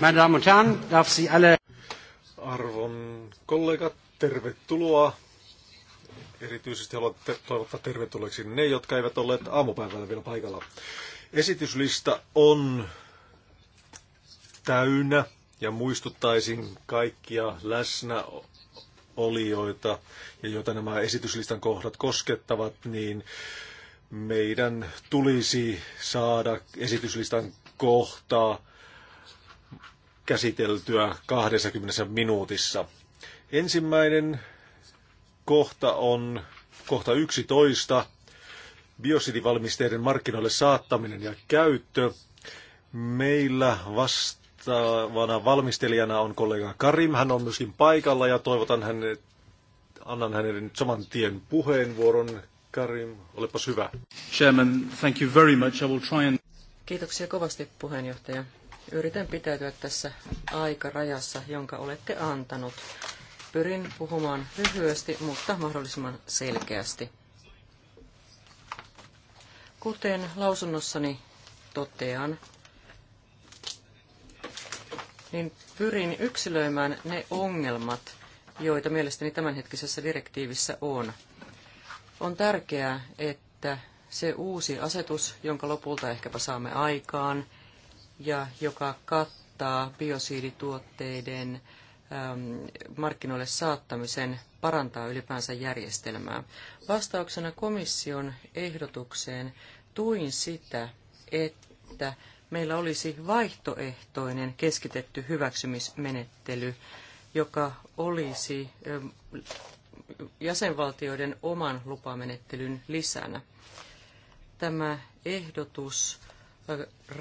Meine Damen und Herren, darf Sie alle... Arvon kollegat, tervetuloa. Erityisesti haluan te- toivottaa tervetulleeksi ne, jotka eivät olleet aamupäivällä vielä paikalla. Esityslista on täynnä ja muistuttaisin kaikkia läsnä olijoita ja joita nämä esityslistan kohdat koskettavat, niin meidän tulisi saada esityslistan kohtaa käsiteltyä 20 minuutissa. Ensimmäinen kohta on kohta 11, biosidivalmisteiden markkinoille saattaminen ja käyttö. Meillä vastaavana valmistelijana on kollega Karim, hän on myöskin paikalla ja toivotan hänet, annan hänelle nyt saman tien puheenvuoron. Karim, olepas hyvä. Chairman, thank you very much. I will try and... Kiitoksia kovasti puheenjohtaja. Yritän pitäytyä tässä aikarajassa, jonka olette antanut. Pyrin puhumaan lyhyesti, mutta mahdollisimman selkeästi. Kuten lausunnossani totean, niin pyrin yksilöimään ne ongelmat, joita mielestäni tämänhetkisessä direktiivissä on. On tärkeää, että se uusi asetus, jonka lopulta ehkäpä saamme aikaan – ja joka kattaa biosiidituotteiden ähm, markkinoille saattamisen parantaa ylipäänsä järjestelmää. Vastauksena komission ehdotukseen tuin sitä, että meillä olisi vaihtoehtoinen keskitetty hyväksymismenettely, joka olisi ähm, jäsenvaltioiden oman lupamenettelyn lisänä. Tämä ehdotus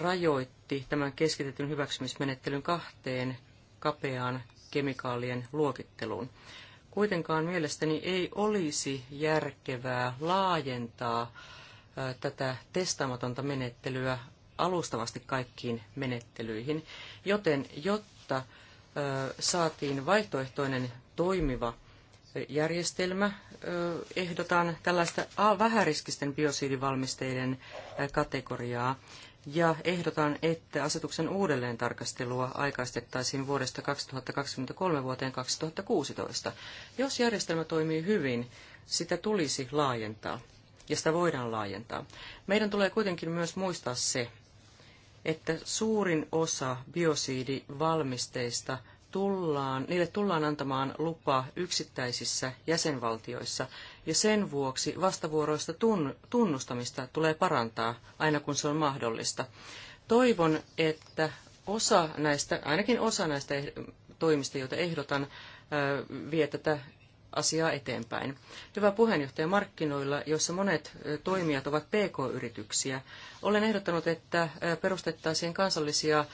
rajoitti tämän keskitetyn hyväksymismenettelyn kahteen kapeaan kemikaalien luokitteluun. Kuitenkaan mielestäni ei olisi järkevää laajentaa tätä testaamatonta menettelyä alustavasti kaikkiin menettelyihin, joten jotta saatiin vaihtoehtoinen toimiva järjestelmä. Ehdotan tällaista vähäriskisten biosiidivalmisteiden kategoriaa ja ehdotan, että asetuksen uudelleen tarkastelua aikaistettaisiin vuodesta 2023 vuoteen 2016. Jos järjestelmä toimii hyvin, sitä tulisi laajentaa ja sitä voidaan laajentaa. Meidän tulee kuitenkin myös muistaa se, että suurin osa biosiidivalmisteista tullaan, niille tullaan antamaan lupa yksittäisissä jäsenvaltioissa, ja sen vuoksi vastavuoroista tunnustamista tulee parantaa aina kun se on mahdollista. Toivon, että osa näistä, ainakin osa näistä eh, toimista, joita ehdotan, vie tätä asiaa eteenpäin. Hyvä puheenjohtaja markkinoilla, joissa monet toimijat ovat PK-yrityksiä. Olen ehdottanut, että perustettaisiin kansallisia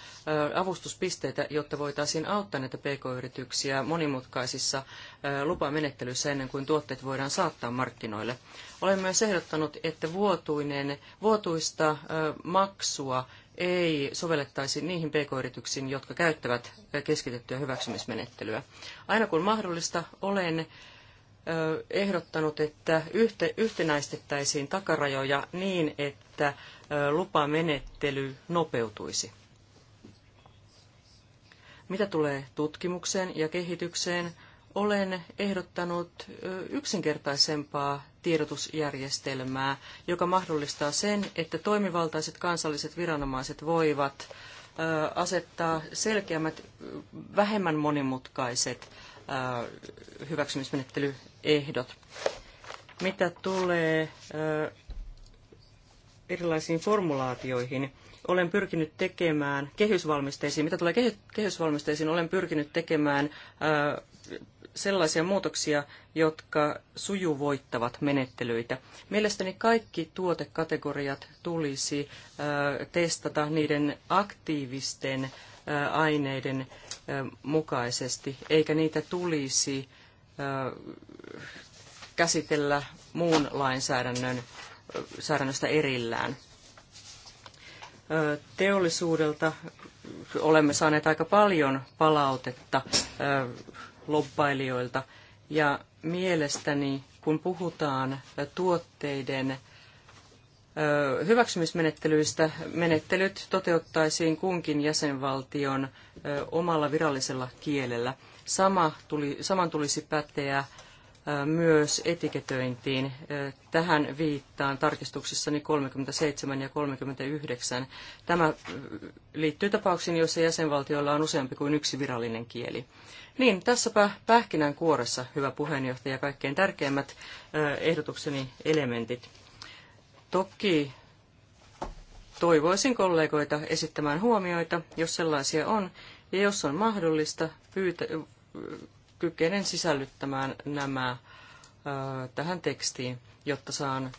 avustuspisteitä, jotta voitaisiin auttaa näitä PK-yrityksiä monimutkaisissa lupamenettelyissä ennen kuin tuotteet voidaan saattaa markkinoille. Olen myös ehdottanut, että vuotuinen, vuotuista maksua ei sovellettaisi niihin pk-yrityksiin, jotka käyttävät keskitettyä hyväksymismenettelyä. Aina kun mahdollista, olen ehdottanut, että yhtenäistettäisiin takarajoja niin, että lupamenettely nopeutuisi. Mitä tulee tutkimukseen ja kehitykseen, olen ehdottanut yksinkertaisempaa tiedotusjärjestelmää, joka mahdollistaa sen, että toimivaltaiset kansalliset viranomaiset voivat asettaa selkeämmät, vähemmän monimutkaiset Äh, hyväksymismenettelyehdot. Mitä tulee äh, erilaisiin formulaatioihin, olen pyrkinyt tekemään kehysvalmisteisiin, mitä tulee kehysvalmisteisiin, olen pyrkinyt tekemään äh, sellaisia muutoksia, jotka sujuvoittavat menettelyitä. Mielestäni kaikki tuotekategoriat tulisi testata niiden aktiivisten aineiden mukaisesti, eikä niitä tulisi käsitellä muun lainsäädännön säädännöstä erillään. Teollisuudelta olemme saaneet aika paljon palautetta lobbailijoilta ja mielestäni kun puhutaan tuotteiden hyväksymismenettelyistä menettelyt toteuttaisiin kunkin jäsenvaltion omalla virallisella kielellä. Sama tuli, saman tulisi päteä myös etiketöintiin. Tähän viittaan tarkistuksissani 37 ja 39. Tämä liittyy tapauksiin, joissa jäsenvaltioilla on useampi kuin yksi virallinen kieli. Niin, tässäpä pähkinän kuoressa, hyvä puheenjohtaja, kaikkein tärkeimmät ehdotukseni elementit. Toki toivoisin kollegoita esittämään huomioita, jos sellaisia on, ja jos on mahdollista, pyytä, kykenen sisällyttämään nämä tähän tekstiin, jotta saan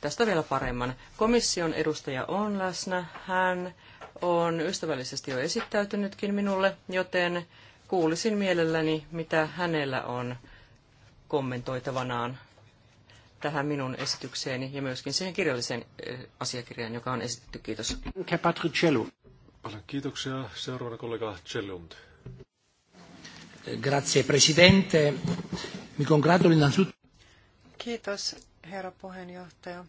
tästä vielä paremman. Komission edustaja on läsnä. Hän on ystävällisesti jo esittäytynytkin minulle, joten kuulisin mielelläni, mitä hänellä on kommentoitavanaan tähän minun esitykseeni ja myöskin siihen kirjalliseen eh, asiakirjaan, joka on esitetty. Kiitos. Paljon kiitoksia. Seuraava kollega Cellund. Grazie Presidente. Mi congratulo innanzitutto. Kiitos herra puheenjohtaja.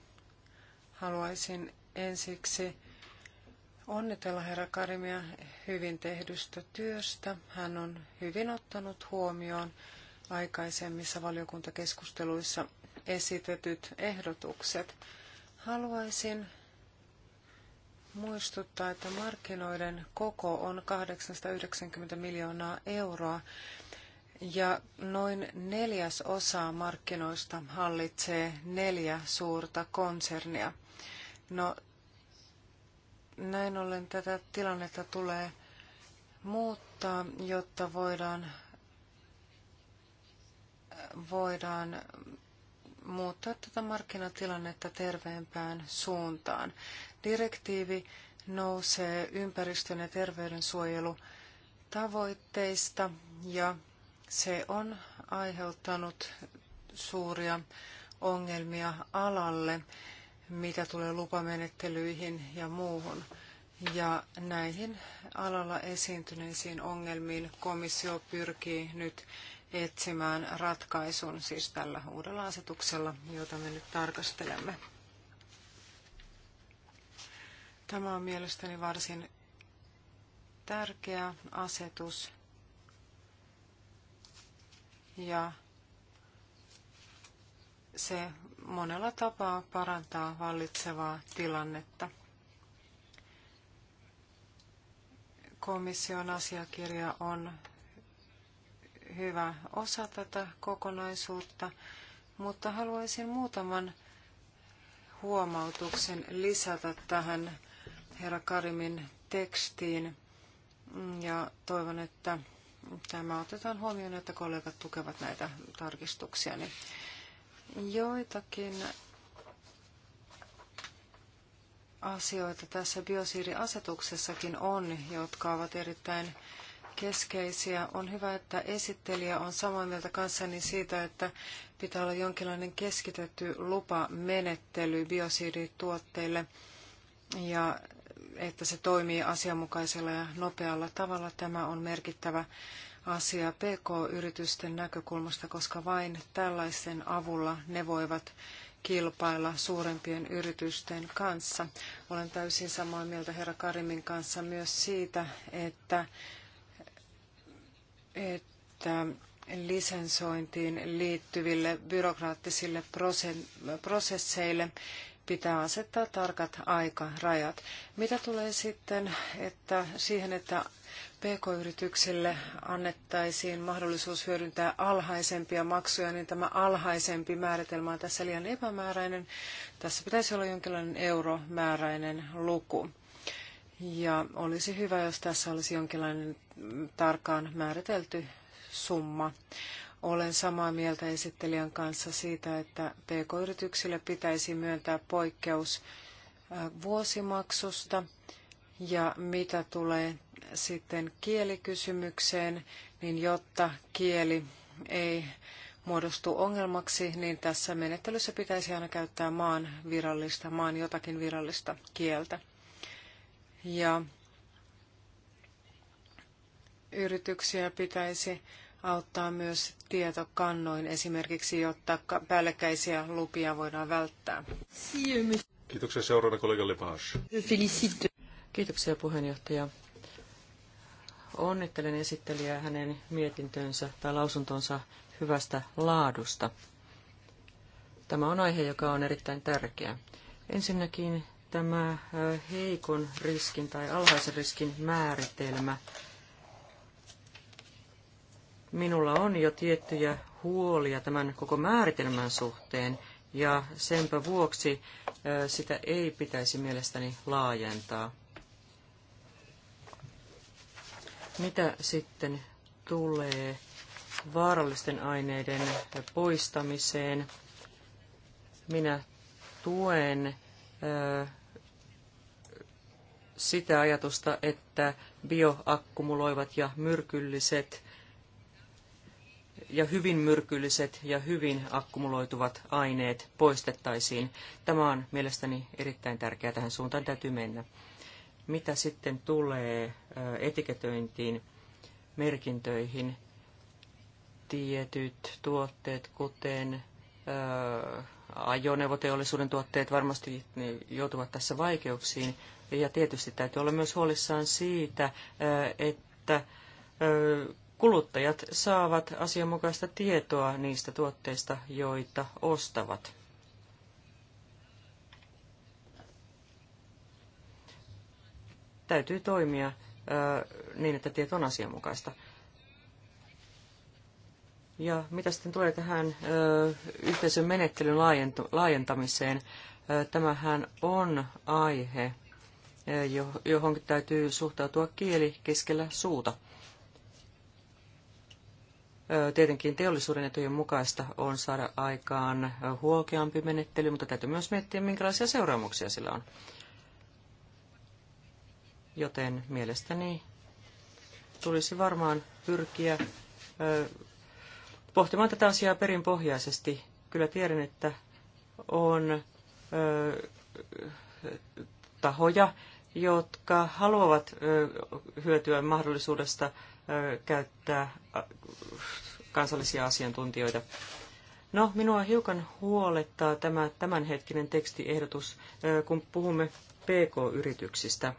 Haluaisin ensiksi onnitella herra Karimia hyvin tehdystä työstä. Hän on hyvin ottanut huomioon aikaisemmissa valiokuntakeskusteluissa esitetyt ehdotukset. Haluaisin muistuttaa, että markkinoiden koko on 890 miljoonaa euroa ja noin neljäs osa markkinoista hallitsee neljä suurta konsernia. No, näin ollen tätä tilannetta tulee muuttaa, jotta voidaan, voidaan muuttaa tätä markkinatilannetta terveempään suuntaan. Direktiivi nousee ympäristön ja terveydensuojelu tavoitteista ja se on aiheuttanut suuria ongelmia alalle, mitä tulee lupamenettelyihin ja muuhun. Ja näihin alalla esiintyneisiin ongelmiin komissio pyrkii nyt etsimään ratkaisun siis tällä uudella asetuksella, jota me nyt tarkastelemme. Tämä on mielestäni varsin tärkeä asetus ja se monella tapaa parantaa vallitsevaa tilannetta. Komission asiakirja on hyvä osa tätä kokonaisuutta, mutta haluaisin muutaman huomautuksen lisätä tähän herra Karimin tekstiin ja toivon, että tämä otetaan huomioon, että kollegat tukevat näitä tarkistuksia. Joitakin asioita tässä biosiiriasetuksessakin on, jotka ovat erittäin keskeisiä. On hyvä, että esittelijä on samaa mieltä kanssani siitä, että pitää olla jonkinlainen keskitetty lupamenettely biosiidituotteille ja että se toimii asianmukaisella ja nopealla tavalla. Tämä on merkittävä asia PK-yritysten näkökulmasta, koska vain tällaisen avulla ne voivat kilpailla suurempien yritysten kanssa. Olen täysin samaa mieltä herra Karimin kanssa myös siitä, että että lisensointiin liittyville byrokraattisille prosesseille pitää asettaa tarkat aikarajat. Mitä tulee sitten että siihen, että PK-yrityksille annettaisiin mahdollisuus hyödyntää alhaisempia maksuja, niin tämä alhaisempi määritelmä on tässä liian epämääräinen. Tässä pitäisi olla jonkinlainen euromääräinen luku. Ja olisi hyvä, jos tässä olisi jonkinlainen tarkkaan määritelty summa. Olen samaa mieltä esittelijän kanssa siitä, että pk-yrityksille pitäisi myöntää poikkeus vuosimaksusta. Ja mitä tulee sitten kielikysymykseen, niin jotta kieli ei muodostu ongelmaksi, niin tässä menettelyssä pitäisi aina käyttää maan virallista, maan jotakin virallista kieltä. Ja yrityksiä pitäisi auttaa myös tietokannoin esimerkiksi, jotta päällekkäisiä lupia voidaan välttää. Kiitoksia seuraavana kollega Lepage. Kiitoksia puheenjohtaja. Onnittelen esittelijää hänen mietintönsä tai lausuntonsa hyvästä laadusta. Tämä on aihe, joka on erittäin tärkeä. Ensinnäkin tämä heikon riskin tai alhaisen riskin määritelmä. Minulla on jo tiettyjä huolia tämän koko määritelmän suhteen, ja senpä vuoksi sitä ei pitäisi mielestäni laajentaa. Mitä sitten tulee vaarallisten aineiden poistamiseen? Minä tuen sitä ajatusta, että bioakkumuloivat ja myrkylliset ja hyvin myrkylliset ja hyvin akkumuloituvat aineet poistettaisiin. Tämä on mielestäni erittäin tärkeää. Tähän suuntaan täytyy mennä. Mitä sitten tulee etiketöintiin, merkintöihin, tietyt tuotteet, kuten ajoneuvoteollisuuden tuotteet varmasti niin joutuvat tässä vaikeuksiin. Ja tietysti täytyy olla myös huolissaan siitä, eh, että eh, kuluttajat saavat asianmukaista tietoa niistä tuotteista, joita ostavat. Täytyy toimia eh, niin, että tieto on asianmukaista. Ja mitä sitten tulee tähän ö, yhteisön menettelyn laajentu, laajentamiseen, ö, tämähän on aihe, jo, johon täytyy suhtautua kieli keskellä suuta. Ö, tietenkin teollisuuden etujen mukaista on saada aikaan huokeampi menettely, mutta täytyy myös miettiä, minkälaisia seuraamuksia sillä on. Joten mielestäni tulisi varmaan pyrkiä pohtimaan tätä asiaa perinpohjaisesti. Kyllä tiedän, että on ö, tahoja, jotka haluavat ö, hyötyä mahdollisuudesta ö, käyttää kansallisia asiantuntijoita. No, minua hiukan huolettaa tämä tämänhetkinen tekstiehdotus, kun puhumme PK-yrityksistä.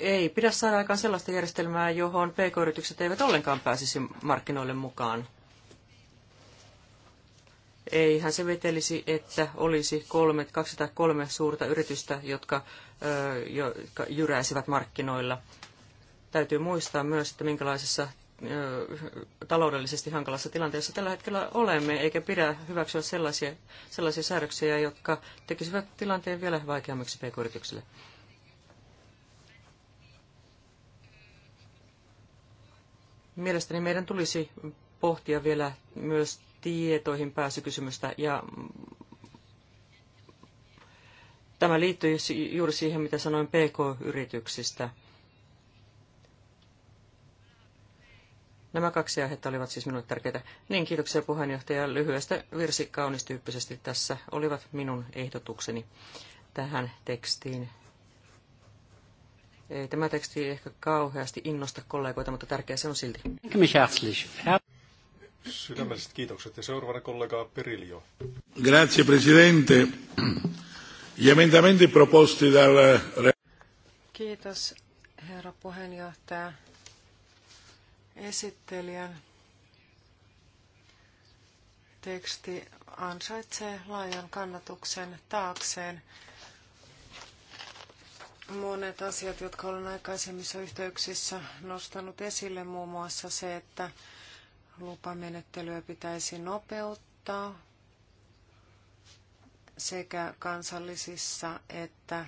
ei pidä saada aikaan sellaista järjestelmää, johon pk-yritykset eivät ollenkaan pääsisi markkinoille mukaan. Eihän se vetelisi, että olisi kolme, kaksi tai kolme suurta yritystä, jotka, ö, jotka jyräisivät markkinoilla. Täytyy muistaa myös, että minkälaisessa taloudellisesti hankalassa tilanteessa tällä hetkellä olemme, eikä pidä hyväksyä sellaisia, sellaisia säädöksiä, jotka tekisivät tilanteen vielä vaikeammaksi pk-yrityksille. Mielestäni meidän tulisi pohtia vielä myös tietoihin pääsykysymystä ja tämä liittyy juuri siihen, mitä sanoin PK-yrityksistä. Nämä kaksi aihetta olivat siis minulle tärkeitä. Niin, kiitoksia puheenjohtaja. Lyhyestä virsi kaunistyyppisesti tässä olivat minun ehdotukseni tähän tekstiin. Ei tämä teksti ei ehkä kauheasti innosta kollegoita, mutta tärkeä se on silti. Sydämelliset kiitokset. Ja seuraavana kollega Perilio. Grazie, Presidente. Gli emendamenti proposti dal... Kiitos, herra puheenjohtaja. Esittelijän teksti ansaitsee laajan kannatuksen taakseen monet asiat, jotka olen aikaisemmissa yhteyksissä nostanut esille, muun muassa se, että lupamenettelyä pitäisi nopeuttaa sekä kansallisissa että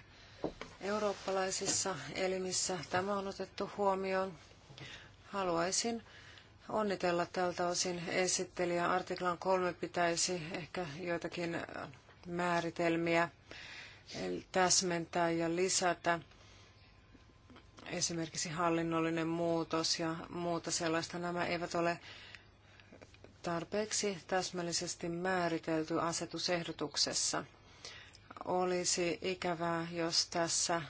eurooppalaisissa elimissä. Tämä on otettu huomioon. Haluaisin onnitella tältä osin esittelijä. Artiklan kolme pitäisi ehkä joitakin määritelmiä täsmentää ja lisätä esimerkiksi hallinnollinen muutos ja muuta sellaista. Nämä eivät ole tarpeeksi täsmällisesti määritelty asetusehdotuksessa. Olisi ikävää, jos tässä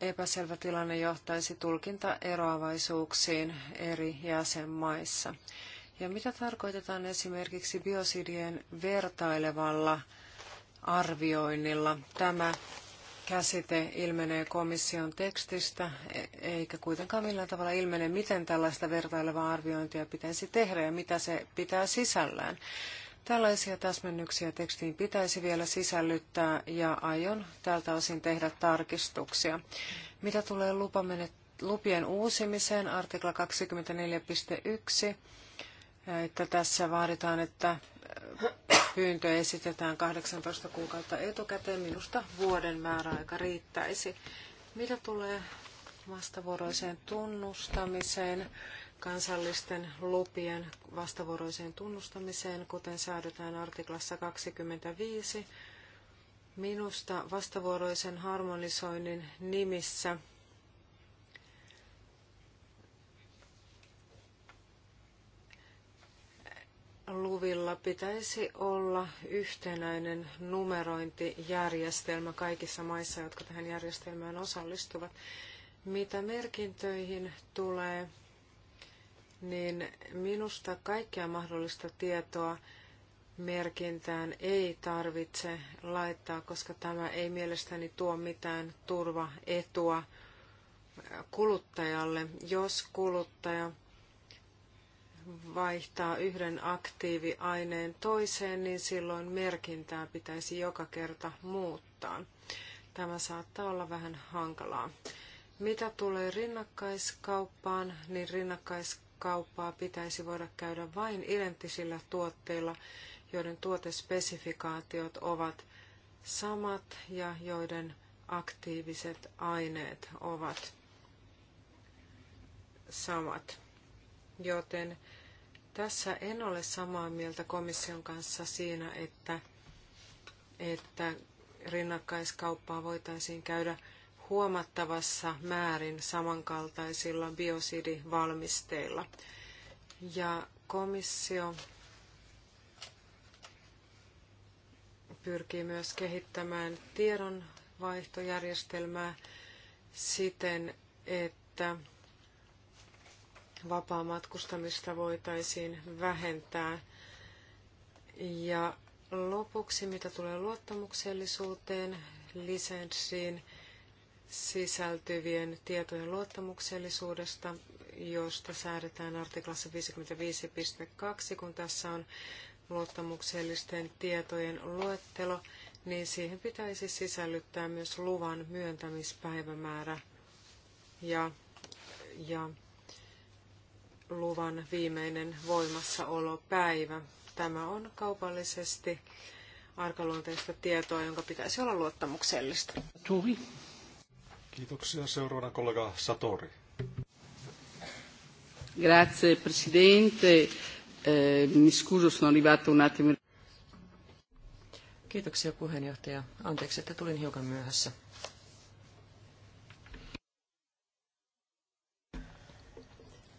epäselvä tilanne johtaisi tulkintaeroavaisuuksiin eri jäsenmaissa. Ja mitä tarkoitetaan esimerkiksi biosidien vertailevalla arvioinnilla? Tämä käsite ilmenee komission tekstistä, e- eikä kuitenkaan millään tavalla ilmene, miten tällaista vertailevaa arviointia pitäisi tehdä ja mitä se pitää sisällään. Tällaisia täsmennyksiä tekstiin pitäisi vielä sisällyttää ja aion tältä osin tehdä tarkistuksia. Mitä tulee lupien uusimiseen, artikla 24.1, että tässä vaaditaan, että pyyntö esitetään 18 kuukautta etukäteen. Minusta vuoden määräaika riittäisi. Mitä tulee vastavuoroiseen tunnustamiseen, kansallisten lupien vastavuoroiseen tunnustamiseen, kuten säädetään artiklassa 25, minusta vastavuoroisen harmonisoinnin nimissä – luvilla pitäisi olla yhtenäinen numerointijärjestelmä kaikissa maissa, jotka tähän järjestelmään osallistuvat. Mitä merkintöihin tulee, niin minusta kaikkea mahdollista tietoa merkintään ei tarvitse laittaa, koska tämä ei mielestäni tuo mitään turvaetua kuluttajalle. Jos kuluttaja vaihtaa yhden aktiiviaineen toiseen, niin silloin merkintää pitäisi joka kerta muuttaa. Tämä saattaa olla vähän hankalaa. Mitä tulee rinnakkaiskauppaan, niin rinnakkaiskauppaa pitäisi voida käydä vain identtisillä tuotteilla, joiden tuotespesifikaatiot ovat samat ja joiden aktiiviset aineet ovat samat. Joten tässä en ole samaa mieltä komission kanssa siinä, että, että rinnakkaiskauppaa voitaisiin käydä huomattavassa määrin samankaltaisilla biosidivalmisteilla. Ja komissio pyrkii myös kehittämään tiedonvaihtojärjestelmää siten, että vapaamatkustamista voitaisiin vähentää. Ja lopuksi, mitä tulee luottamuksellisuuteen, lisenssiin sisältyvien tietojen luottamuksellisuudesta, josta säädetään artiklassa 55.2, kun tässä on luottamuksellisten tietojen luettelo, niin siihen pitäisi sisällyttää myös luvan myöntämispäivämäärä ja, ja luvan viimeinen voimassaolopäivä. Tämä on kaupallisesti arkaluonteista tietoa, jonka pitäisi olla luottamuksellista. Turi. Kiitoksia. Seuraavana kollega Satori. Grazie Presidente. Eh, mi scuso, sono arrivato un attimo. Kiitoksia puheenjohtaja. Anteeksi, että tulin hiukan myöhässä.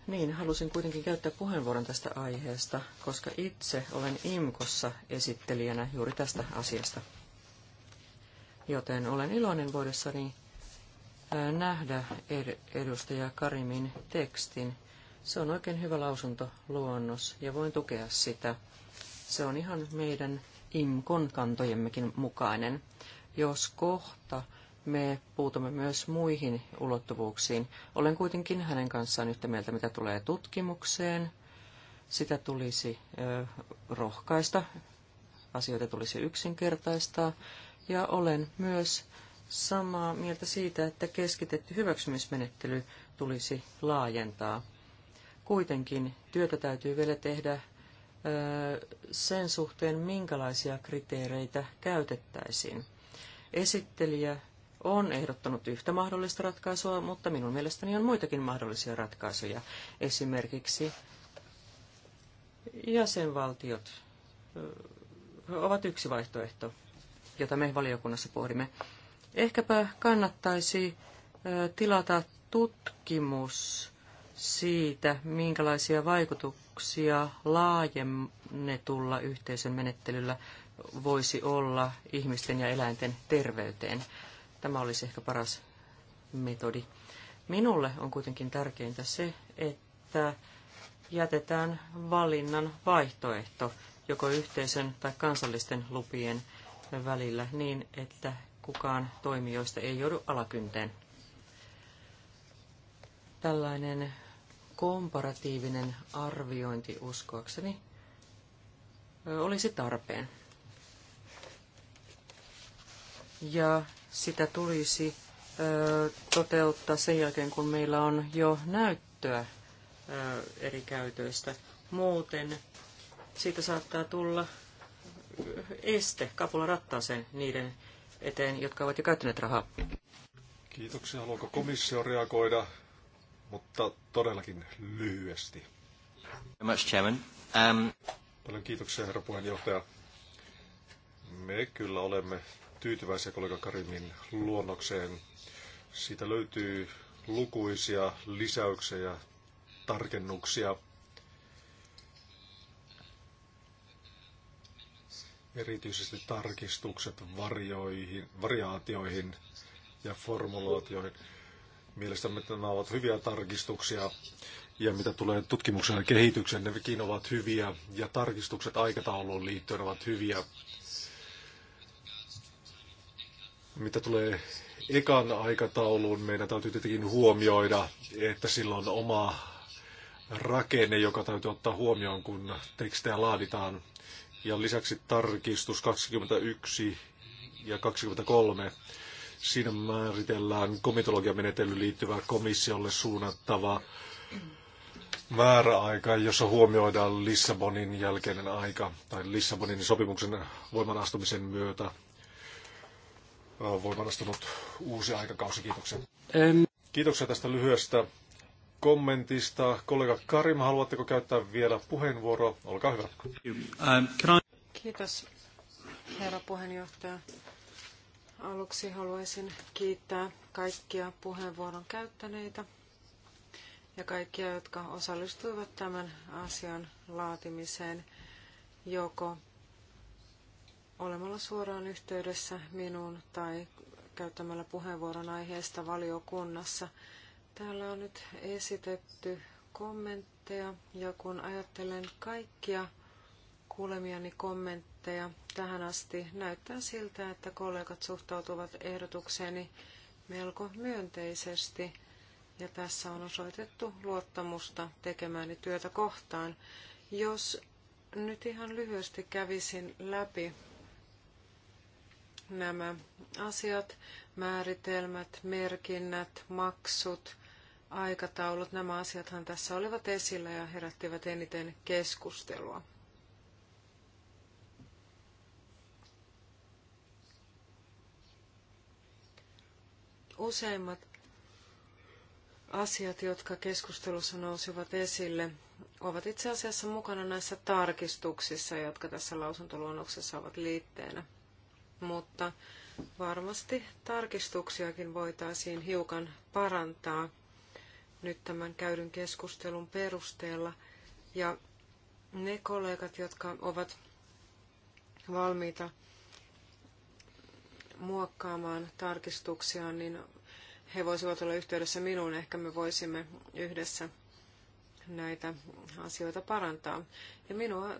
Niin, halusin kuitenkin käyttää puheenvuoron tästä aiheesta, koska itse olen IMKossa esittelijänä juuri tästä asiasta. Joten olen iloinen voidessani nähdä edustaja Karimin tekstin. Se on oikein hyvä luonnos ja voin tukea sitä. Se on ihan meidän IMKon kantojemmekin mukainen. Jos kohta me puutumme myös muihin ulottuvuuksiin. Olen kuitenkin hänen kanssaan yhtä mieltä, mitä tulee tutkimukseen. Sitä tulisi rohkaista, asioita tulisi yksinkertaistaa. Ja olen myös samaa mieltä siitä, että keskitetty hyväksymismenettely tulisi laajentaa. Kuitenkin työtä täytyy vielä tehdä sen suhteen, minkälaisia kriteereitä käytettäisiin. Esittelijä on ehdottanut yhtä mahdollista ratkaisua, mutta minun mielestäni on muitakin mahdollisia ratkaisuja. Esimerkiksi jäsenvaltiot ovat yksi vaihtoehto, jota me valiokunnassa pohdimme. Ehkäpä kannattaisi tilata tutkimus siitä, minkälaisia vaikutuksia laajennetulla yhteisön menettelyllä voisi olla ihmisten ja eläinten terveyteen. Tämä olisi ehkä paras metodi. Minulle on kuitenkin tärkeintä se, että jätetään valinnan vaihtoehto joko yhteisen tai kansallisten lupien välillä niin, että kukaan toimijoista ei joudu alakynteen. Tällainen komparatiivinen arviointi uskoakseni olisi tarpeen. Ja sitä tulisi toteuttaa sen jälkeen, kun meillä on jo näyttöä eri käytöistä. Muuten siitä saattaa tulla este kapula rattaaseen niiden eteen, jotka ovat jo käyttäneet rahaa. Kiitoksia. Haluanko komissio reagoida, mutta todellakin lyhyesti? Much, Chairman. Um, Paljon kiitoksia, herra puheenjohtaja. Me kyllä olemme tyytyväisiä kollega Karimin luonnokseen. Siitä löytyy lukuisia lisäyksiä ja tarkennuksia. Erityisesti tarkistukset varjoihin, variaatioihin ja formulaatioihin. Mielestäni nämä ovat hyviä tarkistuksia ja mitä tulee tutkimuksen ja kehitykseen, nekin ovat hyviä ja tarkistukset aikatauluun liittyen ovat hyviä. Mitä tulee ekan aikatauluun, meidän täytyy tietenkin huomioida, että sillä on oma rakenne, joka täytyy ottaa huomioon, kun tekstejä laaditaan. Ja lisäksi tarkistus 21 ja 23. Siinä määritellään komitologiamenettelyyn liittyvää komissiolle suunnattava määräaika, jossa huomioidaan Lissabonin jälkeinen aika tai Lissabonin sopimuksen voimanastumisen myötä voimanastunut uusi aikakausi. Kiitoksia. En... Kiitoksia tästä lyhyestä kommentista. Kollega Karim, haluatteko käyttää vielä puheenvuoroa? Olkaa hyvä. Um, Kiitos, herra puheenjohtaja. Aluksi haluaisin kiittää kaikkia puheenvuoron käyttäneitä ja kaikkia, jotka osallistuivat tämän asian laatimiseen joko olemalla suoraan yhteydessä minuun tai käyttämällä puheenvuoron aiheesta valiokunnassa. Täällä on nyt esitetty kommentteja ja kun ajattelen kaikkia kuulemiani kommentteja tähän asti, näyttää siltä, että kollegat suhtautuvat ehdotukseeni melko myönteisesti ja tässä on osoitettu luottamusta tekemääni työtä kohtaan. Jos nyt ihan lyhyesti kävisin läpi nämä asiat, määritelmät, merkinnät, maksut, aikataulut, nämä asiathan tässä olivat esillä ja herättivät eniten keskustelua. Useimmat asiat, jotka keskustelussa nousivat esille, ovat itse asiassa mukana näissä tarkistuksissa, jotka tässä lausuntoluonnoksessa ovat liitteenä mutta varmasti tarkistuksiakin voitaisiin hiukan parantaa nyt tämän käydyn keskustelun perusteella. Ja ne kollegat, jotka ovat valmiita muokkaamaan tarkistuksia, niin he voisivat olla yhteydessä minuun. Ehkä me voisimme yhdessä näitä asioita parantaa. Ja minua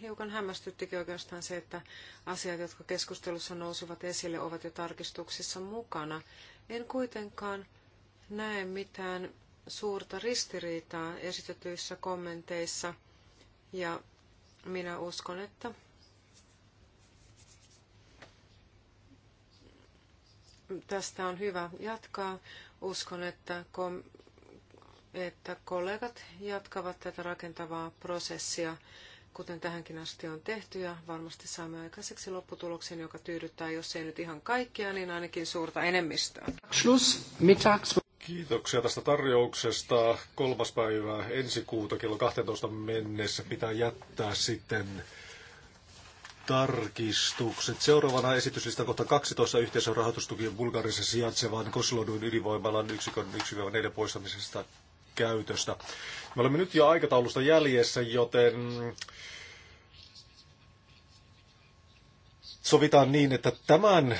hiukan hämmästyttikin oikeastaan se, että asiat, jotka keskustelussa nousivat esille, ovat jo tarkistuksissa mukana. En kuitenkaan näe mitään suurta ristiriitaa esitetyissä kommenteissa, ja minä uskon, että tästä on hyvä jatkaa. Uskon, että kom- että kollegat jatkavat tätä rakentavaa prosessia, kuten tähänkin asti on tehty, ja varmasti saamme aikaiseksi lopputuloksen, joka tyydyttää, jos ei nyt ihan kaikkia, niin ainakin suurta enemmistöä. Kiitoksia tästä tarjouksesta. Kolmas päivä ensi kuuta kello 12 mennessä pitää jättää sitten tarkistukset. Seuraavana esityslista kohta 12 yhteisön rahoitustukien Bulgarissa sijaitsevan Kosloduin ydinvoimalan yksikön 1-4 poistamisesta käytöstä. Me olemme nyt jo aikataulusta jäljessä, joten sovitaan niin, että tämän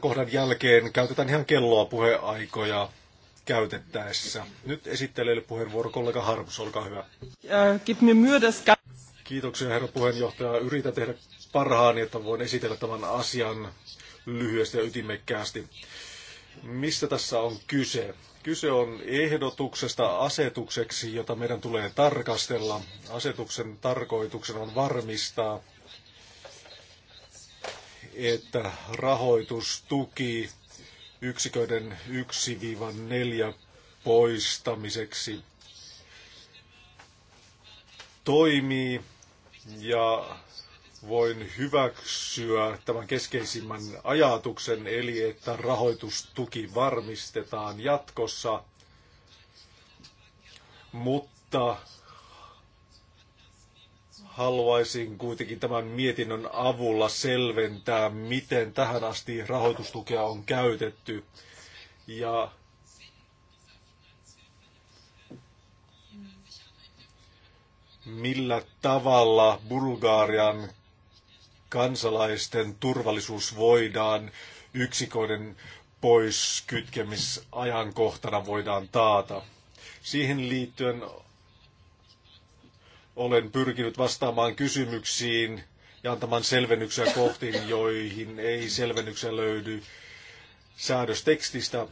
kohdan jälkeen käytetään ihan kelloa puheaikoja käytettäessä. Nyt esittelee puheenvuoro kollega harmus olkaa hyvä. Äh, Kiitoksia herra puheenjohtaja. Yritän tehdä parhaani, että voin esitellä tämän asian lyhyesti ja ytimekkäästi. Mistä tässä on kyse? Kyse on ehdotuksesta asetukseksi, jota meidän tulee tarkastella. Asetuksen tarkoituksena on varmistaa, että rahoitustuki yksiköiden 1-4 poistamiseksi toimii ja voin hyväksyä tämän keskeisimmän ajatuksen, eli että rahoitustuki varmistetaan jatkossa, mutta haluaisin kuitenkin tämän mietinnön avulla selventää, miten tähän asti rahoitustukea on käytetty ja millä tavalla Bulgarian kansalaisten turvallisuus voidaan yksikoiden pois kytkemisajankohtana voidaan taata. Siihen liittyen olen pyrkinyt vastaamaan kysymyksiin ja antamaan selvennyksiä kohtiin, joihin ei selvennyksiä löydy säädöstekstistä.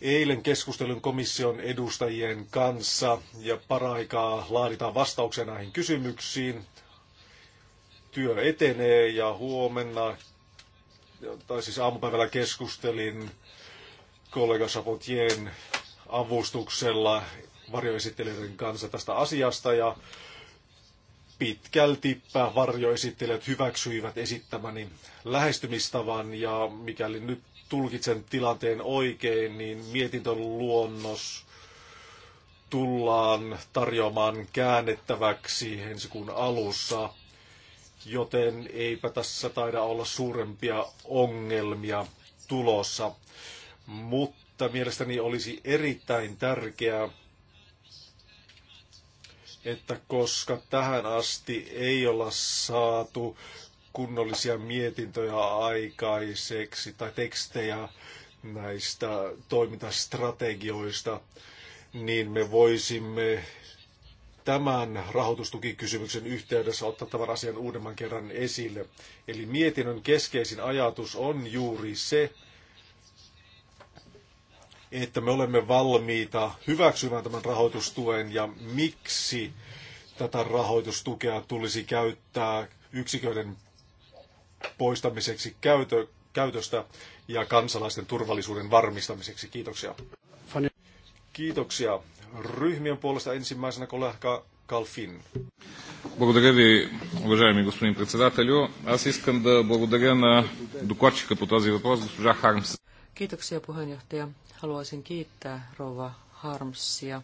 Eilen keskustelun komission edustajien kanssa ja paraikaa laaditaan vastauksia näihin kysymyksiin työ etenee ja huomenna, tai siis aamupäivällä keskustelin kollega Sapotien avustuksella varjoesittelijöiden kanssa tästä asiasta ja pitkälti varjoesittelijät hyväksyivät esittämäni lähestymistavan ja mikäli nyt tulkitsen tilanteen oikein, niin mietintön luonnos tullaan tarjoamaan käännettäväksi ensi kuun alussa joten eipä tässä taida olla suurempia ongelmia tulossa. Mutta mielestäni olisi erittäin tärkeää, että koska tähän asti ei olla saatu kunnollisia mietintöjä aikaiseksi tai tekstejä näistä toimintastrategioista, niin me voisimme tämän rahoitustukikysymyksen yhteydessä ottaa tämän asian uudemman kerran esille. Eli mietinnön keskeisin ajatus on juuri se, että me olemme valmiita hyväksymään tämän rahoitustuen ja miksi tätä rahoitustukea tulisi käyttää yksiköiden poistamiseksi käytö, käytöstä ja kansalaisten turvallisuuden varmistamiseksi. Kiitoksia. Kiitoksia ryhmien puolesta ensimmäisenä kollega Kalfin. Благодаря ви, уважаеми господин председателю. Аз искам да благодаря на докладчика по този въпрос, госпожа Хармс. Kiitoksia puheenjohtaja. Haluaisin kiittää rouva Harmsia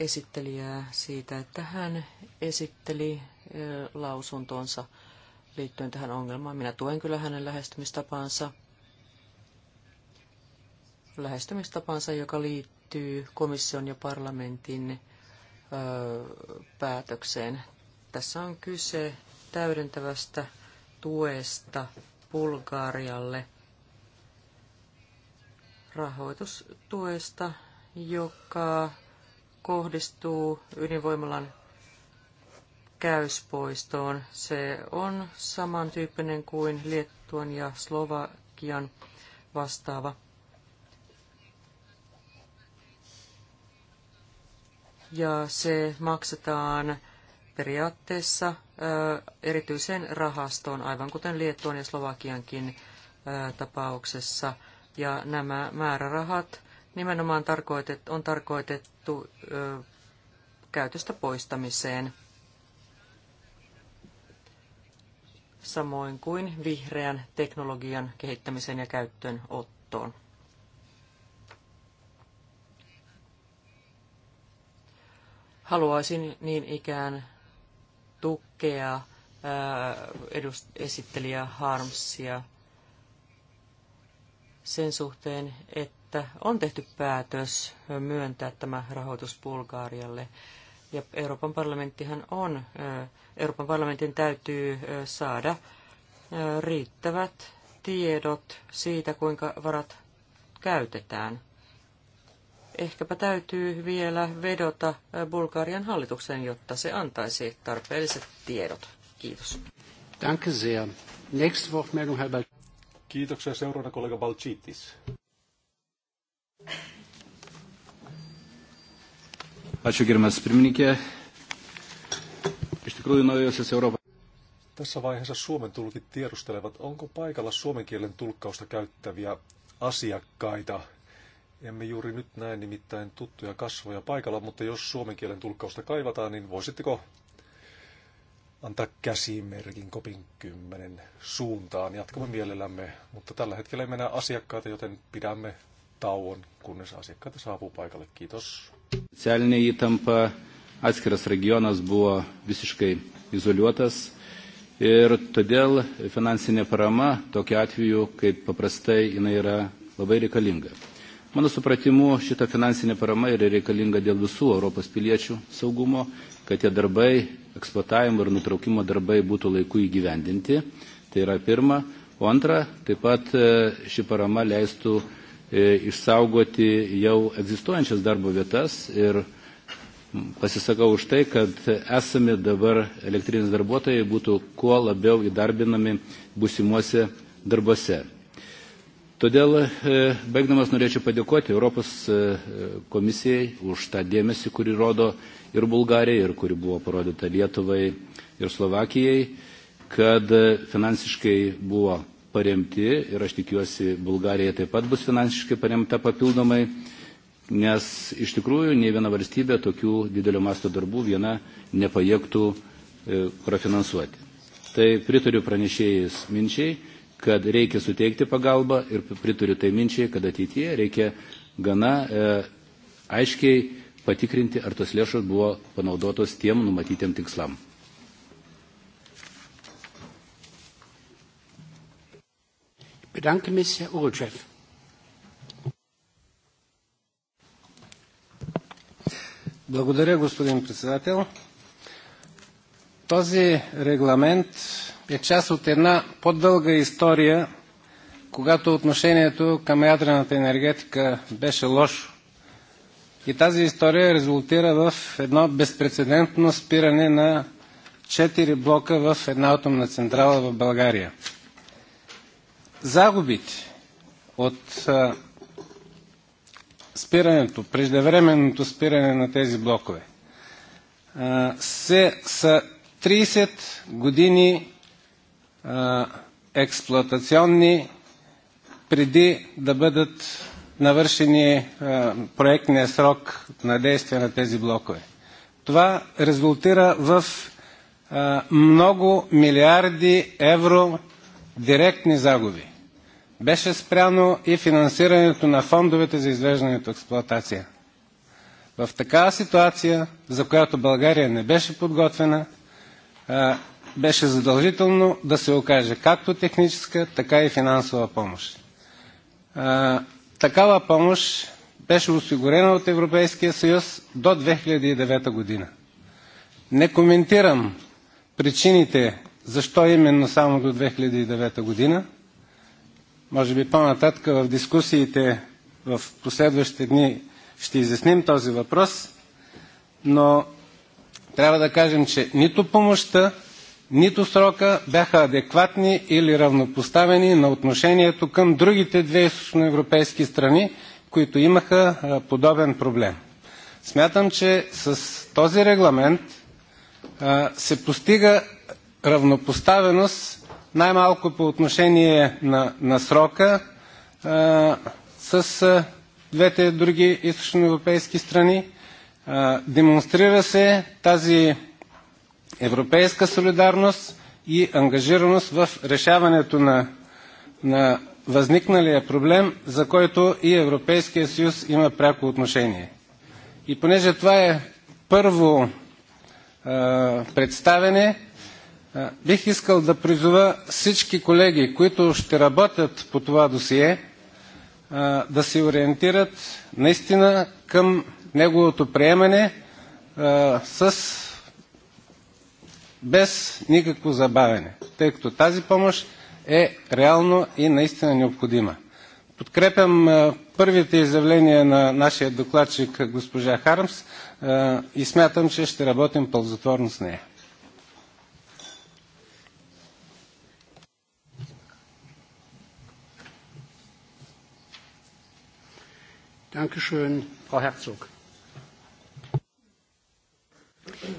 esittelijää siitä, että hän esitteli eh, lausuntonsa liittyen tähän ongelmaan. Minä tuen kyllä hänen lähestymistapaansa lähestymistapansa, joka liittyy liittyy komission ja parlamentin päätökseen. Tässä on kyse täydentävästä tuesta Bulgarialle rahoitustuesta, joka kohdistuu ydinvoimalan käyspoistoon. Se on samantyyppinen kuin Liettuan ja Slovakian vastaava ja se maksetaan periaatteessa erityiseen rahastoon, aivan kuten Liettuan ja Slovakiankin tapauksessa. Ja nämä määrärahat nimenomaan tarkoitet, on tarkoitettu ö, käytöstä poistamiseen, samoin kuin vihreän teknologian kehittämiseen ja käyttöönottoon. Haluaisin niin ikään tukea edust- esittelijä Harmsia sen suhteen, että on tehty päätös myöntää tämä rahoitus Bulgaarialle. Ja Euroopan parlamenttihan on, Euroopan parlamentin täytyy saada riittävät tiedot siitä, kuinka varat käytetään. Ehkäpä täytyy vielä vedota äh, Bulgarian hallitukseen, jotta se antaisi tarpeelliset tiedot. Kiitos. Danke sehr. Next Wortmeldung, Kiitoksia. Seuraavana kollega Balcitis. Ačiū gerbiamas pirmininkė. Iš tikrųjų naujosios Euroopan. Tässä vaiheessa Suomen tulkit tiedustelevat, onko paikalla suomen kielen tulkkausta käyttäviä asiakkaita emme juuri nyt näe nimittäin tuttuja kasvoja paikalla, mutta jos suomen kielen tulkkausta kaivataan, niin voisitteko antaa käsimerkin kopin kymmenen suuntaan. Jatkamme mielellämme, mutta tällä hetkellä ei mennä asiakkaita, joten pidämme tauon, kunnes asiakkaita saapuu paikalle. Kiitos. Socialinė įtampa, atskiras regionas buvo visiškai izoliuotas ir todėl finansinė parama tokia atveju, kaip paprastai, jinai yra labai reikalinga. Mano supratimu, šita finansinė parama yra reikalinga dėl visų Europos piliečių saugumo, kad tie darbai, eksploatavimo ir nutraukimo darbai būtų laiku įgyvendinti. Tai yra pirma. O antra, taip pat e, ši parama leistų e, išsaugoti jau egzistuojančias darbo vietas ir pasisakau už tai, kad esami dabar elektrinės darbuotojai būtų kuo labiau įdarbinami busimuose darbuose. Todėl, e, baigdamas, norėčiau padėkoti Europos e, komisijai už tą dėmesį, kurį rodo ir Bulgarijai, ir kuri buvo parodyta Lietuvai ir Slovakijai, kad e, finansiškai buvo paremti ir aš tikiuosi, Bulgarija taip pat bus finansiškai paremta papildomai, nes iš tikrųjų nei viena valstybė tokių didelio masto darbų viena nepajėgtų profinansuoti. Tai pritariu pranešėjais minčiai kad reikia suteikti pagalbą ir prituriu tai minčiai, kad ateityje reikia gana e, aiškiai patikrinti, ar tos lėšos buvo panaudotos tiem numatytiem tikslam. Благодаря, господин председател. Този регламент е част от една по-дълга история, когато отношението към ядрената енергетика беше лошо. И тази история резултира в едно безпредседентно спиране на четири блока в една атомна централа в България. Загубите от спирането, преждевременното спиране на тези блокове, се, са 30 години експлуатационни преди да бъдат навършени проектния срок на действие на тези блокове. Това резултира в много милиарди евро директни загуби. Беше спряно и финансирането на фондовете за извеждането експлоатация. В такава ситуация, за която България не беше подготвена, беше задължително да се окаже както техническа, така и финансова помощ. А, такава помощ беше осигурена от Европейския съюз до 2009 година. Не коментирам причините защо именно само до 2009 година. Може би по-нататък в дискусиите в последващите дни ще изясним този въпрос, но трябва да кажем, че нито помощта, нито срока бяха адекватни или равнопоставени на отношението към другите две източноевропейски страни, които имаха подобен проблем. Смятам, че с този регламент се постига равнопоставеност най-малко по отношение на, на срока а, с двете други източноевропейски страни. А, демонстрира се тази европейска солидарност и ангажираност в решаването на, на възникналия проблем, за който и Европейския съюз има пряко отношение. И понеже това е първо а, представене, а, бих искал да призова всички колеги, които ще работят по това досие, а, да се ориентират наистина към неговото приемане а, с без никакво забавяне, тъй като тази помощ е реално и наистина необходима. Подкрепям първите изявления на нашия докладчик госпожа Хармс и смятам, че ще работим пълзотворно с нея. Dankeschön, Frau Herzog.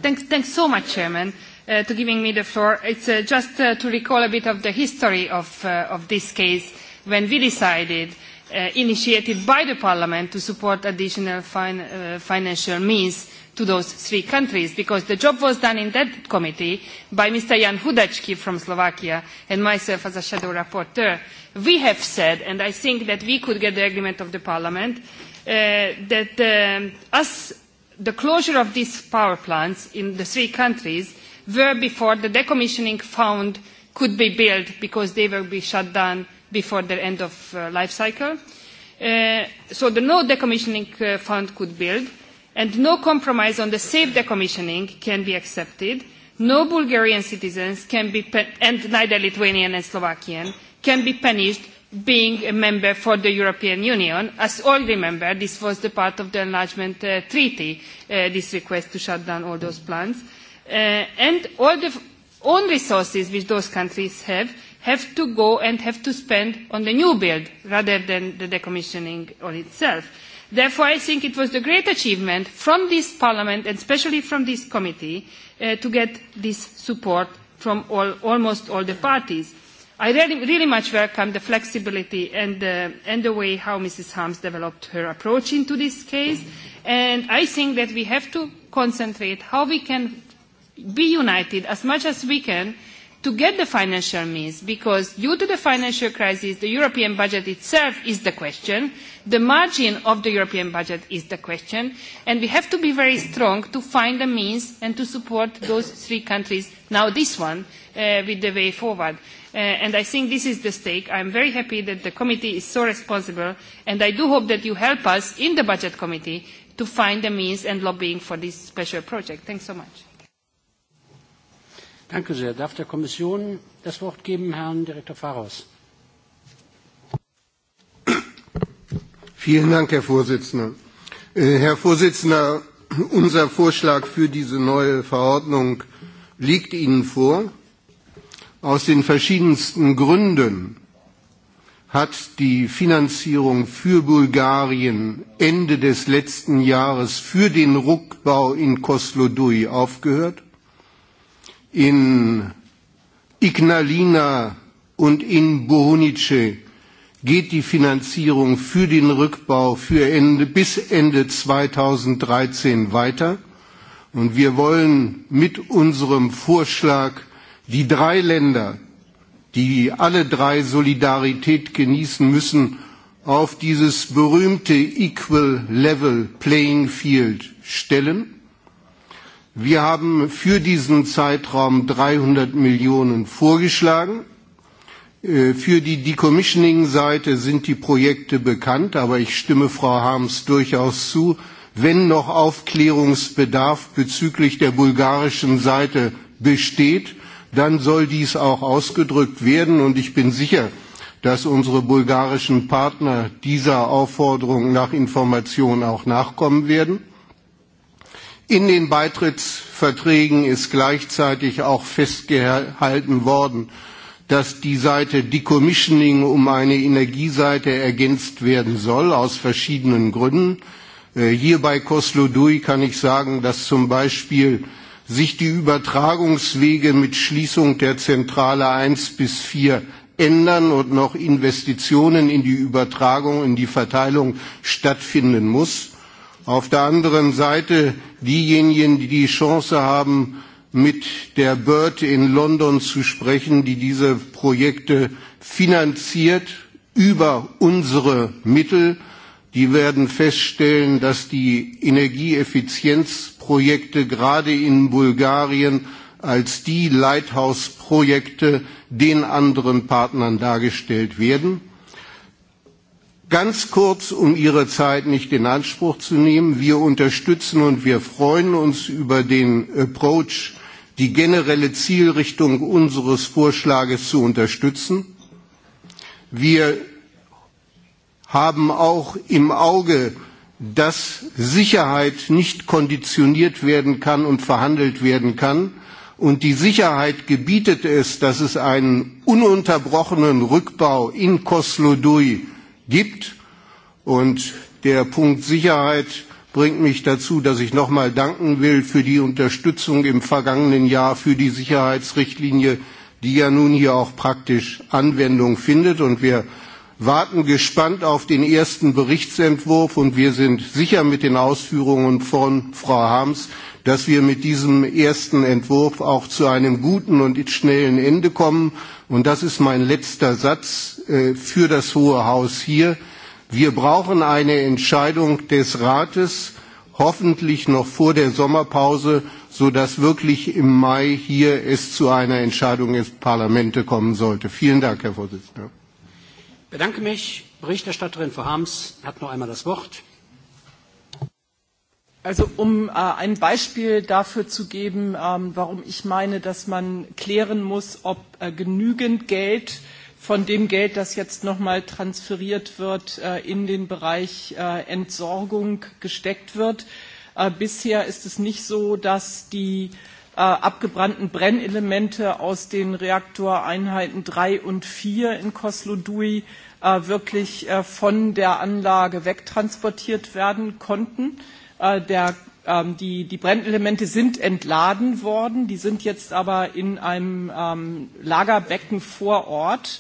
Thanks, thanks so much, Chairman uh, to giving me the floor. It's uh, just uh, to recall a bit of the history of, uh, of this case when we decided, uh, initiated by the Parliament, to support additional fin uh, financial means to those three countries because the job was done in that committee by Mr. Jan Hudacki from Slovakia and myself as a shadow rapporteur. We have said, and I think that we could get the agreement of the parliament, uh, that um, as the closure of these power plants in the three countries were before the decommissioning fund could be built because they will be shut down before the end of uh, life cycle. Uh, so the no decommissioning uh, fund could build, and no compromise on the safe decommissioning can be accepted. No Bulgarian citizens can be, and neither Lithuanian and Slovakian, can be punished being a member for the European Union. As all remember, this was the part of the enlargement uh, treaty, uh, this request to shut down all those plants uh, and all the own resources which those countries have have to go and have to spend on the new build rather than the decommissioning on itself. Therefore, I think it was the great achievement from this Parliament and especially from this committee uh, to get this support from all, almost all the parties. I really, really much welcome the flexibility and, uh, and the way how Mrs. Harms developed her approach into this case. And I think that we have to concentrate how we can be united as much as we can to get the financial means because due to the financial crisis the european budget itself is the question the margin of the european budget is the question and we have to be very strong to find the means and to support those three countries now this one uh, with the way forward uh, and i think this is the stake i'm very happy that the committee is so responsible and i do hope that you help us in the budget committee to find the means and lobbying for this special project thanks so much Danke sehr. Darf der Kommission das Wort geben, Herrn Direktor Faros? Vielen Dank, Herr Vorsitzender. Äh, Herr Vorsitzender, unser Vorschlag für diese neue Verordnung liegt Ihnen vor. Aus den verschiedensten Gründen hat die Finanzierung für Bulgarien Ende des letzten Jahres für den Rückbau in Koslodui aufgehört in Ignalina und in Bohunice geht die Finanzierung für den Rückbau für Ende, bis Ende 2013 weiter. Und wir wollen mit unserem Vorschlag die drei Länder, die alle drei Solidarität genießen müssen, auf dieses berühmte Equal Level Playing Field stellen Wir haben für diesen Zeitraum 300 Millionen vorgeschlagen. Äh, für die Decommissioning-Seite sind die Projekte bekannt, aber ich stimme Frau Harms durchaus zu. Wenn noch Aufklärungsbedarf bezüglich der bulgarischen Seite besteht, dann soll dies auch ausgedrückt werden. Und ich bin sicher, dass unsere bulgarischen Partner dieser Aufforderung nach Informationen auch nachkommen werden. In den Beitrittsverträgen ist gleichzeitig auch festgehalten worden, dass die Seite Decommissioning um eine Energieseite ergänzt werden soll, aus verschiedenen Gründen. Äh, hier bei Kosloduj kann ich sagen, dass zum Beispiel sich die Übertragungswege mit Schließung der Zentrale 1 bis 4 ändern und noch Investitionen in die Übertragung, in die Verteilung stattfinden muss. Auf der anderen Seite diejenigen, die die Chance haben, mit der Bird in London zu sprechen, die diese Projekte finanziert über unsere Mittel, die werden feststellen, dass die Energieeffizienzprojekte gerade in Bulgarien als die Lighthouse-Projekte den anderen Partnern dargestellt werden. Ganz kurz, um Ihre Zeit nicht in Anspruch zu nehmen. Wir unterstützen und wir freuen uns über den Approach, die generelle Zielrichtung unseres Vorschlages zu unterstützen. Wir haben auch im Auge, dass Sicherheit nicht konditioniert werden kann und verhandelt werden kann. Und die Sicherheit gebietet es, dass es einen ununterbrochenen Rückbau in Koslodui gibt. Und der Punkt Sicherheit bringt mich dazu, dass ich noch einmal danken will für die Unterstützung im vergangenen Jahr für die Sicherheitsrichtlinie, die ja nun hier auch praktisch Anwendung findet. Und wir warten gespannt auf den ersten Berichtsentwurf und wir sind sicher mit den Ausführungen von Frau Harms, dass wir mit diesem ersten Entwurf auch zu einem guten und schnellen Ende kommen. Und das ist mein letzter Satz äh, für das Hohe Haus hier. Wir brauchen eine Entscheidung des Rates, hoffentlich noch vor der Sommerpause, sodass wirklich im Mai hier es zu einer Entscheidung des Parlaments kommen sollte. Vielen Dank, Herr Vorsitzender bedanke mich. Berichterstatterin für Harms hat noch einmal das Wort. Also um äh, ein Beispiel dafür zu geben, ähm, warum ich meine, dass man klären muss, ob äh, genügend Geld von dem Geld, das jetzt nochmal transferiert wird, äh, in den Bereich äh, Entsorgung gesteckt wird. Äh, bisher ist es nicht so, dass die äh, Äh, abgebrannten Brennelemente aus den Reaktoreinheiten 3 und 4 in Koslodui äh, wirklich äh, von der Anlage wegtransportiert werden konnten. Der, ähm, die, die Brennelemente sind entladen worden, die sind jetzt aber in einem ähm, Lagerbecken vor Ort.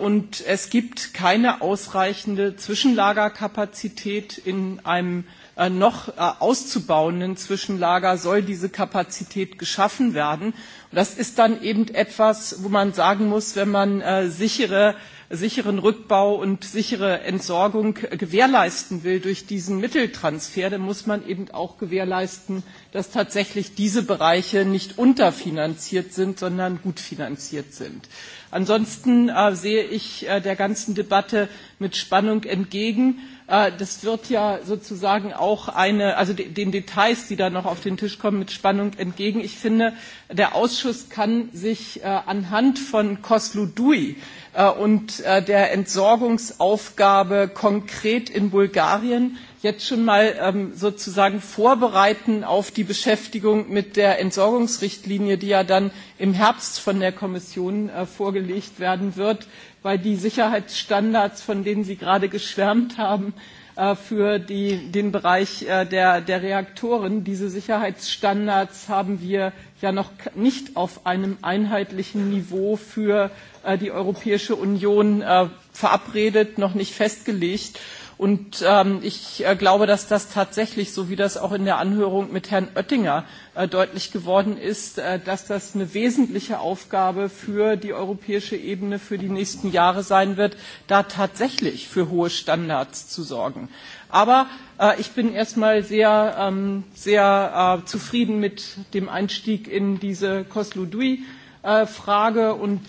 Und es gibt keine ausreichende Zwischenlagerkapazität in einem Äh, noch äh, auszubauenden Zwischenlager soll diese Kapazität geschaffen werden. Und das ist dann eben etwas, wo man sagen muss, wenn man äh, sichere sicheren Rückbau und sichere Entsorgung gewährleisten will durch diesen Mitteltransfer, dann muss man eben auch gewährleisten, dass tatsächlich diese Bereiche nicht unterfinanziert sind, sondern gut finanziert sind. Ansonsten äh, sehe ich äh, der ganzen Debatte mit Spannung entgegen. Äh, das wird ja sozusagen auch eine, also den Details, die da noch auf den Tisch kommen, mit Spannung entgegen. Ich finde, der Ausschuss kann sich äh, anhand von Kosludui äh, und der Entsorgungsaufgabe konkret in Bulgarien jetzt schon mal ähm, sozusagen vorbereiten auf die Beschäftigung mit der Entsorgungsrichtlinie, die ja dann im Herbst von der Kommission äh, vorgelegt werden wird, weil die Sicherheitsstandards, von denen Sie gerade geschwärmt haben, äh, für die, den Bereich äh, der, der Reaktoren. Diese Sicherheitsstandards haben wir ja noch nicht auf einem einheitlichen Niveau für äh, die Europäische Union verabredet, noch nicht festgelegt. Und ähm, ich äh, glaube, dass das tatsächlich, so wie das auch in der Anhörung mit Herrn Oettinger äh, deutlich geworden ist, äh, dass das eine wesentliche Aufgabe für die europäische Ebene für die nächsten Jahre sein wird, da tatsächlich für hohe Standards zu sorgen. Aber äh, ich bin erstmal sehr, ähm, sehr äh, zufrieden mit dem Einstieg in diese Kosludui-Frage äh, und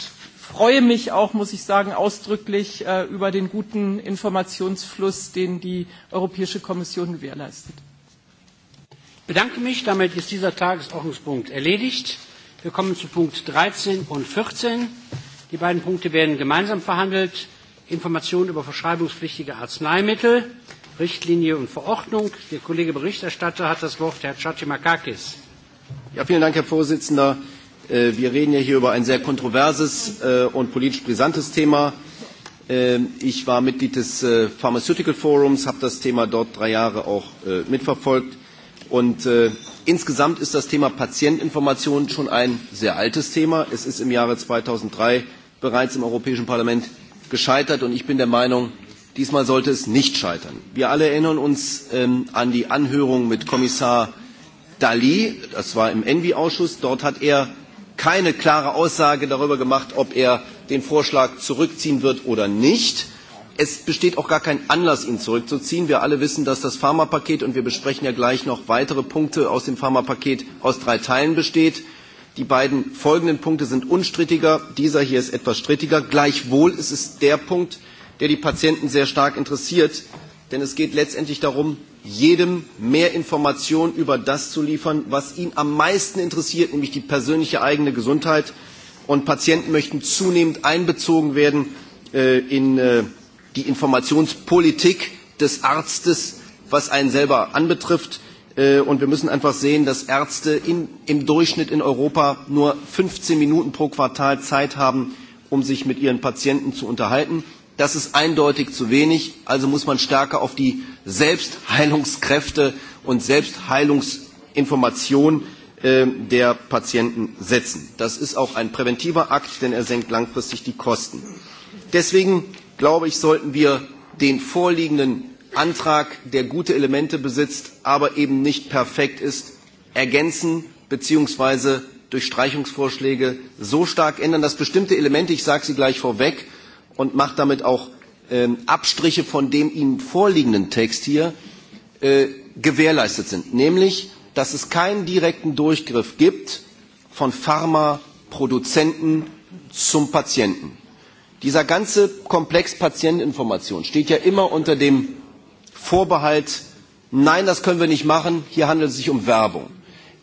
freue mich auch, muss ich sagen, ausdrücklich äh, über den guten Informationsfluss, den die Europäische Kommission gewährleistet. Ich bedanke mich. Damit ist dieser Tagesordnungspunkt erledigt. Wir kommen zu Punkt 13 und 14. Die beiden Punkte werden gemeinsam verhandelt. Informationen über verschreibungspflichtige Arzneimittel, Richtlinie und Verordnung. Der Kollege Berichterstatter hat das Wort, Herr Chachimakakis. Ja, vielen Dank, Herr Vorsitzender. Äh, wir reden ja hier über ein sehr kontroverses äh, und politisch brisantes Thema. Äh, ich war Mitglied des Pharmaceutical Forums, habe das Thema dort drei Jahre auch mitverfolgt. Und insgesamt ist das Thema Patientinformation schon ein sehr altes Thema. Es ist im Jahre 2003 bereits im Europäischen Parlament gescheitert und ich bin der Meinung, diesmal sollte es nicht scheitern. Wir alle erinnern uns ähm, an die Anhörung mit Kommissar Dali, das war im Envi-Ausschuss. Dort hat er keine klare Aussage darüber gemacht, ob er den Vorschlag zurückziehen wird oder nicht. Es besteht auch gar kein Anlass, ihn zurückzuziehen. Wir alle wissen, dass das Pharmapaket, und wir besprechen ja gleich noch weitere Punkte aus dem Pharmapaket, aus drei Teilen besteht. Die beiden folgenden Punkte sind unstrittiger. Dieser hier ist etwas strittiger. Gleichwohl ist es der Punkt, der die Patienten sehr stark interessiert. Denn es geht letztendlich darum, jedem mehr Informationen über das zu liefern, was ihn am meisten interessiert, nämlich die persönliche eigene Gesundheit. Und Patienten möchten zunehmend einbezogen werden äh, in äh, die Informationspolitik des Arztes, was einen selber anbetrifft. Äh, und wir müssen einfach sehen, dass Ärzte in, im Durchschnitt in Europa nur 15 Minuten pro Quartal Zeit haben, um sich mit ihren Patienten zu unterhalten. Das ist eindeutig zu wenig, also muss man stärker auf die Selbstheilungskräfte und Selbstheilungsinformation äh, der Patienten setzen. Das ist auch ein präventiver Akt, denn er senkt langfristig die Kosten. Deswegen glaube ich, sollten wir den vorliegenden Antrag, der gute Elemente besitzt, aber eben nicht perfekt ist, ergänzen bzw. durch Streichungsvorschläge so stark ändern, dass bestimmte Elemente, ich sage sie gleich vorweg, und macht damit auch äh, Abstriche von dem ihm vorliegenden Text hier, äh, gewährleistet sind. Nämlich, dass es keinen direkten Durchgriff gibt von Pharmaproduzenten zum Patienten. Dieser ganze Komplex Patienteninformation steht ja immer unter dem Vorbehalt, nein, das können wir nicht machen, hier handelt es sich um Werbung.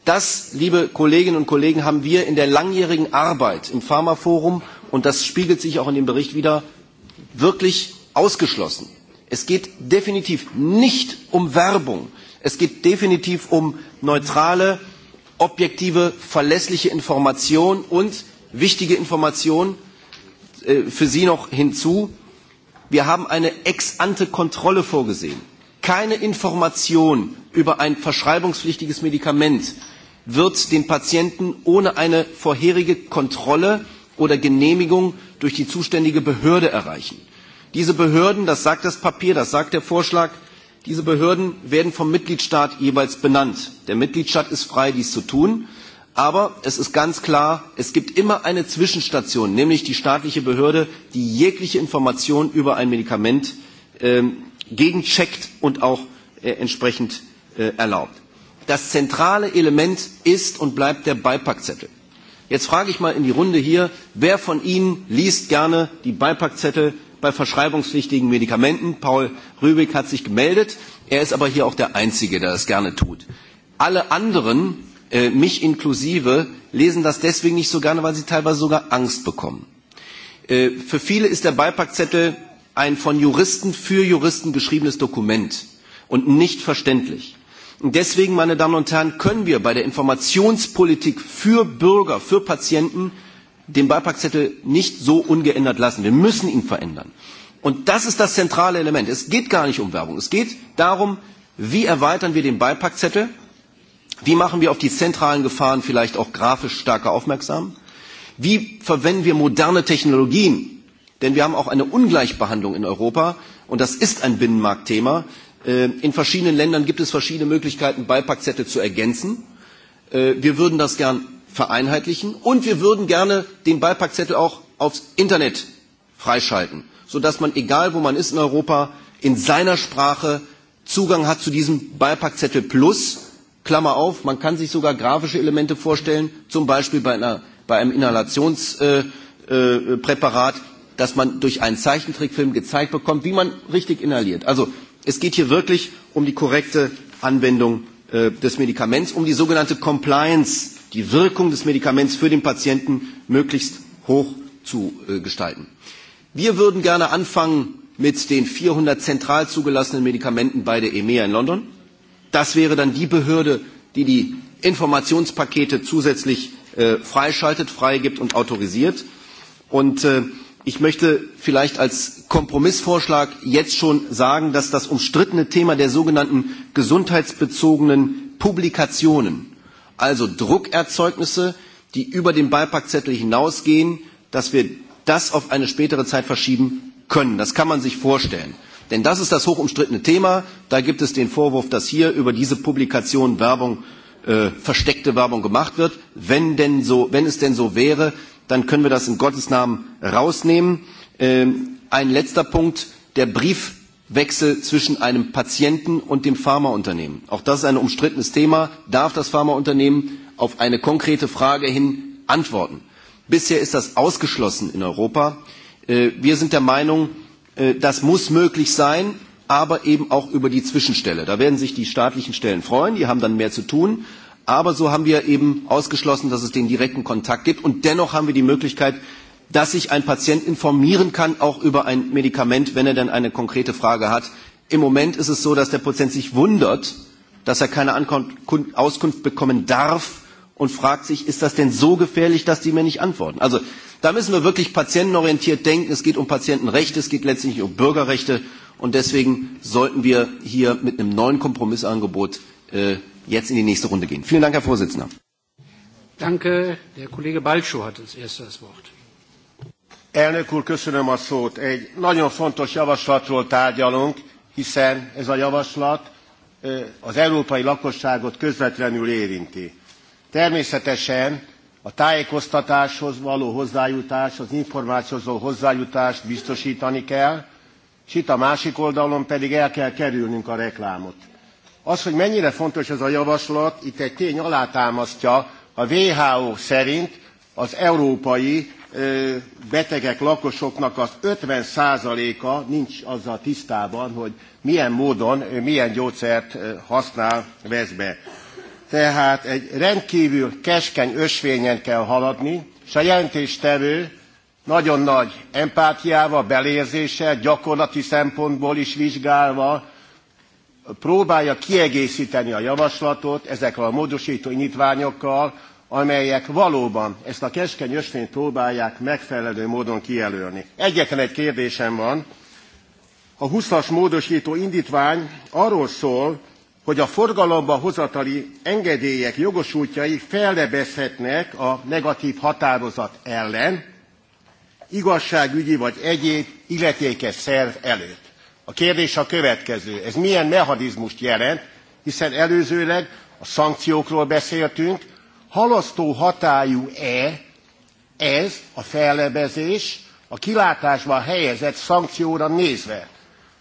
Das, liebe Kolleginnen und Kollegen, haben wir in der langjährigen Arbeit im Pharmaforum und das spiegelt sich auch in dem Bericht wieder, wirklich ausgeschlossen. Es geht definitiv nicht um Werbung. Es geht definitiv um neutrale, objektive, verlässliche Information und wichtige Information äh, für Sie noch hinzu. Wir haben eine Ex-ante-Kontrolle vorgesehen. Keine Information über ein verschreibungspflichtiges Medikament wird dem Patienten ohne eine vorherige Kontrolle oder Genehmigung durch die zuständige Behörde erreichen. Diese Behörden, das sagt das Papier, das sagt der Vorschlag, diese Behörden werden vom Mitgliedstaat jeweils benannt. Der Mitgliedstaat ist frei, dies zu tun. Aber es ist ganz klar, es gibt immer eine Zwischenstation, nämlich die staatliche Behörde, die jegliche Information über ein Medikament ähm, gegencheckt und auch äh, entsprechend äh, erlaubt. Das zentrale Element ist und bleibt der Beipackzettel. Jetzt frage ich mal in die Runde hier, wer von Ihnen liest gerne die Beipackzettel bei verschreibungspflichtigen Medikamenten? Paul Rübig hat sich gemeldet. Er ist aber hier auch der Einzige, der es gerne tut. Alle anderen, äh, mich inklusive, lesen das deswegen nicht so gerne, weil sie teilweise sogar Angst bekommen. Äh, für viele ist der Beipackzettel ein von Juristen für Juristen geschriebenes Dokument und nicht verständlich. Und deswegen, meine Damen und Herren, können wir bei der Informationspolitik für Bürger, für Patienten den Beipackzettel nicht so ungeändert lassen. Wir müssen ihn verändern. Und das ist das zentrale Element. Es geht gar nicht um Werbung. Es geht darum, wie erweitern wir den Beipackzettel? Wie machen wir auf die zentralen Gefahren vielleicht auch grafisch stärker aufmerksam? Wie verwenden wir moderne Technologien? Denn wir haben auch eine Ungleichbehandlung in Europa und das ist ein Binnenmarktthema. Ähm, in verschiedenen Ländern gibt es verschiedene Möglichkeiten, Beipackzettel zu ergänzen. Äh, wir würden das gern vereinheitlichen und wir würden gerne den Beipackzettel auch aufs Internet freischalten, sodass man, egal wo man ist in Europa, in seiner Sprache Zugang hat zu diesem Beipackzettel Plus. Klammer auf, man kann sich sogar grafische Elemente vorstellen, zum Beispiel bei, einer, bei einem Inhalationspräparat, äh, äh, dass man durch einen Zeichentrickfilm gezeigt bekommt, wie man richtig inhaliert. Also Es geht hier wirklich um die korrekte Anwendung äh, des Medikaments, um die sogenannte Compliance, die Wirkung des Medikaments für den Patienten möglichst hoch zu äh, gestalten. Wir würden gerne anfangen mit den 400 zentral zugelassenen Medikamenten bei der EMEA in London. Das wäre dann die Behörde, die die Informationspakete zusätzlich äh, freischaltet, freigibt und autorisiert. Und äh, Ich möchte vielleicht als Kompromissvorschlag jetzt schon sagen, dass das umstrittene Thema der sogenannten gesundheitsbezogenen Publikationen, also Druckerzeugnisse, die über den Beipackzettel hinausgehen, dass wir das auf eine spätere Zeit verschieben können. Das kann man sich vorstellen. Denn das ist das hochumstrittene Thema. Da gibt es den Vorwurf, dass hier über diese Publikation Werbung, äh, versteckte Werbung gemacht wird. Wenn, denn so, wenn es denn so wäre, dann können wir das in Gottes Namen rausnehmen. Ähm, ein letzter Punkt, der Briefwechsel zwischen einem Patienten und dem Pharmaunternehmen. Auch das ist ein umstrittenes Thema. Darf das Pharmaunternehmen auf eine konkrete Frage hin antworten? Bisher ist das ausgeschlossen in Europa. Äh, wir sind der Meinung, äh, das muss möglich sein, aber eben auch über die Zwischenstelle. Da werden sich die staatlichen Stellen freuen, die haben dann mehr zu tun. Aber so haben wir eben ausgeschlossen, dass es den direkten Kontakt gibt. Und dennoch haben wir die Möglichkeit, dass sich ein Patient informieren kann, auch über ein Medikament, wenn er dann eine konkrete Frage hat. Im Moment ist es so, dass der Patient sich wundert, dass er keine Auskunft bekommen darf und fragt sich, ist das denn so gefährlich, dass die mir nicht antworten? Also da müssen wir wirklich patientenorientiert denken. Es geht um Patientenrechte, es geht letztlich um Bürgerrechte. Und deswegen sollten wir hier mit einem neuen Kompromissangebot äh, jetzt in die nächste Runde gehen. Vielen Dank, Herr Vorsitzender. Danke. Der Kollege Balcsó hat als erstes das Wort. Elnök úr, köszönöm a szót. Egy nagyon fontos javaslatról tárgyalunk, hiszen ez a javaslat az európai lakosságot közvetlenül érinti. Természetesen a tájékoztatáshoz való hozzájutás, az információhoz való hozzájutást biztosítani kell, és itt a másik oldalon pedig el kell kerülnünk a reklámot. Az, hogy mennyire fontos ez a javaslat, itt egy tény alátámasztja, a WHO szerint az európai betegek lakosoknak az 50%-a nincs azzal tisztában, hogy milyen módon, milyen gyógyszert használ, vesz be. Tehát egy rendkívül keskeny ösvényen kell haladni, és a jelentéstevő nagyon nagy empátiával, belérzéssel, gyakorlati szempontból is vizsgálva próbálja kiegészíteni a javaslatot ezekkel a módosító nyitványokkal, amelyek valóban ezt a keskeny ösvényt próbálják megfelelő módon kijelölni. Egyetlen egy kérdésem van. A 20-as módosító indítvány arról szól, hogy a forgalomba hozatali engedélyek jogosultjai fellebezhetnek a negatív határozat ellen, igazságügyi vagy egyéb illetékes szerv előtt. A kérdés a következő. Ez milyen mechanizmust jelent, hiszen előzőleg a szankciókról beszéltünk. Halasztó hatályú-e ez a fellebezés a kilátásban helyezett szankcióra nézve?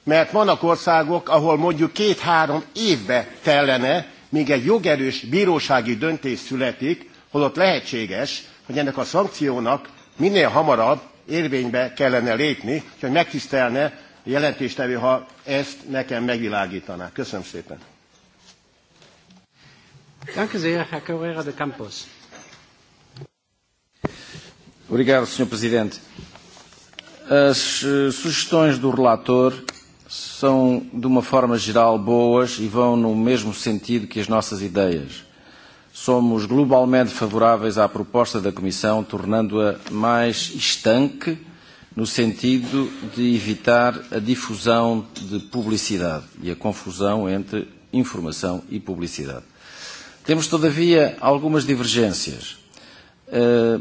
Mert vannak országok, ahol mondjuk két-három évbe tellene, míg egy jogerős bírósági döntés születik, holott lehetséges, hogy ennek a szankciónak minél hamarabb érvénybe kellene lépni, hogy megtisztelne jelentéstevő, ha ezt nekem megvilágítaná. Köszönöm szépen. Danke sehr, Herr de Campos. Obrigado, Sr. Presidente. As eh, sugestões do relator são, de uma forma geral, boas e vão no mesmo sentido que as nossas ideias. Somos globalmente favoráveis à proposta da Comissão, tornando-a mais estanque no sentido de evitar a difusão de publicidade e a confusão entre informação e publicidade. Temos, todavia, algumas divergências. Eh,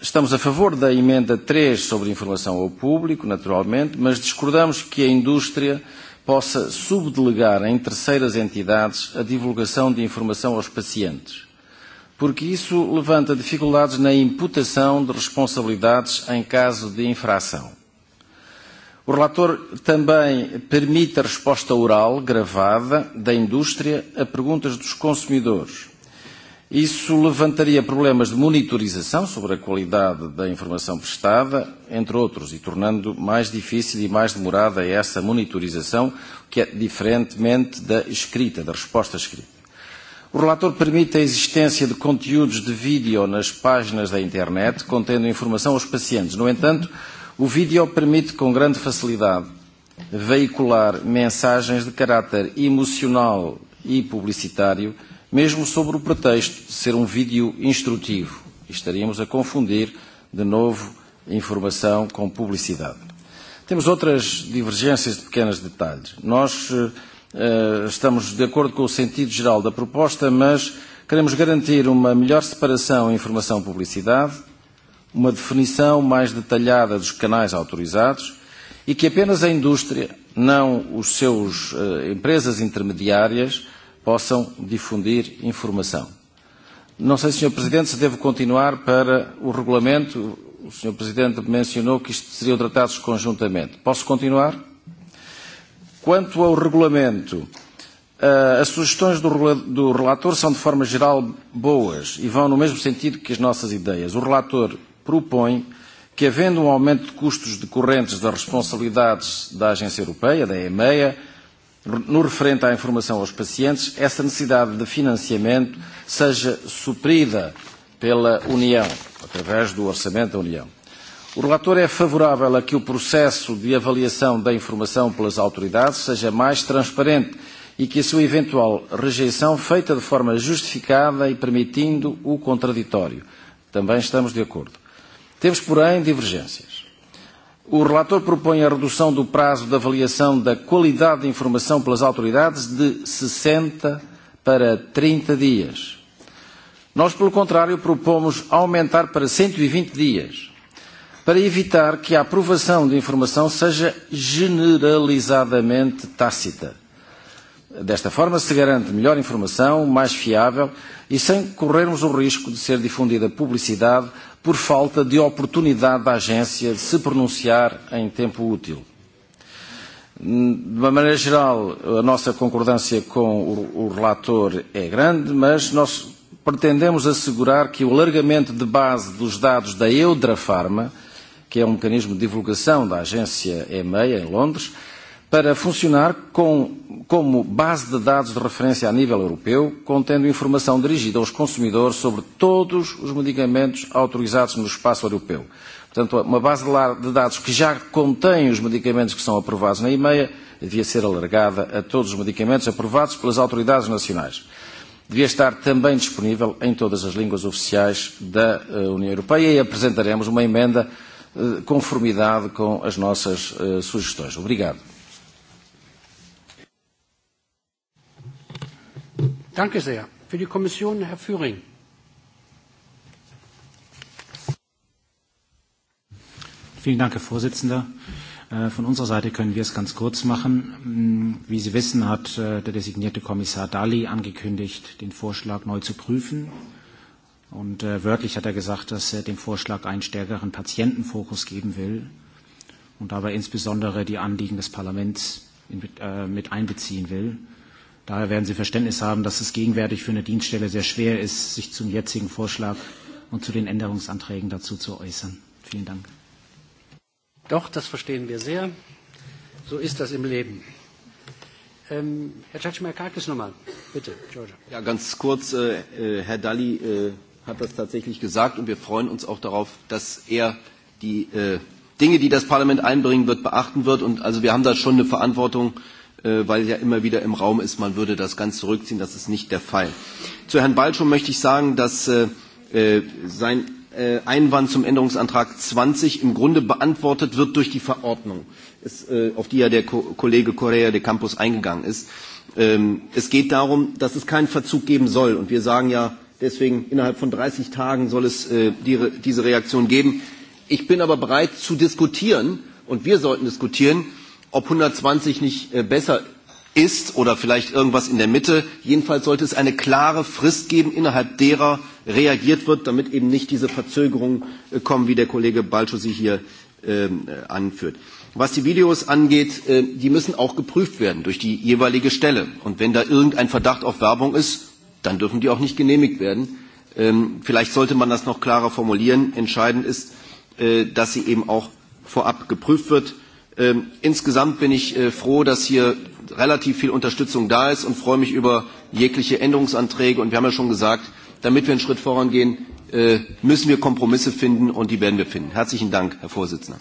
estamos a favor da emenda 3 sobre informação ao público, naturalmente, mas discordamos que a indústria possa subdelegar em terceiras entidades a divulgação de informação aos pacientes porque isso levanta dificuldades na imputação de responsabilidades em caso de infração. O relator também permite a resposta oral gravada da indústria a perguntas dos consumidores. Isso levantaria problemas de monitorização sobre a qualidade da informação prestada, entre outros, e tornando mais difícil e mais demorada essa monitorização, que é diferentemente da escrita, da resposta escrita. O relator permite a existência de conteúdos de vídeo nas páginas da internet contendo informação aos pacientes. No entanto, o vídeo permite com grande facilidade veicular mensagens de caráter emocional e publicitário, mesmo sobre o pretexto de ser um vídeo instrutivo. E estaríamos a confundir, de novo, informação com publicidade. Temos outras divergências de pequenos detalhes. Nós uh, Eh, estamos de acordo com o sentido geral da proposta, mas queremos garantir uma melhor separação informação-publicidade, e uma definição mais detalhada dos canais autorizados e que apenas a indústria, não os seus uh, empresas intermediárias, possam difundir informação. Não sei, Sr. Presidente, se devo continuar para o regulamento. O Sr. Presidente mencionou que isto seriam tratados conjuntamente. Posso continuar? Quanto ao regulamento, eh, as sugestões do relator são, de forma geral, boas e vão no mesmo sentido que as nossas ideias. O relator propõe que, havendo um aumento de custos decorrentes das responsabilidades da Agência Europeia, da EMEA, no referente à informação aos pacientes, essa necessidade de financiamento seja suprida pela União, através do Orçamento da União. O relator é favorável a que o processo de avaliação da informação pelas autoridades seja mais transparente e que a sua eventual rejeição feita de forma justificada e permitindo o contraditório. Também estamos de acordo. Temos, porém, divergências. O relator propõe a redução do prazo de avaliação da qualidade de informação pelas autoridades de 60 para 30 dias. Nós, pelo contrário, propomos aumentar para 120 e dias para evitar que a aprovação de informação seja generalizadamente tácita. Desta forma, se garante melhor informação, mais fiável e sem corrermos o risco de ser difundida publicidade por falta de oportunidade da agência de se pronunciar em tempo útil. De uma maneira geral, a nossa concordância com o relator é grande, mas nós pretendemos assegurar que o alargamento de base dos dados da Eudrafarma Pharma que é um mecanismo de divulgação da agência EMEI, em Londres, para funcionar com, como base de dados de referência a nível europeu, contendo informação dirigida aos consumidores sobre todos os medicamentos autorizados no espaço europeu. Portanto, uma base de dados que já contém os medicamentos que são aprovados na EMEA devia ser alargada a todos os medicamentos aprovados pelas autoridades nacionais. Devia estar também disponível em todas as línguas oficiais da eh, União Europeia e apresentaremos uma emenda Eh, conformidade com as nossas eh, sugestões. Obrigado. Danke sehr. Für die Kommission Herr Führing. Vielen Dank, Herr Vorsitzender. Äh, von unserer Seite können wir es ganz kurz machen. Mm, wie Sie wissen, hat äh, der designierte Kommissar Dalli angekündigt, den Vorschlag neu zu prüfen. Und äh, wörtlich hat er gesagt, dass er dem Vorschlag einen stärkeren Patientenfokus geben will und dabei insbesondere die Anliegen des Parlaments in, äh, mit einbeziehen will. Daher werden Sie Verständnis haben, dass es gegenwärtig für eine Dienststelle sehr schwer ist, sich zum jetzigen Vorschlag und zu den Änderungsanträgen dazu zu äußern. Vielen Dank. Doch, das verstehen wir sehr. So ist das im Leben. Ähm, Herr Tschatschmerkakis nochmal. Bitte, Georgia. Ja, ganz kurz, äh, äh Herr Dalli, äh, hat das tatsächlich gesagt und wir freuen uns auch darauf, dass er die äh, Dinge, die das Parlament einbringen wird, beachten wird. Und also wir haben da schon eine Verantwortung, äh, weil ja immer wieder im Raum ist, man würde das ganz zurückziehen. Das ist nicht der Fall. Zu Herrn Balschow möchte ich sagen, dass äh, äh, sein äh, Einwand zum Änderungsantrag 20 im Grunde beantwortet wird durch die Verordnung, ist, äh, auf die ja der Ko Kollege Correa de Campos eingegangen ist. Ähm, es geht darum, dass es keinen Verzug geben soll. Und wir sagen ja, Deswegen innerhalb von 30 Tagen soll es äh, die, diese Reaktion geben. Ich bin aber bereit zu diskutieren und wir sollten diskutieren, ob 120 nicht äh, besser ist oder vielleicht irgendwas in der Mitte. Jedenfalls sollte es eine klare Frist geben, innerhalb derer reagiert wird, damit eben nicht diese Verzögerungen äh, kommen, wie der Kollege Balcho sie hier ähm, äh, anführt. Was die Videos angeht, äh, die müssen auch geprüft werden durch die jeweilige Stelle. Und wenn da irgendein Verdacht auf Werbung ist, dann dürfen die auch nicht genehmigt werden. Ähm, vielleicht sollte man das noch klarer formulieren. Entscheidend ist, äh, dass sie eben auch vorab geprüft wird. Ähm, insgesamt bin ich äh, froh, dass hier relativ viel Unterstützung da ist und freue mich über jegliche Änderungsanträge. Und wir haben ja schon gesagt, damit wir einen Schritt vorangehen, äh, müssen wir Kompromisse finden und die werden wir finden. Herzlichen Dank, Herr Vorsitzender.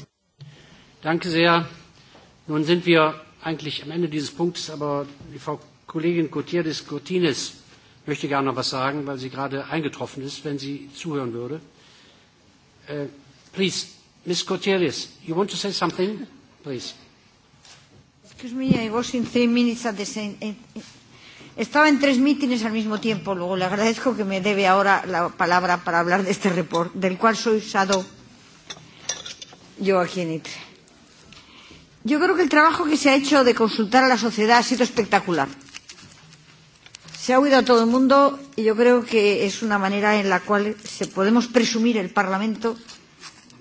Danke sehr. Nun sind wir eigentlich am Ende dieses Punktes, aber die Frau Kollegin Gutierrez Cortines möchte gerne noch was sagen, weil sie gerade eingetroffen ist, wenn sie zuhören würde. Uh, please, Ms. Coterius, you want to say something? Please. Excuse me, I was in three minutes at the same... Estaba en tres mítines al mismo tiempo. Luego le agradezco que me debe ahora la palabra para hablar de este report, del cual soy usado yo aquí en ITRE. Yo creo que el trabajo que se ha hecho de consultar a la sociedad ha sido espectacular. Se ha oído a todo el mundo y yo creo que es una manera en la cual se podemos presumir el Parlamento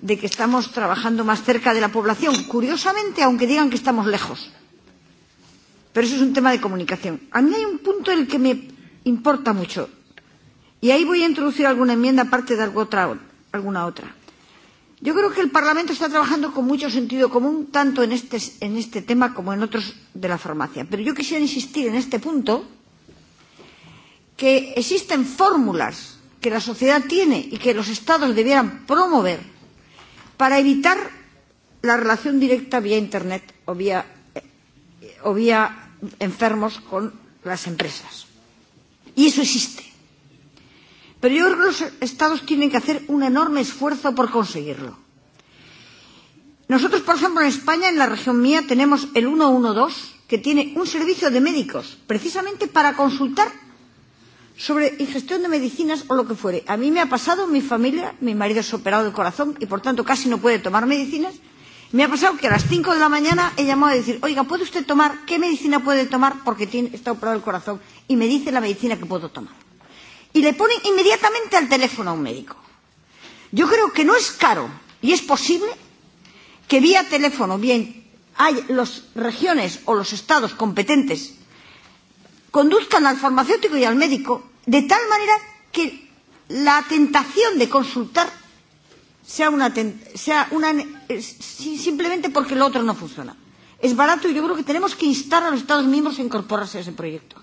de que estamos trabajando más cerca de la población, curiosamente, aunque digan que estamos lejos. Pero eso es un tema de comunicación. A mí hay un punto en el que me importa mucho y ahí voy a introducir alguna enmienda aparte de algo otra, alguna otra. Yo creo que el Parlamento está trabajando con mucho sentido común, tanto en este, en este tema como en otros de la farmacia. Pero yo quisiera insistir en este punto, que existen fórmulas que la sociedad tiene y que los Estados debieran promover para evitar la relación directa vía Internet o vía, o vía enfermos con las empresas. Y eso existe. Pero yo creo que los Estados tienen que hacer un enorme esfuerzo por conseguirlo. Nosotros, por ejemplo, en España, en la región mía, tenemos el 112, que tiene un servicio de médicos, precisamente para consultar sobre ingestión de medicinas o lo que fuere. A mí me ha pasado mi familia, mi marido es operado de corazón y por tanto casi no puede tomar medicinas. Me ha pasado que a las 5 de la mañana he llamado a decir, oiga, ¿puede usted tomar? ¿Qué medicina puede tomar? Porque tiene, está operado el corazón. Y me dice la medicina que puedo tomar. Y le ponen inmediatamente al teléfono a un médico. Yo creo que no es caro y es posible que vía teléfono, bien, hay las regiones o los estados competentes conduzcan al farmacéutico y al médico de tal manera que la tentación de consultar sea, una, sea una, eh, simplemente porque lo otro no funciona. Es barato y yo creo que tenemos que instar a los Estados miembros a incorporarse a ese proyecto.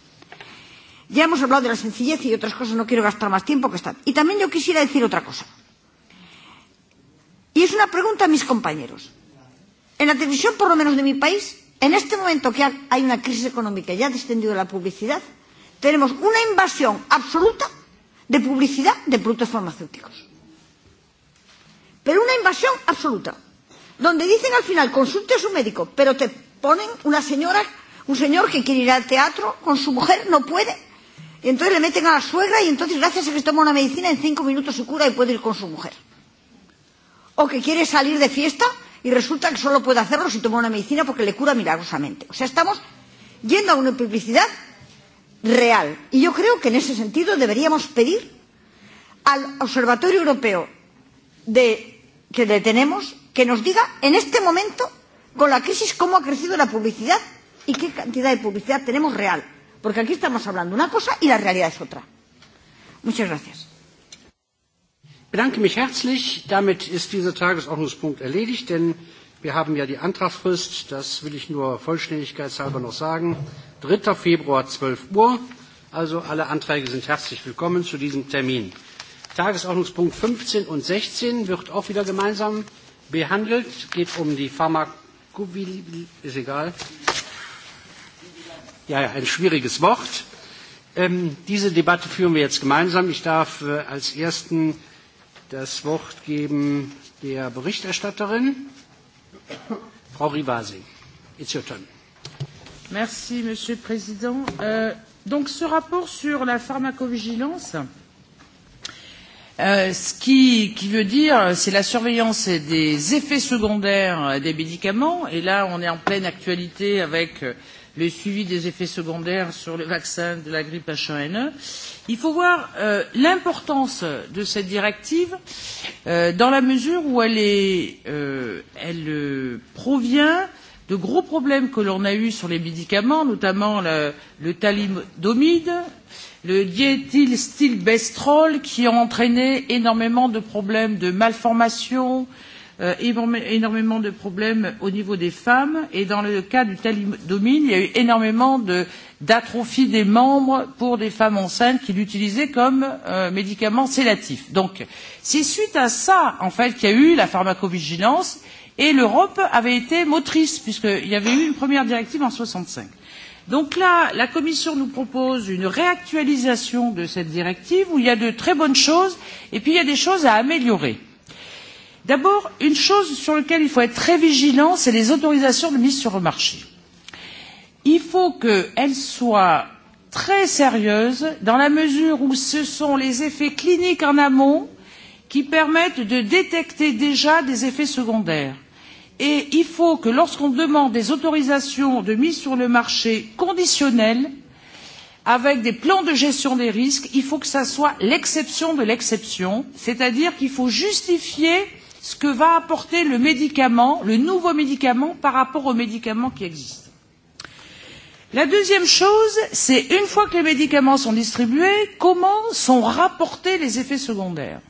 Ya hemos hablado de la sencillez y otras cosas, no quiero gastar más tiempo que están. Y también yo quisiera decir otra cosa. Y es una pregunta a mis compañeros. En la televisión, por lo menos de mi país, en este momento que hay una crisis económica y ha descendido la publicidad, tenemos una invasión absoluta de publicidad de productos farmacéuticos. Pero una invasión absoluta, donde dicen al final consulte a su médico, pero te ponen una señora, un señor que quiere ir al teatro con su mujer, no puede, y entonces le meten a la suegra y entonces gracias a que toma una medicina en cinco minutos se cura y puede ir con su mujer. O que quiere salir de fiesta y resulta que solo puede hacerlo si toma una medicina porque le cura milagrosamente. O sea, estamos yendo a una publicidad real. Y yo creo que en ese sentido deberíamos pedir al Observatorio Europeo de, que le tenemos que nos diga en este momento, con la crisis, cómo ha crecido la publicidad y qué cantidad de publicidad tenemos real. Porque aquí estamos hablando una cosa y la realidad es otra. Muchas gracias. Bedanke mich herzlich. Damit ist dieser Tagesordnungspunkt erledigt, denn Wir haben ja die Antragsfrist, das will ich nur vollständigkeitshalber noch sagen. 3. Februar 12 Uhr. Also alle Anträge sind herzlich willkommen zu diesem Termin. Tagesordnungspunkt 15 und 16 wird auch wieder gemeinsam behandelt. Es Geht um die Pharmakovigilanz. Ist egal. Ja, ja, ein schwieriges Wort. Ähm, diese Debatte führen wir jetzt gemeinsam. Ich darf äh, als Ersten das Wort geben der Berichterstatterin. Henri Rivasi, it's your turn. Merci, Monsieur le Président. Euh, donc, ce rapport sur la pharmacovigilance, euh, ce qui, qui veut dire, c'est la surveillance des effets secondaires des médicaments. Et là, on est en pleine actualité avec euh, le suivi des effets secondaires sur le vaccin de la grippe H1N1. Il faut voir euh, l'importance de cette directive euh, dans la mesure où elle, est, euh, elle euh, provient de gros problèmes que l'on a eus sur les médicaments, notamment le, le thalidomide, le diéthylstilbestrol, qui ont entraîné énormément de problèmes de malformations, euh, Euh, énormément de problèmes au niveau des femmes et dans le cas du thalidomide, il y a eu énormément d'atrophie de, des membres pour des femmes enceintes qui l'utilisaient comme euh, médicament sédatif. Donc, c'est suite à ça, en fait, qu'il y a eu la pharmacovigilance et l'Europe avait été motrice puisqu'il y avait eu une première directive en 65. Donc là, la Commission nous propose une réactualisation de cette directive où il y a de très bonnes choses et puis il y a des choses à améliorer D'abord, une chose sur laquelle il faut être très vigilant, c'est les autorisations de mise sur le marché. Il faut qu'elles soient très sérieuses dans la mesure où ce sont les effets cliniques en amont qui permettent de détecter déjà des effets secondaires. Et il faut que lorsqu'on demande des autorisations de mise sur le marché conditionnelles, avec des plans de gestion des risques, il faut que ça soit l'exception de l'exception, c'est-à-dire qu'il faut justifier euh, ce que va apporter le médicament, le nouveau médicament par rapport aux médicaments qui existent. La deuxième chose, c'est une fois que les médicaments sont distribués, comment sont rapportés les effets secondaires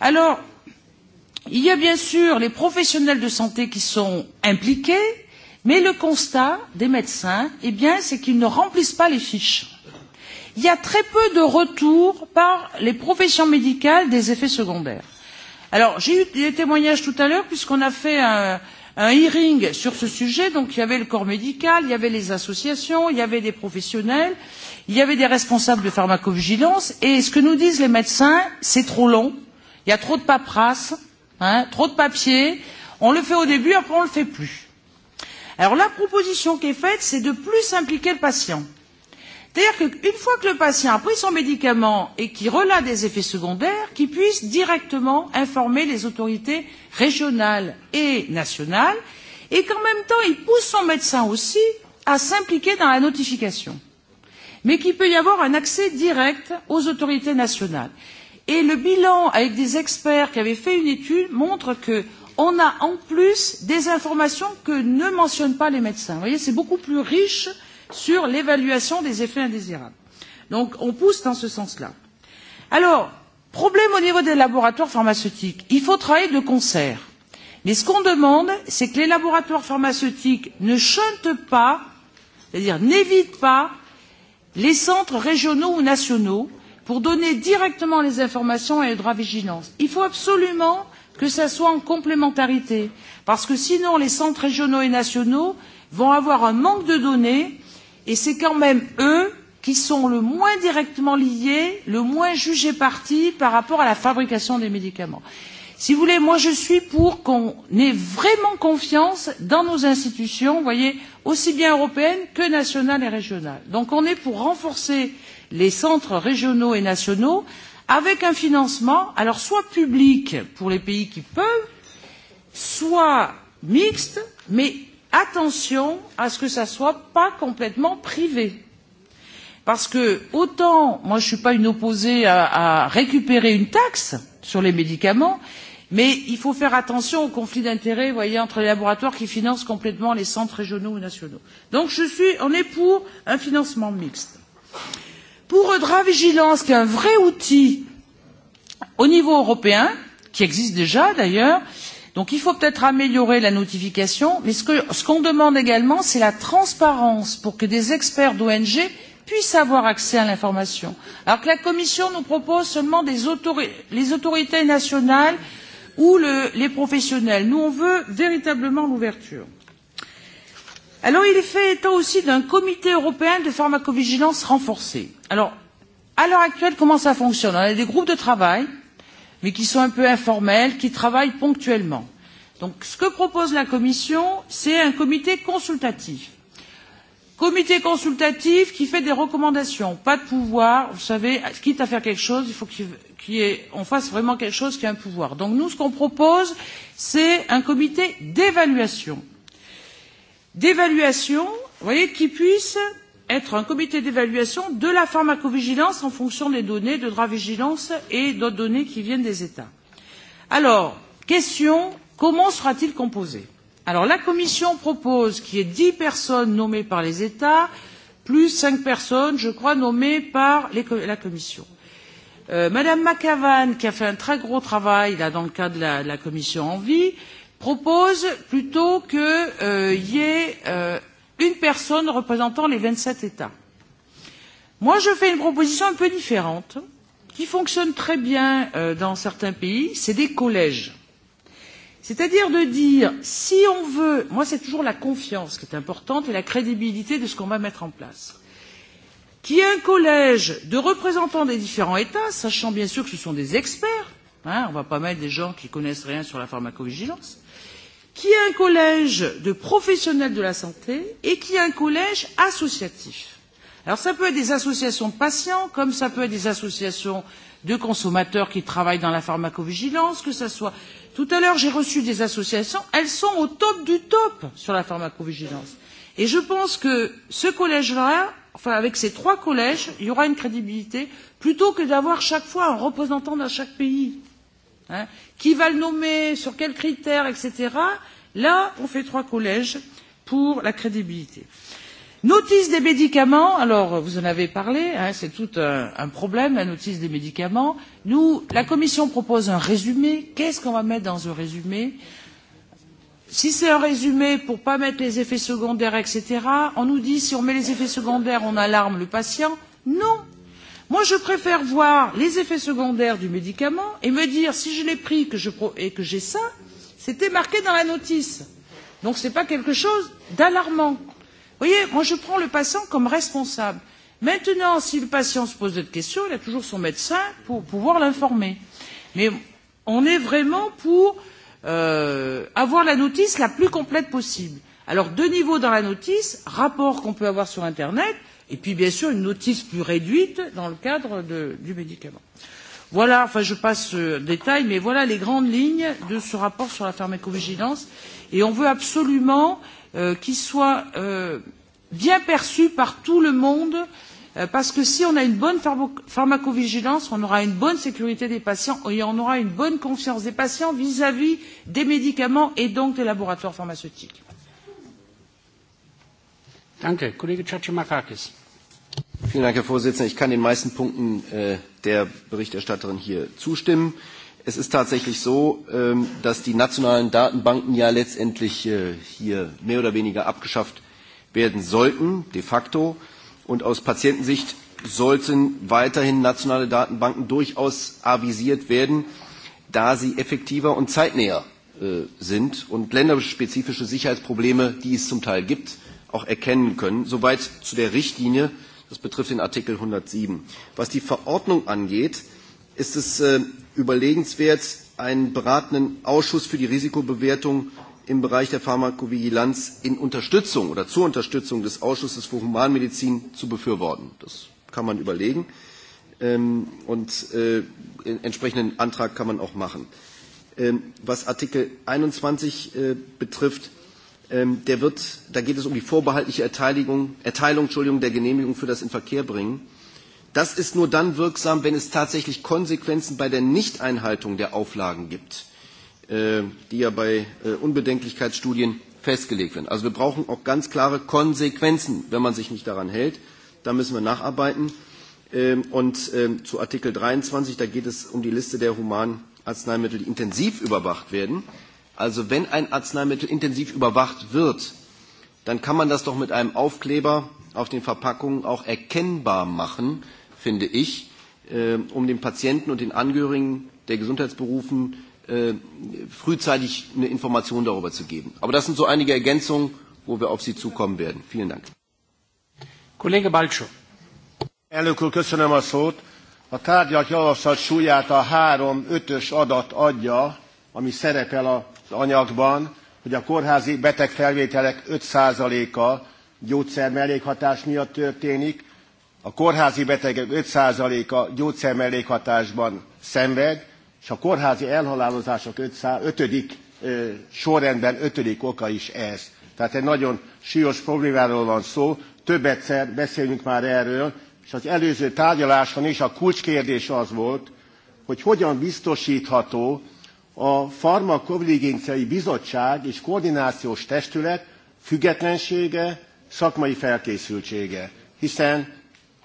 Alors, il y a bien sûr les professionnels de santé qui sont impliqués, mais le constat des médecins, eh bien, c'est qu'ils ne remplissent pas les fiches. Il y a très peu de retours par les professions médicales des effets secondaires. Alors, j'ai eu des témoignages tout à l'heure, puisqu'on a fait un, un hearing sur ce sujet. Donc, il y avait le corps médical, il y avait les associations, il y avait des professionnels, il y avait des responsables de pharmacovigilance. Et ce que nous disent les médecins, c'est trop long. Il y a trop de paperasse, hein, trop de papier. On le fait au début, après on ne le fait plus. Alors, la proposition qui est faite, c'est de plus impliquer le patient. C'est-à-dire qu'une fois que le patient a pris son médicament et qu'il relate des effets secondaires, qu'il puisse directement informer les autorités régionales et nationales et qu'en même temps il pousse son médecin aussi à s'impliquer dans la notification. Mais qu'il peut y avoir un accès direct aux autorités nationales. Et le bilan avec des experts qui avaient fait une étude montre que on a en plus des informations que ne mentionnent pas les médecins. Vous voyez, c'est beaucoup plus riche sur l'évaluation des effets indésirables. Donc on pousse dans ce sens-là. Alors, problème au niveau des laboratoires pharmaceutiques. Il faut travailler de concert. Mais ce qu'on demande, c'est que les laboratoires pharmaceutiques ne chantent pas, c'est-à-dire n'évitent pas les centres régionaux ou nationaux pour donner directement les informations et les droits de vigilance. Il faut absolument que ça soit en complémentarité, parce que sinon les centres régionaux et nationaux vont avoir un manque de données et c'est quand même eux qui sont le moins directement liés, le moins jugés partis par rapport à la fabrication des médicaments. Si vous voulez, moi je suis pour qu'on ait vraiment confiance dans nos institutions, vous voyez, aussi bien européennes que nationales et régionales. Donc on est pour renforcer les centres régionaux et nationaux avec un financement, alors soit public pour les pays qui peuvent, soit mixte, mais attention à ce que ça ne soit pas complètement privé. Parce que autant moi je ne suis pas une opposée à, à récupérer une taxe sur les médicaments, mais il faut faire attention au conflit d'intérêts voyez, entre les laboratoires qui financent complètement les centres régionaux ou nationaux. Donc je suis, on est pour un financement mixte. Pour Eudra Vigilance, qui est un vrai outil au niveau européen, qui existe déjà d'ailleurs, euh, donc il faut peut être améliorer la notification mais ce qu'on ce qu demande également c'est la transparence pour que des experts d'ong puissent avoir accès à l'information alors que la commission nous propose seulement des autori les autorités nationales ou le, les professionnels. nous on veut véritablement l'ouverture. alors il est fait état aussi d'un comité européen de pharmacovigilance renforcé. alors à l'heure actuelle comment ça fonctionne? on a des groupes de travail mais qui sont un peu informels, qui travaillent ponctuellement. Donc ce que propose la Commission, c'est un comité consultatif. Comité consultatif qui fait des recommandations, pas de pouvoir, vous savez, quitte à faire quelque chose, il faut qu'on qu fasse vraiment quelque chose qui a un pouvoir. Donc nous, ce qu'on propose, c'est un comité d'évaluation. D'évaluation, vous voyez, qui puisse être un comité d'évaluation de la pharmacovigilance en fonction des données de droit vigilance et d'autres données qui viennent des États. Alors, question comment sera t il composé? Alors, la Commission propose qu'il y ait dix personnes nommées par les États, plus cinq personnes, je crois, nommées par les, la Commission. Euh, Madame McAvan, qui a fait un très gros travail là, dans le cadre de la, de la Commission Envie, propose plutôt qu'il euh, y ait euh, une personne représentant les vingt sept États. Moi, je fais une proposition un peu différente, qui fonctionne très bien euh, dans certains pays, c'est des collèges. C'est-à-dire de dire, si on veut, moi c'est toujours la confiance qui est importante et la crédibilité de ce qu'on va mettre en place, qu'il y ait un collège de représentants des différents États, sachant bien sûr que ce sont des experts, hein, on ne va pas mettre des gens qui connaissent rien sur la pharmacovigilance, euh, qui est un collège de professionnels de la santé et qui est un collège associatif. Alors ça peut être des associations de patients, comme ça peut être des associations de consommateurs qui travaillent dans la pharmacovigilance, que ce soit. Tout à l'heure, j'ai reçu des associations, elles sont au top du top sur la pharmacovigilance. Et je pense que ce collège-là, enfin avec ces trois collèges, il y aura une crédibilité plutôt que d'avoir chaque fois un représentant dans chaque pays hein, qui va le nommer, sur quels critères, etc. Là, on fait trois collèges pour la crédibilité. Notice des médicaments, alors vous en avez parlé, hein, c'est tout un, un problème, la notice des médicaments. Nous, la Commission propose un résumé. Qu'est-ce qu'on va mettre dans un résumé Si c'est un résumé pour ne pas mettre les effets secondaires, etc., on nous dit si on met les effets secondaires, on alarme le patient. Non, Moi, je préfère voir les effets secondaires du médicament et me dire si je l'ai pris que je, et que j'ai ça, c'était marqué dans la notice. Donc, ce n'est pas quelque chose d'alarmant. Vous voyez, moi, je prends le patient comme responsable. Maintenant, si le patient se pose d'autres questions, il a toujours son médecin pour pouvoir l'informer. Mais on est vraiment pour euh, avoir la notice la plus complète possible. Alors, deux niveaux dans la notice, rapport qu'on peut avoir sur Internet, et puis bien sûr une notice plus réduite dans le cadre de, du médicament. Voilà, enfin je passe euh, détail, mais voilà les grandes lignes de ce rapport sur la pharmacovigilance et on veut absolument euh, qu'il soit euh, bien perçu par tout le monde euh, parce que si on a une bonne pharmacovigilance, on aura une bonne sécurité des patients et on aura une bonne confiance des patients vis-à-vis -vis des médicaments et donc des laboratoires pharmaceutiques. Danke, Kollege Chachimakakis. Vielen Dank, Herr Vorsitzender. Ich kann den meisten Punkten äh, der Berichterstatterin hier zustimmen. Es ist tatsächlich so, ähm, dass die nationalen Datenbanken ja letztendlich äh, hier mehr oder weniger abgeschafft werden sollten, de facto. Und aus Patientensicht sollten weiterhin nationale Datenbanken durchaus avisiert werden, da sie effektiver und zeitnäher äh, sind und länderspezifische Sicherheitsprobleme, die es zum Teil gibt, auch erkennen können. Soweit zu der Richtlinie. Das betrifft den Artikel 107. Was die Verordnung angeht, ist es äh, überlegenswert, einen beratenden Ausschuss für die Risikobewertung im Bereich der Pharmakovigilanz in Unterstützung oder zur Unterstützung des Ausschusses für Humanmedizin zu befürworten. Das kann man überlegen ähm, und äh, einen entsprechenden Antrag kann man auch machen. Ähm, was Artikel 21 äh, betrifft, Ähm, der wird, da geht es um die vorbehaltliche Erteilung, Erteilung Entschuldigung, der Genehmigung für das Inverkehrbringen. Das ist nur dann wirksam, wenn es tatsächlich Konsequenzen bei der Nichteinhaltung der Auflagen gibt, äh, die ja bei äh, Unbedenklichkeitsstudien festgelegt werden. Also wir brauchen auch ganz klare Konsequenzen, wenn man sich nicht daran hält. Da müssen wir nacharbeiten. Ähm, und ähm, zu Artikel 23, da geht es um die Liste der humanen Arzneimittel, die intensiv überwacht werden. Also wenn ein Arzneimittel intensiv überwacht wird, dann kann man das doch mit einem Aufkleber auf den Verpackungen auch erkennbar machen, finde ich, äh, um den Patienten und den Angehörigen der Gesundheitsberufen äh, frühzeitig eine Information darüber zu geben. Aber das sind so einige Ergänzungen, wo wir auf Sie zukommen werden. Vielen Dank. Kollege Balcho. Elnök úr, köszönöm a szót. A tárgyalt javaslat súlyát a 3-5-ös adat adja, ami szerepel az anyagban, hogy a kórházi betegfelvételek 5%-a mellékhatás miatt történik, a kórházi betegek 5%-a mellékhatásban szenved, és a kórházi elhalálozások 5. sorrendben 5. oka is ez. Tehát egy nagyon súlyos problémáról van szó, több egyszer beszélünk már erről, és az előző tárgyaláson is a kulcskérdés az volt, hogy hogyan biztosítható a Farmakovligénciai Bizottság és Koordinációs Testület függetlensége, szakmai felkészültsége, hiszen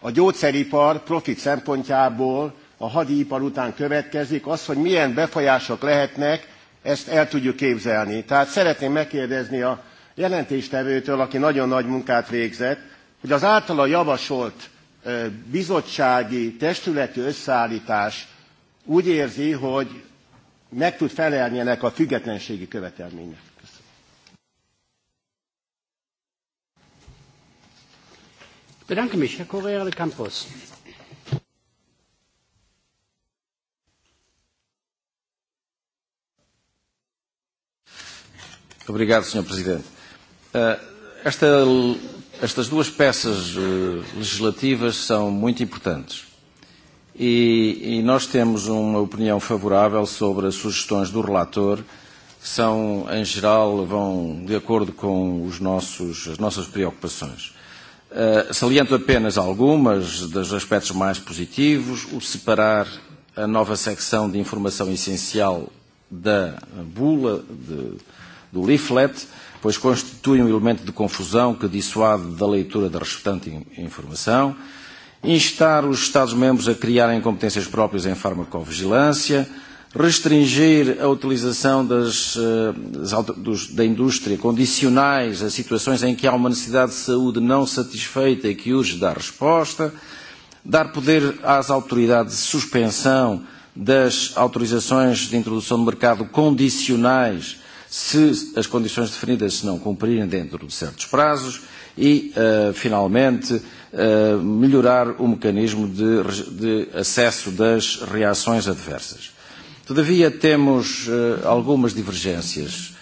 a gyógyszeripar profit szempontjából a hadipar után következik, az, hogy milyen befolyások lehetnek, ezt el tudjuk képzelni. Tehát szeretném megkérdezni a jelentéstevőtől, aki nagyon nagy munkát végzett, hogy az általa javasolt bizottsági testületi összeállítás úgy érzi, hogy meg tud felelni ennek a függetlenségi követelménynek. Bedanke mich, Herr Correa de Campos. Obrigado, Sr. Presidente. Eh, esta, estas duas peças eh, legislativas são muito importantes e, e nós temos uma opinião favorável sobre as sugestões do relator, que são, em geral, vão de acordo com os nossos, as nossas preocupações. Uh, saliento apenas algumas dos aspectos mais positivos, o separar a nova secção de informação essencial da bula, de, do leaflet, pois constitui um elemento de confusão que dissuade da leitura da restante informação. Uh, instar os Estados-membros a criarem competências próprias em farmacovigilância, restringir a utilização das, eh, dos, da indústria condicionais a situações em que há uma necessidade de saúde não satisfeita e que urge dar resposta, dar poder às autoridades de suspensão das autorizações de introdução no mercado condicionais se as condições definidas se não cumprirem dentro de certos prazos e, uh, finalmente, uh, Eh, melhorar o mecanismo de, de acesso das reações adversas. Todavia, temos uh, algumas divergências.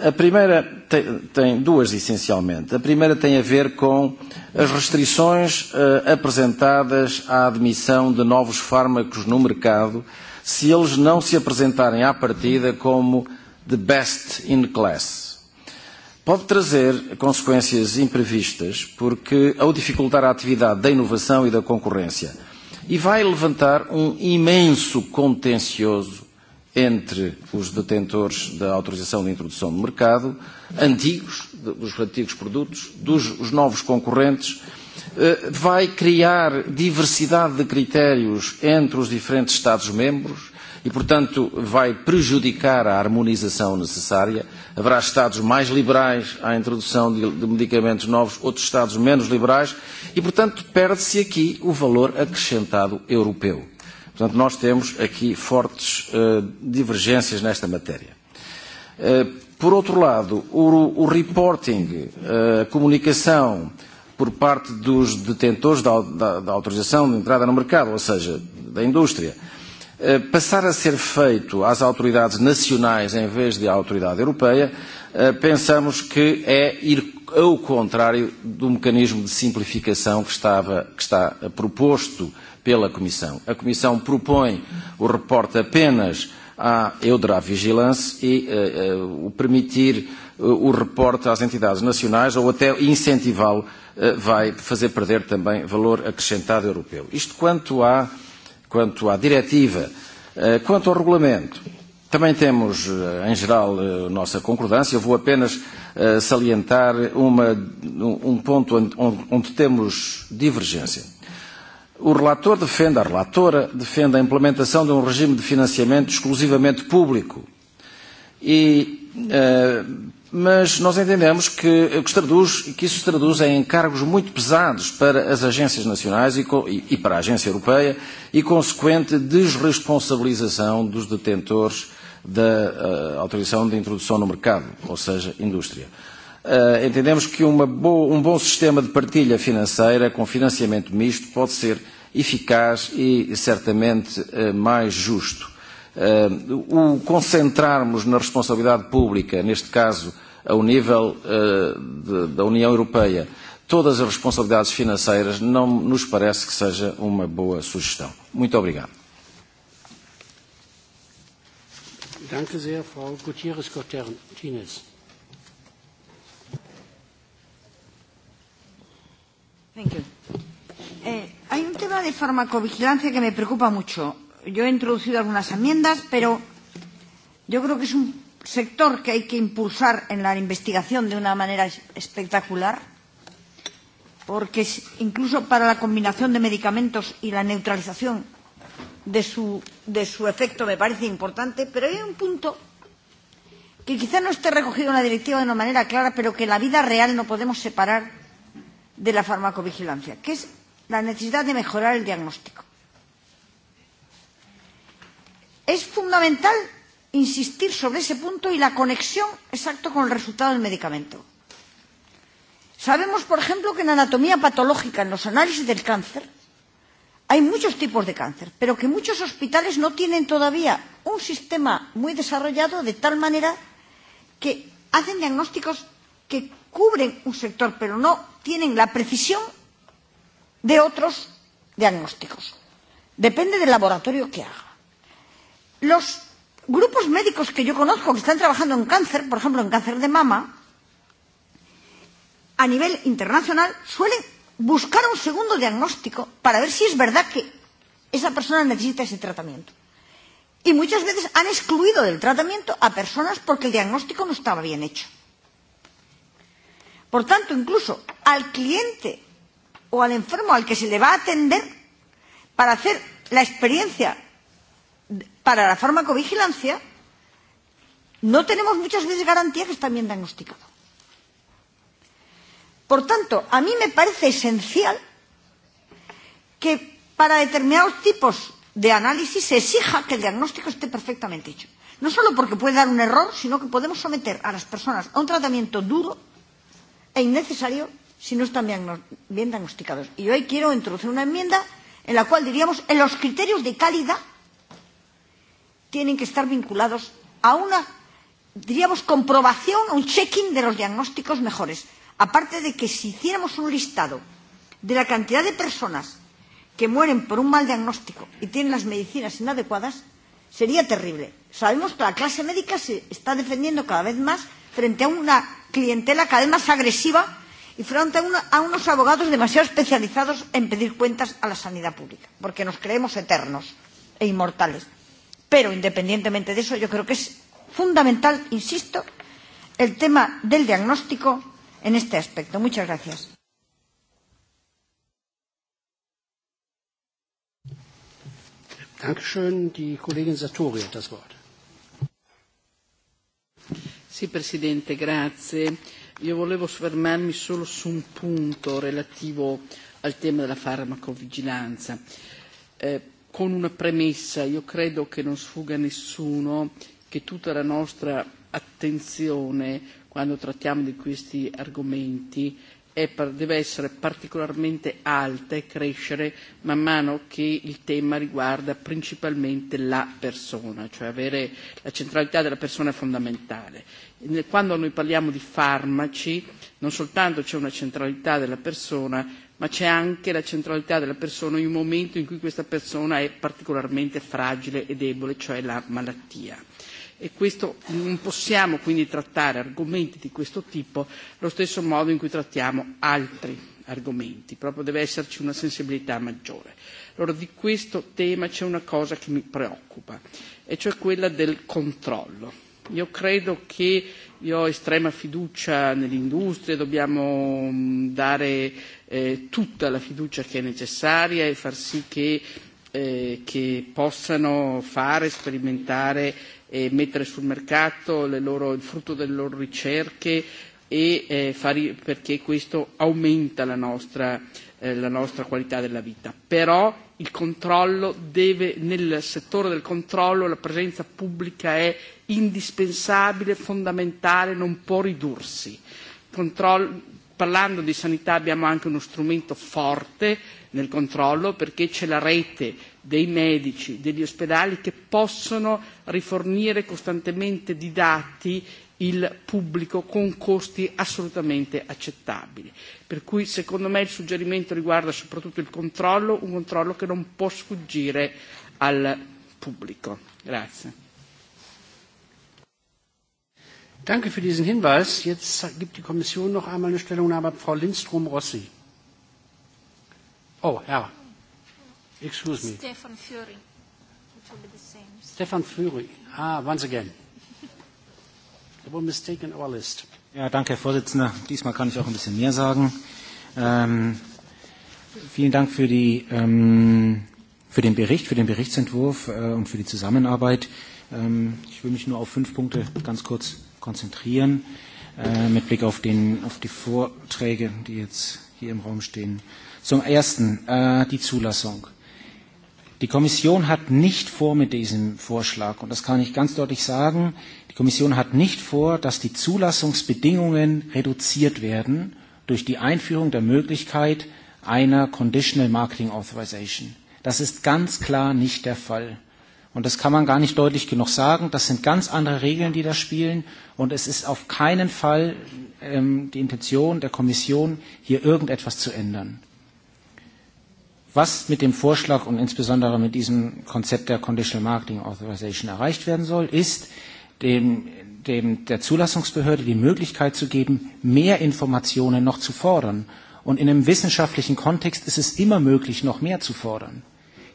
A primeira tem, tem duas essencialmente. A primeira tem a ver com as restrições uh, apresentadas à admissão de novos fármacos no mercado, se eles não se apresentarem à partida como the best in class pode trazer consequências imprevistas porque ao dificultar a atividade da inovação e da concorrência e vai levantar um imenso contencioso entre os detentores da autorização de introdução no mercado, antigos, dos antigos produtos, dos os novos concorrentes, eh, vai criar diversidade de critérios entre os diferentes Estados-membros e, portanto, vai prejudicar a harmonização necessária. Haverá Estados mais liberais à introdução de, de medicamentos novos, outros Estados menos liberais e, portanto, perde-se aqui o valor acrescentado europeu. Portanto, nós temos aqui fortes uh, divergências nesta matéria. Uh, por outro lado, o, o reporting, eh, a uh, comunicação por parte dos detentores da, da, da autorização de entrada no mercado, ou seja, da indústria, Eh, passar a ser feito às autoridades nacionais em vez de à autoridade europeia, eh, pensamos que é ir ao contrário do mecanismo de simplificação que, estava, que está proposto pela Comissão. A Comissão propõe o reporte apenas à Eudra Vigilance e uh, uh, permitir uh, o reporte às entidades nacionais ou até incentivá-lo uh, vai fazer perder também valor acrescentado europeu. Isto quanto à uh, quanto à diretiva. Eh, quanto ao regulamento, também temos, eh, em geral, eh, nossa concordância. Eu vou apenas salientar uma, um ponto onde, onde temos divergência. O relator defende, a relatora defende a implementação de um regime de financiamento exclusivamente público. E Uh, mas nós entendemos que, eh, que, traduz, que isso se traduz em encargos muito pesados para as agências nacionais e, e, e para a agência europeia e consequente desresponsabilização dos detentores da uh, autorização de introdução no mercado, ou seja, indústria. Uh, entendemos que uma bo, um bom sistema de partilha financeira com financiamento misto pode ser eficaz e certamente uh, mais justo uh, o concentrarmos na responsabilidade pública, neste caso ao um nível uh, de, da União Europeia, todas as responsabilidades financeiras, não nos parece que seja uma boa sugestão. Muito obrigado. Danke sehr, Frau Gutierrez-Cortines. Thank you. Eh, hay un tema de farmacovigilancia que me preocupa mucho yo he introducido algunas enmiendas, pero yo creo que es un sector que hay que impulsar en la investigación de una manera espectacular, porque incluso para la combinación de medicamentos y la neutralización de su, de su efecto me parece importante, pero hay un punto que quizá no esté recogido en la directiva de una manera clara, pero que en la vida real no podemos separar de la farmacovigilancia, que es la necesidad de mejorar el diagnóstico. Es fundamental insistir sobre ese punto y la conexión exacta con el resultado del medicamento. Sabemos, por ejemplo, que en anatomía patológica, en los análisis del cáncer, hay muchos tipos de cáncer, pero que muchos hospitales no tienen todavía un sistema muy desarrollado de tal manera que hacen diagnósticos que cubren un sector, pero no tienen la precisión de otros diagnósticos. Depende del laboratorio que haga los grupos médicos que yo conozco que están trabajando en cáncer, por ejemplo, en cáncer de mama, a nivel internacional suelen buscar un segundo diagnóstico para ver si es verdad que esa persona necesita ese tratamiento. Y muchas veces han excluido del tratamiento a personas porque el diagnóstico no estaba bien hecho. Por tanto, incluso al cliente o al enfermo al que se le va a atender para hacer la experiencia para la farmacovigilancia, no tenemos muchas veces garantía que está bien diagnosticado. Por tanto, a mí me parece esencial que para determinados tipos de análisis se exija que el diagnóstico esté perfectamente hecho. No solo porque puede dar un error, sino que podemos someter a las personas a un tratamiento duro e innecesario si no están bien bien diagnosticados. Y hoy quiero introducir una enmienda en la cual diríamos en los criterios de calidad tienen que estar vinculados a una, diríamos, comprobación, a un checking de los diagnósticos mejores. Aparte de que si hiciéramos un listado de la cantidad de personas que mueren por un mal diagnóstico y tienen las medicinas inadecuadas, sería terrible. Sabemos que la clase médica se está defendiendo cada vez más frente a una clientela cada vez más agresiva y frente a, una, a unos abogados demasiado especializados en pedir cuentas a la sanidad pública, porque nos creemos eternos e inmortales. Pero, independientemente de eso, yo creo que es fundamental, insisto, el tema del diagnóstico en este aspecto. Muchas gracias. Dankeschön. Die Kollegin Sartori hat das Wort. Sì, Presidente, grazie. Io volevo soffermarmi solo su un punto relativo al tema della farmacovigilanza. Eh, con una premessa, io credo che non sfuga a nessuno che tutta la nostra attenzione quando trattiamo di questi argomenti è, deve essere particolarmente alta e crescere man mano che il tema riguarda principalmente la persona, cioè avere la centralità della persona è fondamentale. Quando noi parliamo di farmaci non soltanto c'è una centralità della persona, ma c'è anche la centralità della persona in un momento in cui questa persona è particolarmente fragile e debole, cioè la malattia. E questo, non possiamo quindi trattare argomenti di questo tipo allo stesso modo in cui trattiamo altri argomenti, proprio deve esserci una sensibilità maggiore. Allora di questo tema c'è una cosa che mi preoccupa, e cioè quella del controllo. Io credo che Io ho estrema fiducia nell'industria, dobbiamo mm, dare eh, tutta la fiducia che è necessaria e far sì che, eh, che possano fare, sperimentare e mettere sul mercato le loro, il frutto delle loro ricerche e eh, far, perché questo aumenta la nostra Eh, la nostra qualità della vita. Però il controllo deve, nel settore del controllo la presenza pubblica è indispensabile, fondamentale, non può ridursi. Control, parlando di sanità abbiamo anche uno strumento forte nel controllo perché c'è la rete dei medici, degli ospedali che possono rifornire costantemente di dati il pubblico con costi assolutamente accettabili. Per cui secondo me il suggerimento riguarda soprattutto il controllo, un controllo che non può sfuggire al pubblico. Grazie. Danke für diesen Hinweis. Jetzt gibt die Kommission noch einmal eine Stellungnahme an Frau lindström Rossi. Oh, Herr. Excuse me. Stefan Fury. Stefan Fury. Ah, once again. Ja, danke, Herr Vorsitzender. Diesmal kann ich auch ein bisschen mehr sagen. Ähm, vielen Dank für, die, ähm, für den Bericht, für den Berichtsentwurf äh, und für die Zusammenarbeit. Ähm, ich will mich nur auf fünf Punkte ganz kurz konzentrieren, äh, mit Blick auf, den, auf die Vorträge, die jetzt hier im Raum stehen. Zum Ersten äh, die Zulassung. Die Kommission hat nicht vor mit diesem Vorschlag, und das kann ich ganz deutlich sagen, Die Kommission hat nicht vor, dass die Zulassungsbedingungen reduziert werden durch die Einführung der Möglichkeit einer Conditional Marketing Authorization. Das ist ganz klar nicht der Fall. Und das kann man gar nicht deutlich genug sagen. Das sind ganz andere Regeln, die da spielen. Und es ist auf keinen Fall ähm, die Intention der Kommission, hier irgendetwas zu ändern. Was mit dem Vorschlag und insbesondere mit diesem Konzept der Conditional Marketing Authorization erreicht werden soll, ist, dem, dem, der Zulassungsbehörde die Möglichkeit zu geben, mehr Informationen noch zu fordern. Und in einem wissenschaftlichen Kontext ist es immer möglich, noch mehr zu fordern.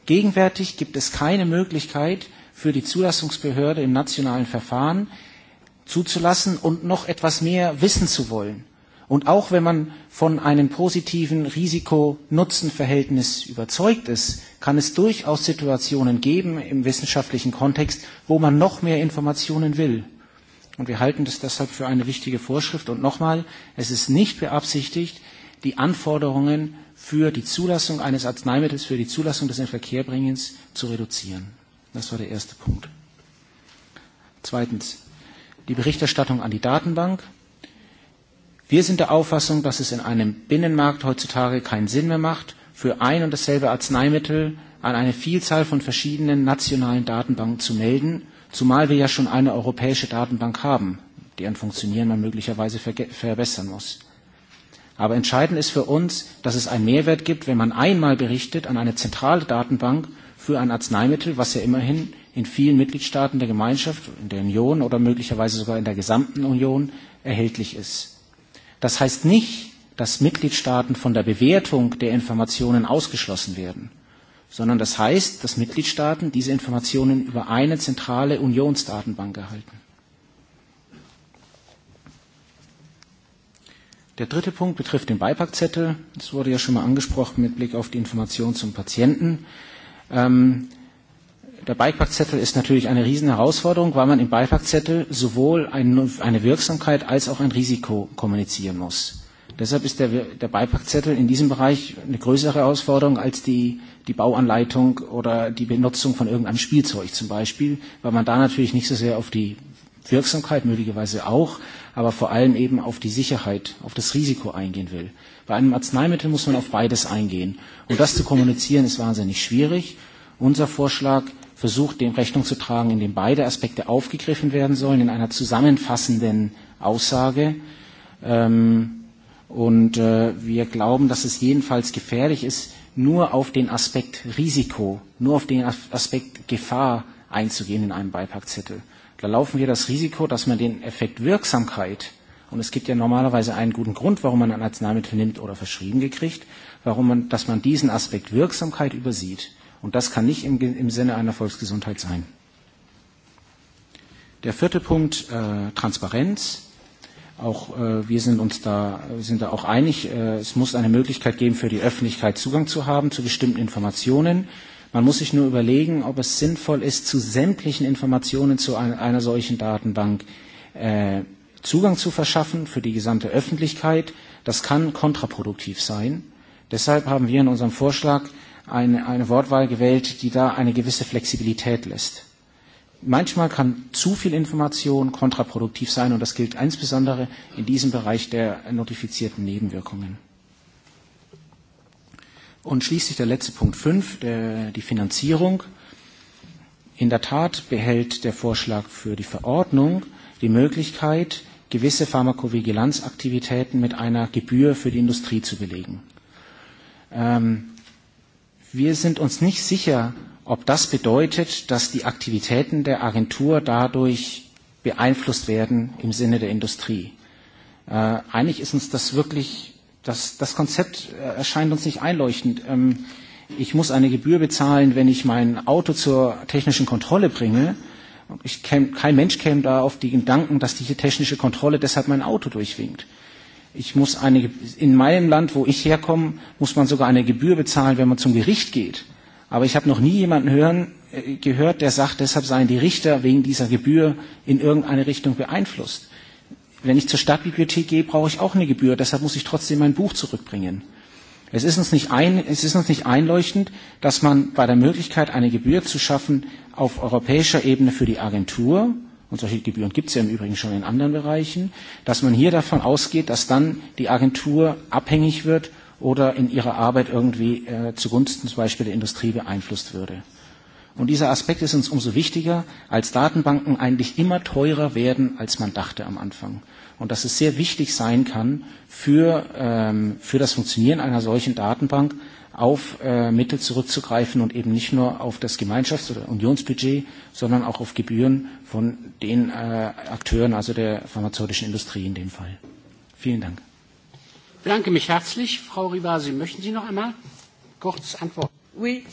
Gegenwärtig gibt es keine Möglichkeit für die Zulassungsbehörde im nationalen Verfahren zuzulassen und noch etwas mehr wissen zu wollen. Und auch wenn man von einem positiven Risiko-Nutzen-Verhältnis überzeugt ist, kann es durchaus Situationen geben im wissenschaftlichen Kontext, wo man noch mehr Informationen will. Und wir halten das deshalb für eine wichtige Vorschrift. Und nochmal, es ist nicht beabsichtigt, die Anforderungen für die Zulassung eines Arzneimittels, für die Zulassung des Inverkehrbringens zu reduzieren. Das war der erste Punkt. Zweitens, die Berichterstattung an die Datenbank. Wir sind der Auffassung, dass es in einem Binnenmarkt heutzutage keinen Sinn mehr macht, für ein und dasselbe Arzneimittel an eine Vielzahl von verschiedenen nationalen Datenbanken zu melden, zumal wir ja schon eine europäische Datenbank haben, deren Funktionieren man möglicherweise verbessern muss. Aber entscheidend ist für uns, dass es einen Mehrwert gibt, wenn man einmal berichtet an eine zentrale Datenbank für ein Arzneimittel, was ja immerhin in vielen Mitgliedstaaten der Gemeinschaft, in der Union oder möglicherweise sogar in der gesamten Union erhältlich ist. Das heißt nicht, dass Mitgliedstaaten von der Bewertung der Informationen ausgeschlossen werden, sondern das heißt, dass Mitgliedstaaten diese Informationen über eine zentrale Unionsdatenbank erhalten. Der dritte Punkt betrifft den Beipackzettel. Das wurde ja schon mal angesprochen mit Blick auf die Information zum Patienten. Ähm, Der Beipackzettel ist natürlich eine Riesenherausforderung, weil man im Beipackzettel sowohl eine Wirksamkeit als auch ein Risiko kommunizieren muss. Deshalb ist der, der Beipackzettel in diesem Bereich eine größere Herausforderung als die, die Bauanleitung oder die Benutzung von irgendeinem Spielzeug zum Beispiel, weil man da natürlich nicht so sehr auf die Wirksamkeit möglicherweise auch, aber vor allem eben auf die Sicherheit, auf das Risiko eingehen will. Bei einem Arzneimittel muss man auf beides eingehen. Und das zu kommunizieren ist wahnsinnig schwierig. Unser Vorschlag versucht, dem Rechnung zu tragen, indem beide Aspekte aufgegriffen werden sollen in einer zusammenfassenden Aussage. Ähm, und äh, wir glauben, dass es jedenfalls gefährlich ist, nur auf den Aspekt Risiko, nur auf den Aspekt Gefahr einzugehen in einem Beipackzettel. Da laufen wir das Risiko, dass man den Effekt Wirksamkeit, und es gibt ja normalerweise einen guten Grund, warum man ein Arzneimittel nimmt oder verschrieben gekriegt, warum man, dass man diesen Aspekt Wirksamkeit übersieht. Und das kann nicht im, im Sinne einer Volksgesundheit sein. Der vierte Punkt, äh, Transparenz. Auch äh, wir sind uns da, sind da auch einig, äh, es muss eine Möglichkeit geben, für die Öffentlichkeit Zugang zu haben zu bestimmten Informationen. Man muss sich nur überlegen, ob es sinnvoll ist, zu sämtlichen Informationen zu einer, einer solchen Datenbank äh, Zugang zu verschaffen für die gesamte Öffentlichkeit. Das kann kontraproduktiv sein. Deshalb haben wir in unserem Vorschlag eine, eine Wortwahl gewählt, die da eine gewisse Flexibilität lässt. Manchmal kann zu viel Information kontraproduktiv sein und das gilt insbesondere in diesem Bereich der notifizierten Nebenwirkungen. Und schließlich der letzte Punkt 5, die Finanzierung. In der Tat behält der Vorschlag für die Verordnung die Möglichkeit, gewisse Pharmakovigilanzaktivitäten mit einer Gebühr für die Industrie zu belegen. Ähm, Wir sind uns nicht sicher, ob das bedeutet, dass die Aktivitäten der Agentur dadurch beeinflusst werden im Sinne der Industrie. Äh, eigentlich ist uns das wirklich, das, das Konzept äh, erscheint uns nicht einleuchtend. Ähm, ich muss eine Gebühr bezahlen, wenn ich mein Auto zur technischen Kontrolle bringe. Ich käme, kein Mensch käme da auf die Gedanken, dass diese technische Kontrolle deshalb mein Auto durchwinkt. Äh, Ich muss eine, in meinem Land, wo ich herkomme, muss man sogar eine Gebühr bezahlen, wenn man zum Gericht geht. Aber ich habe noch nie jemanden hören, äh, gehört, der sagt, deshalb seien die Richter wegen dieser Gebühr in irgendeine Richtung beeinflusst. Wenn ich zur Stadtbibliothek gehe, brauche ich auch eine Gebühr, deshalb muss ich trotzdem mein Buch zurückbringen. Es ist, uns nicht ein, es ist uns nicht einleuchtend, dass man bei der Möglichkeit, eine Gebühr zu schaffen, auf europäischer Ebene für die Agentur und solche Gebühren gibt es ja im Übrigen schon in anderen Bereichen, dass man hier davon ausgeht, dass dann die Agentur abhängig wird oder in ihrer Arbeit irgendwie äh, zugunsten zum Beispiel der Industrie beeinflusst würde. Und dieser Aspekt ist uns umso wichtiger, als Datenbanken eigentlich immer teurer werden, als man dachte am Anfang. Und dass es sehr wichtig sein kann für, ähm, für das Funktionieren einer solchen Datenbank, auf äh, Mittel zurückzugreifen und eben nicht nur auf das Gemeinschafts- oder Unionsbudget, sondern auch auf Gebühren von den äh, Akteuren, also der pharmazeutischen Industrie in dem Fall. Vielen Dank. Ich bedanke mich herzlich. Frau Rivasi, möchten Sie noch einmal kurz antworten? Oui.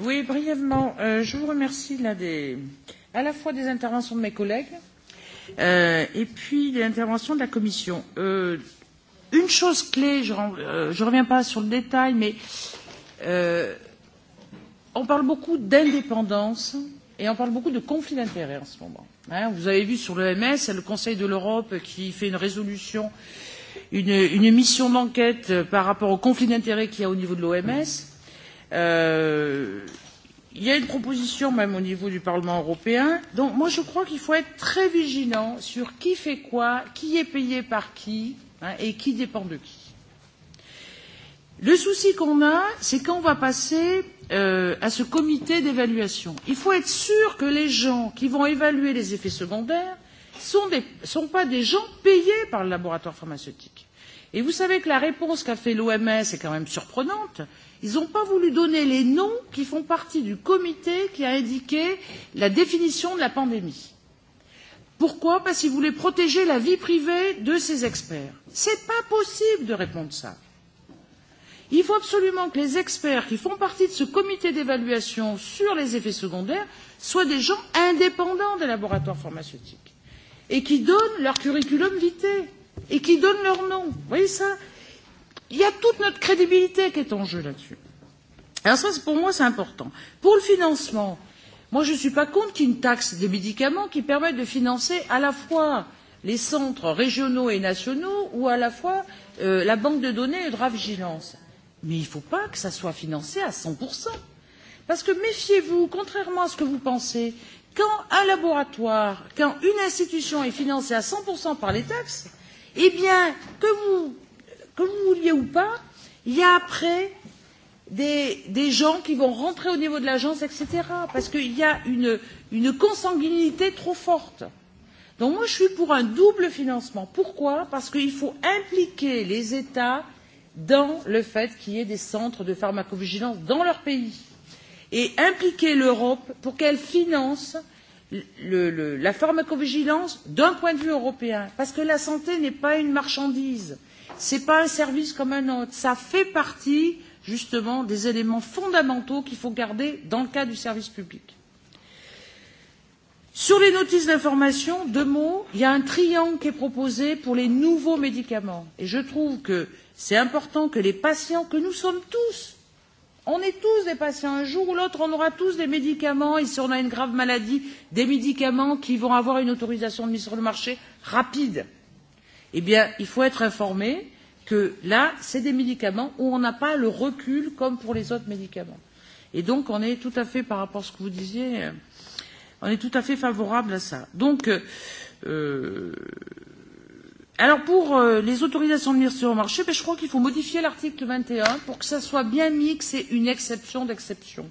Oui, brièvement, euh, je vous remercie là des, à la fois des interventions de mes collègues euh, et puis des interventions de la Commission. Euh, une chose clé, je ne euh, reviens pas sur le détail, mais euh, on parle beaucoup d'indépendance et on parle beaucoup de conflits d'intérêts en ce moment. Hein, vous avez vu sur l'OMS, le Conseil de l'Europe qui fait une résolution, une, une mission d'enquête par rapport au conflit d'intérêts qu'il y a au niveau de l'OMS. Euh, il y a une proposition même au niveau du Parlement européen. Donc moi je crois qu'il faut être très vigilant sur qui fait quoi, qui est payé par qui, euh, hein, et qui dépend de qui. Le souci qu'on a, c'est quand on va passer euh, à ce comité d'évaluation. Il faut être sûr que les gens qui vont évaluer les effets secondaires ne sont, sont pas des gens payés par le laboratoire pharmaceutique. Et vous savez que la réponse qu'a fait l'OMS est quand même surprenante. Ils n'ont pas voulu donner les noms qui font partie du comité qui a indiqué la définition de la pandémie. Pourquoi Parce qu'il voulait protéger la vie privée de ses experts. C'est pas possible de répondre ça. Il faut absolument que les experts qui font partie de ce comité d'évaluation sur les effets secondaires soient des gens indépendants des laboratoires pharmaceutiques et qui donnent leur curriculum vitae et qui donnent leur nom. Vous voyez ça Il y a toute notre crédibilité qui est en jeu là-dessus. Alors ça, pour moi, c'est important. Pour le financement, Moi, je ne suis pas contre qu'il y ait une taxe des médicaments qui permette de financer à la fois les centres régionaux et nationaux ou à la fois euh, la banque de données et de vigilance. Mais il ne faut pas que ça soit financé à 100%. Parce que méfiez-vous, contrairement à ce que vous pensez, quand un laboratoire, quand une institution est financée à 100% par les taxes, eh bien, que vous, que vous vouliez ou pas, il y a après des, des gens qui vont rentrer au niveau de l'agence, etc. Parce qu'il y a une, une consanguinité trop forte. Donc moi, je suis pour un double financement. Pourquoi Parce qu'il faut impliquer les États dans le fait qu'il y ait des centres de pharmacovigilance dans leur pays et impliquer l'Europe pour qu'elle finance le, le, la pharmacovigilance d'un point de vue européen. Parce que la santé n'est pas une marchandise, ce n'est pas un service comme un autre. Ça fait partie justement des éléments fondamentaux qu'il faut garder dans le cas du service public. Sur les notices d'information, deux mots, il y a un triangle qui est proposé pour les nouveaux médicaments. Et je trouve que c'est important que les patients, que nous sommes tous, on est tous des patients, un jour ou l'autre, on aura tous des médicaments, et si on a une grave maladie, des médicaments qui vont avoir une autorisation de mise sur le marché rapide. Eh bien, il faut être informé, que là, c'est des médicaments où on n'a pas le recul comme pour les autres médicaments. Et donc, on est tout à fait, par rapport à ce que vous disiez, euh, on est tout à fait favorable à ça. Donc, euh, euh alors pour euh, les autorisations de mise sur le marché, ben, je crois qu'il faut modifier l'article 21 pour que ça soit bien mis que c'est une exception d'exception.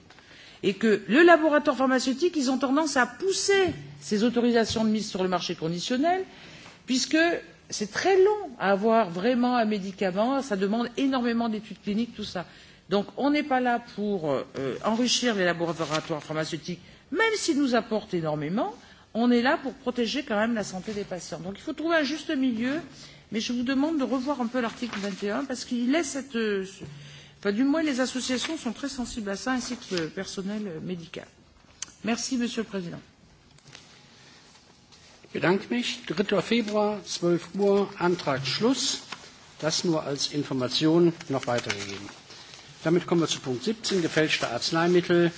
Et que le laboratoire pharmaceutique, ils ont tendance à pousser ces autorisations de mise sur le marché conditionnelles, puisque c'est très long à avoir vraiment un médicament, ça demande énormément d'études cliniques, tout ça. Donc on n'est pas là pour euh, enrichir les laboratoires pharmaceutiques, même s'ils nous apportent énormément, on est là pour protéger quand même la santé des patients. Donc il faut trouver un juste milieu, mais je vous demande de revoir un peu l'article 21 parce qu'il laisse cette. Euh, enfin, du moins, les associations sont très sensibles à ça, ainsi que le personnel médical. Merci, Monsieur le Président. Ich bedanke mich. 3. Februar, 12 Uhr, Antrag Schluss. Das nur als Information noch weitergegeben. Damit kommen wir zu Punkt 17, gefälschte Arzneimittel.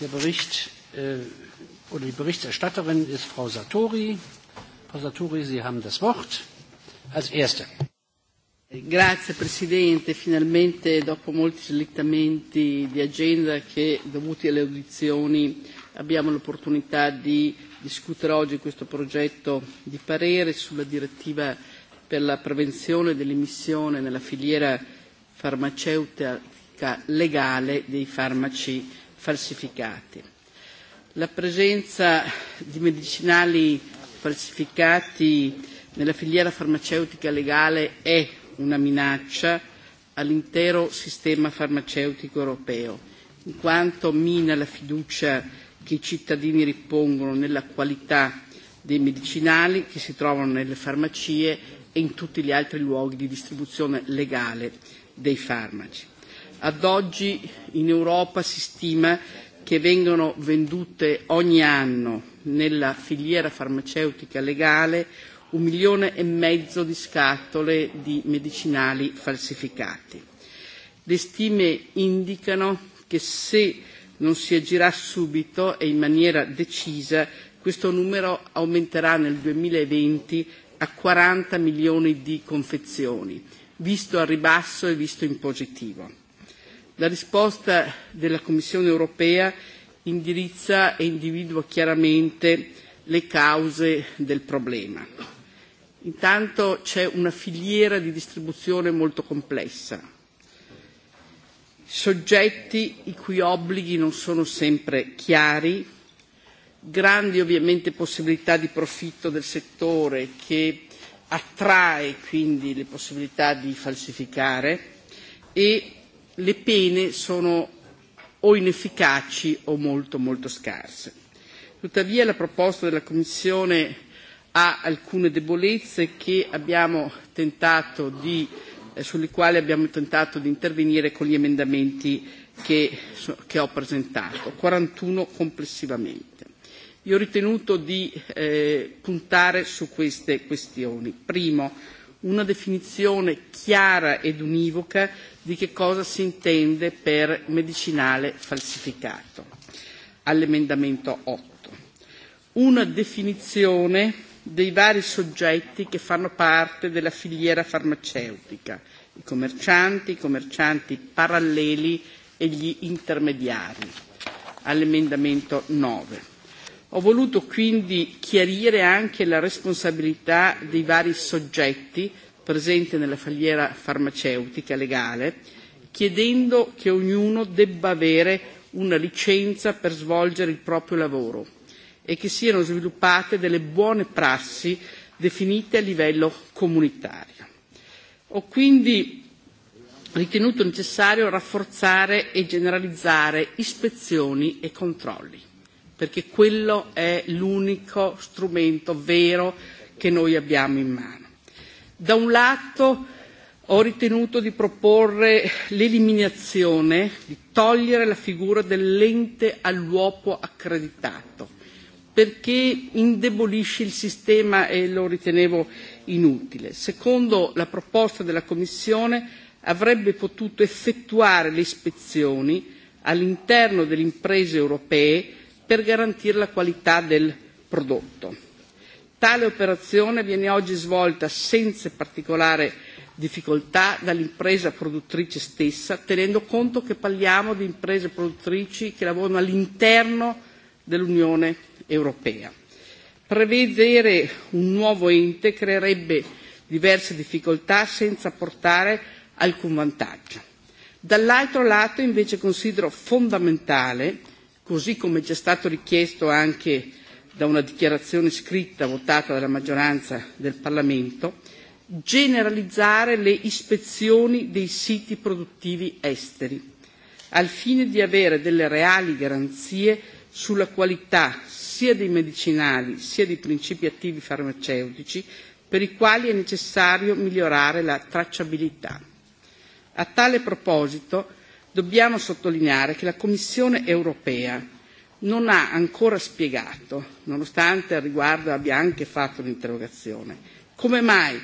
Der Bericht äh, oder die Berichterstatterin ist Frau Satori. Frau Satori, Sie haben das Wort als Erste. Grazie Presidente, finalmente dopo molti slittamenti di agenda che dovuti alle audizioni abbiamo l'opportunità di discutere oggi questo progetto di parere sulla direttiva per la prevenzione dell'emissione nella filiera farmaceutica legale dei farmaci falsificati. La presenza di medicinali falsificati nella filiera farmaceutica legale è una minaccia all'intero sistema farmaceutico europeo, in quanto mina la fiducia che i cittadini ripongono nella qualità dei medicinali che si trovano nelle farmacie e in tutti gli altri luoghi di distribuzione legale dei farmaci. Ad oggi in Europa si stima che vengano vendute ogni anno nella filiera farmaceutica legale un milione e mezzo di scatole di medicinali falsificati. Le stime indicano che se non si agirà subito e in maniera decisa, questo numero aumenterà nel 2020 a 40 milioni di confezioni, visto a ribasso e visto in positivo. La risposta della Commissione europea indirizza e individua chiaramente le cause del problema. Intanto c'è una filiera di distribuzione molto complessa, soggetti i cui obblighi non sono sempre chiari, grandi ovviamente possibilità di profitto del settore che attrae quindi le possibilità di falsificare e le pene sono o inefficaci o molto molto scarse. Tuttavia la proposta della Commissione ha alcune debolezze che abbiamo tentato di sulle quali abbiamo tentato di intervenire con gli emendamenti che, che ho presentato, 41 complessivamente. Io ho ritenuto di eh, puntare su queste questioni. Primo, una definizione chiara ed univoca di che cosa si intende per medicinale falsificato all'emendamento 8. Una definizione dei vari soggetti che fanno parte della filiera farmaceutica, i commercianti, i commercianti paralleli e gli intermediari, all'emendamento 9. Ho voluto quindi chiarire anche la responsabilità dei vari soggetti presenti nella filiera farmaceutica legale, chiedendo che ognuno debba avere una licenza per svolgere il proprio lavoro e che siano sviluppate delle buone prassi definite a livello comunitario. Ho quindi ritenuto necessario rafforzare e generalizzare ispezioni e controlli, perché quello è l'unico strumento vero che noi abbiamo in mano. Da un lato ho ritenuto di proporre l'eliminazione, di togliere la figura dell'ente all'uopo accreditato, perché indebolisce il sistema e lo ritenevo inutile. Secondo la proposta della Commissione avrebbe potuto effettuare le ispezioni all'interno delle imprese europee per garantire la qualità del prodotto. Tale operazione viene oggi svolta senza particolare difficoltà dall'impresa produttrice stessa, tenendo conto che parliamo di imprese produttrici che lavorano all'interno dell'Unione europea. Prevedere un nuovo ente creerebbe diverse difficoltà senza portare alcun vantaggio. Dall'altro lato invece considero fondamentale, così come ci è stato richiesto anche da una dichiarazione scritta votata dalla maggioranza del Parlamento, generalizzare le ispezioni dei siti produttivi esteri, al fine di avere delle reali garanzie sulla qualità, sia dei medicinali sia dei principi attivi farmaceutici per i quali è necessario migliorare la tracciabilità. A tale proposito dobbiamo sottolineare che la Commissione europea non ha ancora spiegato, nonostante al riguardo abbia anche fatto un'interrogazione, come mai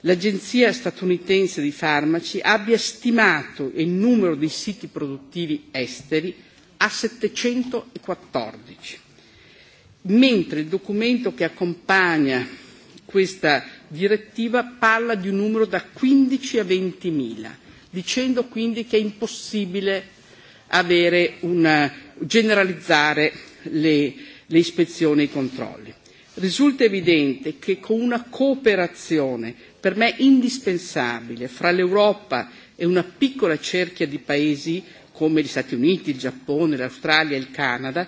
l'Agenzia statunitense di farmaci abbia stimato il numero dei siti produttivi esteri a 714 mentre il documento che accompagna questa direttiva parla di un numero da 15 a 20 mila, dicendo quindi che è impossibile avere una, generalizzare le, le ispezioni e i controlli. Risulta evidente che con una cooperazione per me indispensabile fra l'Europa e una piccola cerchia di paesi come gli Stati Uniti, il Giappone, l'Australia e il Canada,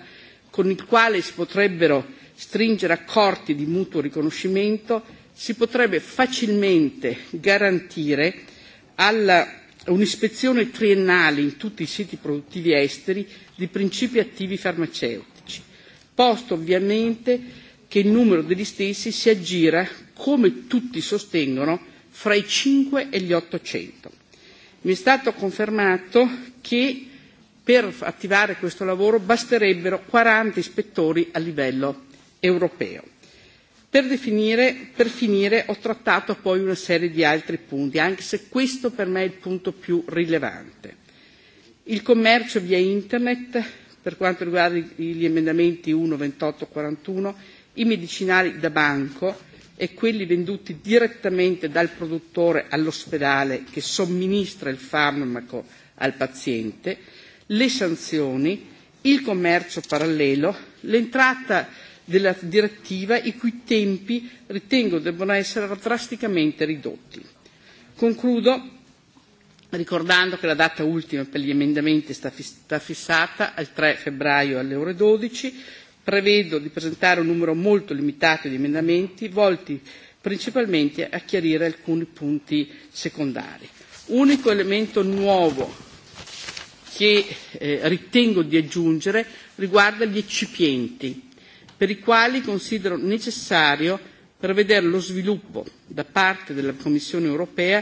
con il quale si potrebbero stringere accordi di mutuo riconoscimento, si potrebbe facilmente garantire alla un'ispezione triennale in tutti i siti produttivi esteri di principi attivi farmaceutici, posto ovviamente che il numero degli stessi si aggira, come tutti sostengono, fra i 5 e gli 800. Mi è stato confermato che per attivare questo lavoro basterebbero 40 ispettori a livello europeo. Per, definire, per finire ho trattato poi una serie di altri punti, anche se questo per me è il punto più rilevante. Il commercio via internet, per quanto riguarda gli emendamenti 1, 28, 41, i medicinali da banco e quelli venduti direttamente dal produttore all'ospedale che somministra il farmaco al paziente, le sanzioni, il commercio parallelo, l'entrata della direttiva i cui tempi ritengo debbano essere drasticamente ridotti. Concludo ricordando che la data ultima per gli emendamenti sta fissata al 3 febbraio alle ore 12. Prevedo di presentare un numero molto limitato di emendamenti volti principalmente a chiarire alcuni punti secondari. Unico elemento nuovo che eh, ritengo di aggiungere riguarda gli eccipienti, per i quali considero necessario prevedere lo sviluppo da parte della Commissione europea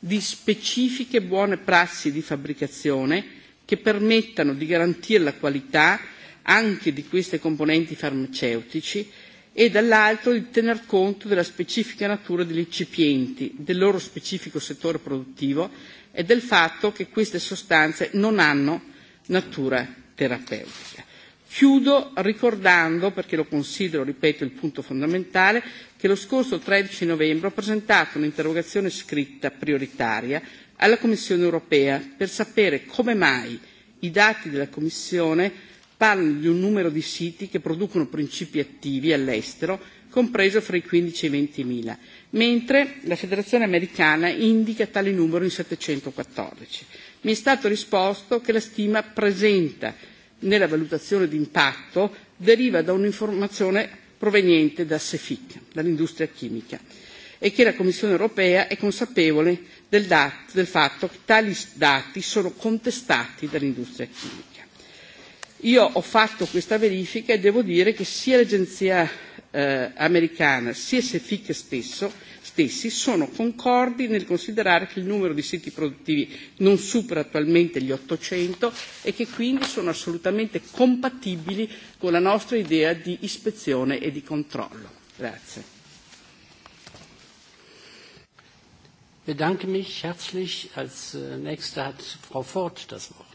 di specifiche buone prassi di fabbricazione che permettano di garantire la qualità anche di queste componenti farmaceutici e dall'altro di tener conto della specifica natura degli eccipienti, del loro specifico settore produttivo e del fatto che queste sostanze non hanno natura terapeutica. Chiudo ricordando, perché lo considero, ripeto, il punto fondamentale, che lo scorso 13 novembre ho presentato un'interrogazione scritta prioritaria alla Commissione europea per sapere come mai i dati della Commissione parlano di un numero di siti che producono principi attivi all'estero, compreso fra i 15 e i 20 mila mentre la Federazione americana indica tale numero in 714. Mi è stato risposto che la stima presenta nella valutazione di impatto deriva da un'informazione proveniente da SEFIC, dall'industria chimica, e che la Commissione europea è consapevole del, dat- del fatto che tali dati sono contestati dall'industria chimica. Io ho fatto questa verifica e devo dire che sia l'Agenzia eh, americana sia SEFIC stesso, stessi sono concordi nel considerare che il numero di siti produttivi non supera attualmente gli 800 e che quindi sono assolutamente compatibili con la nostra idea di ispezione e di controllo. Grazie. bedanke mich herzlich. Als äh, nächste hat Frau Ford das Wort.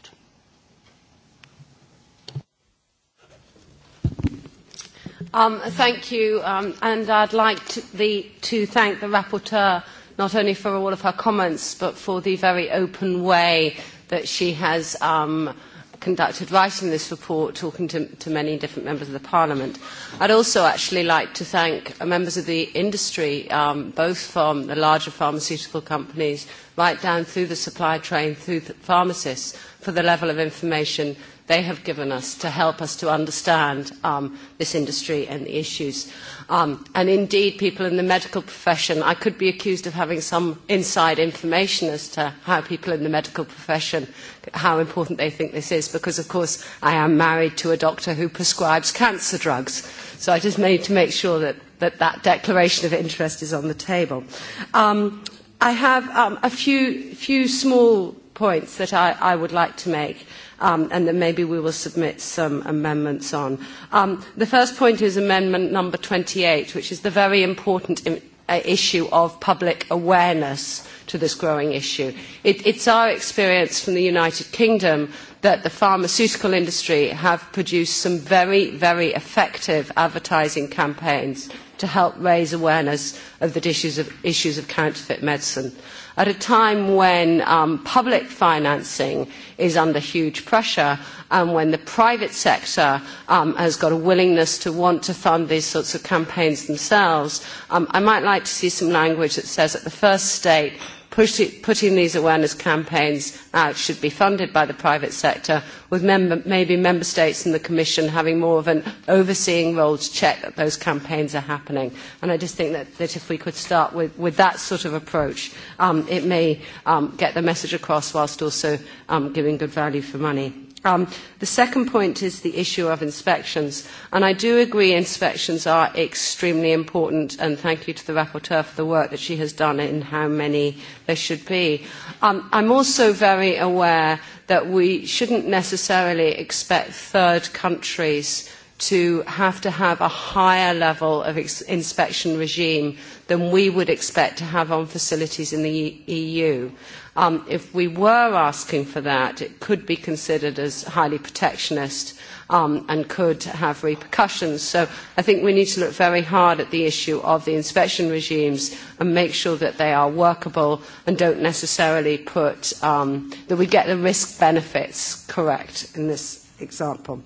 Um, thank you, um, and I'd like to, the, to thank the rapporteur not only for all of her comments but for the very open way that she has um, conducted writing this report, talking to, to many different members of the Parliament. I'd also actually like to thank members of the industry, um, both from the larger pharmaceutical companies right down through the supply chain, through the pharmacists, for the level of information they have given us to help us to understand um, this industry and the issues. Um, and indeed, people in the medical profession, I could be accused of having some inside information as to how people in the medical profession, how important they think this is, because of course I am married to a doctor who prescribes cancer drugs. So I just need to make sure that that, that declaration of interest is on the table. Um, I have um, a few, few small points that I, I would like to make um, and that maybe we will submit some amendments on. Um, the first point is amendment number 28, which is the very important uh, issue of public awareness to this growing issue. It, it's our experience from the United Kingdom that the pharmaceutical industry have produced some very, very effective advertising campaigns to help raise awareness of the issues of, issues of counterfeit medicine at a time when um, public financing is under huge pressure and when the private sector um, has got a willingness to want to fund these sorts of campaigns themselves, um, I might like to see some language that says at the first state putting these awareness campaigns out should be funded by the private sector, with member, maybe Member States and the Commission having more of an overseeing role to check that those campaigns are happening. And I just think that, that if we could start with, with that sort of approach, um, it may um, get the message across whilst also um, giving good value for money. Um, the second point is the issue of inspections. And I do agree inspections are extremely important, and thank you to the rapporteur for the work that she has done in how many there should be. Um, I'm also very aware that we shouldn't necessarily expect third countries to have to have a higher level of inspection regime than we would expect to have on facilities in the EU. E um, if we were asking for that, it could be considered as highly protectionist um, and could have repercussions. So I think we need to look very hard at the issue of the inspection regimes and make sure that they are workable and don't necessarily put, um, that we get the risk benefits correct in this example.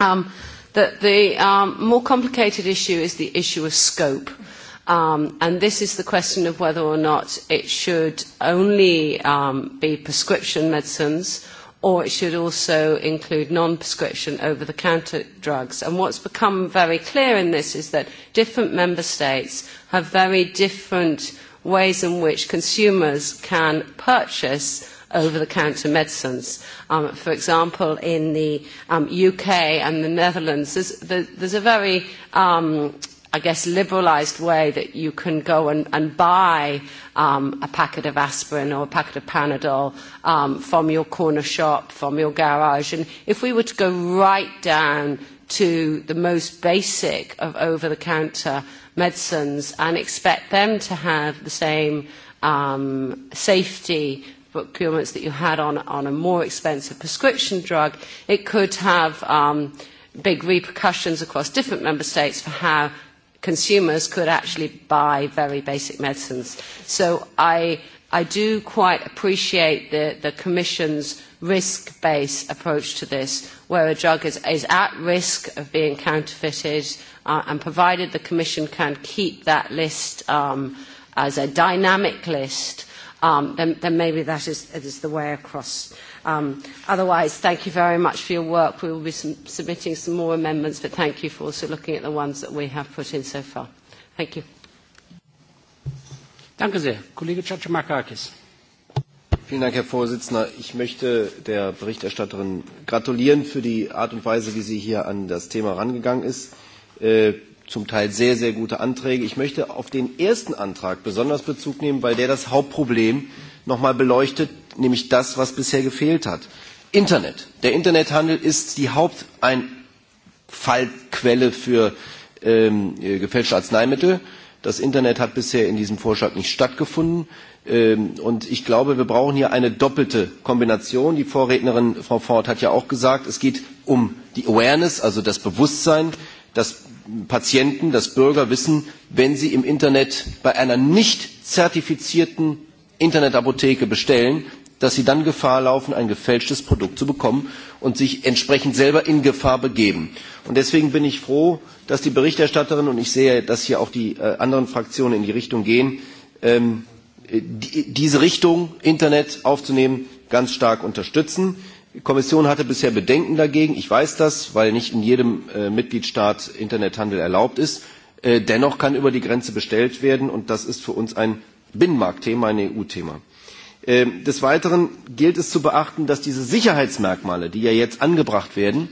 Um, that the um, more complicated issue is the issue of scope. Um, and this is the question of whether or not it should only um, be prescription medicines or it should also include non-prescription over-the-counter drugs. And what's become very clear in this is that different member states have very different ways in which consumers can purchase over-the-counter medicines. Um, for example, in the um, UK and the Netherlands, there's, there, there's a very um, I guess, liberalised way that you can go and, and buy um, a packet of aspirin or a packet of Panadol um, from your corner shop, from your garage. And if we were to go right down to the most basic of over-the-counter medicines and expect them to have the same um, safety procurements that you had on, on a more expensive prescription drug, it could have um, big repercussions across different member states for how consumers could actually buy very basic medicines. So I, I do quite appreciate the, the Commission's risk-based approach to this, where a drug is, is at risk of being counterfeited, uh, and provided the Commission can keep that list um, as a dynamic list, um, then, then maybe that is, it is the way across. Um, otherwise, thank you very much for your work. We will be sum- submitting some more amendments, but thank you for also looking at the ones that we have put in so far. Thank you. Danke sehr. Kollege Chachamakakis. Vielen Dank, Herr Vorsitzender. Ich möchte der Berichterstatterin gratulieren für die Art und Weise, wie sie hier an das Thema rangegangen ist. Äh, zum Teil sehr, sehr gute Anträge. Ich möchte auf den ersten Antrag besonders Bezug nehmen, weil der das Hauptproblem nochmal beleuchtet, nämlich das, was bisher gefehlt hat. Internet. Der Internethandel ist die Hauptfallquelle für ähm, äh, gefälschte Arzneimittel. Das Internet hat bisher in diesem Vorschlag nicht stattgefunden. Ähm, und ich glaube, wir brauchen hier eine doppelte Kombination. Die Vorrednerin Frau Ford hat ja auch gesagt, es geht um die Awareness, also das Bewusstsein dass Patienten, dass Bürger wissen, wenn sie im Internet bei einer nicht zertifizierten Internetapotheke bestellen, dass sie dann Gefahr laufen, ein gefälschtes Produkt zu bekommen und sich entsprechend selber in Gefahr begeben. Und deswegen bin ich froh, dass die Berichterstatterin und ich sehe, dass hier auch die äh, anderen Fraktionen in die Richtung gehen, ähm, diese Richtung Internet aufzunehmen, ganz stark unterstützen. Die Kommission hatte bisher Bedenken dagegen. Ich weiß das, weil nicht in jedem äh, Mitgliedstaat Internethandel erlaubt ist. Äh, dennoch kann über die Grenze bestellt werden und das ist für uns ein Binnenmarktthema, ein EU-Thema. Ähm, des Weiteren gilt es zu beachten, dass diese Sicherheitsmerkmale, die ja jetzt angebracht werden,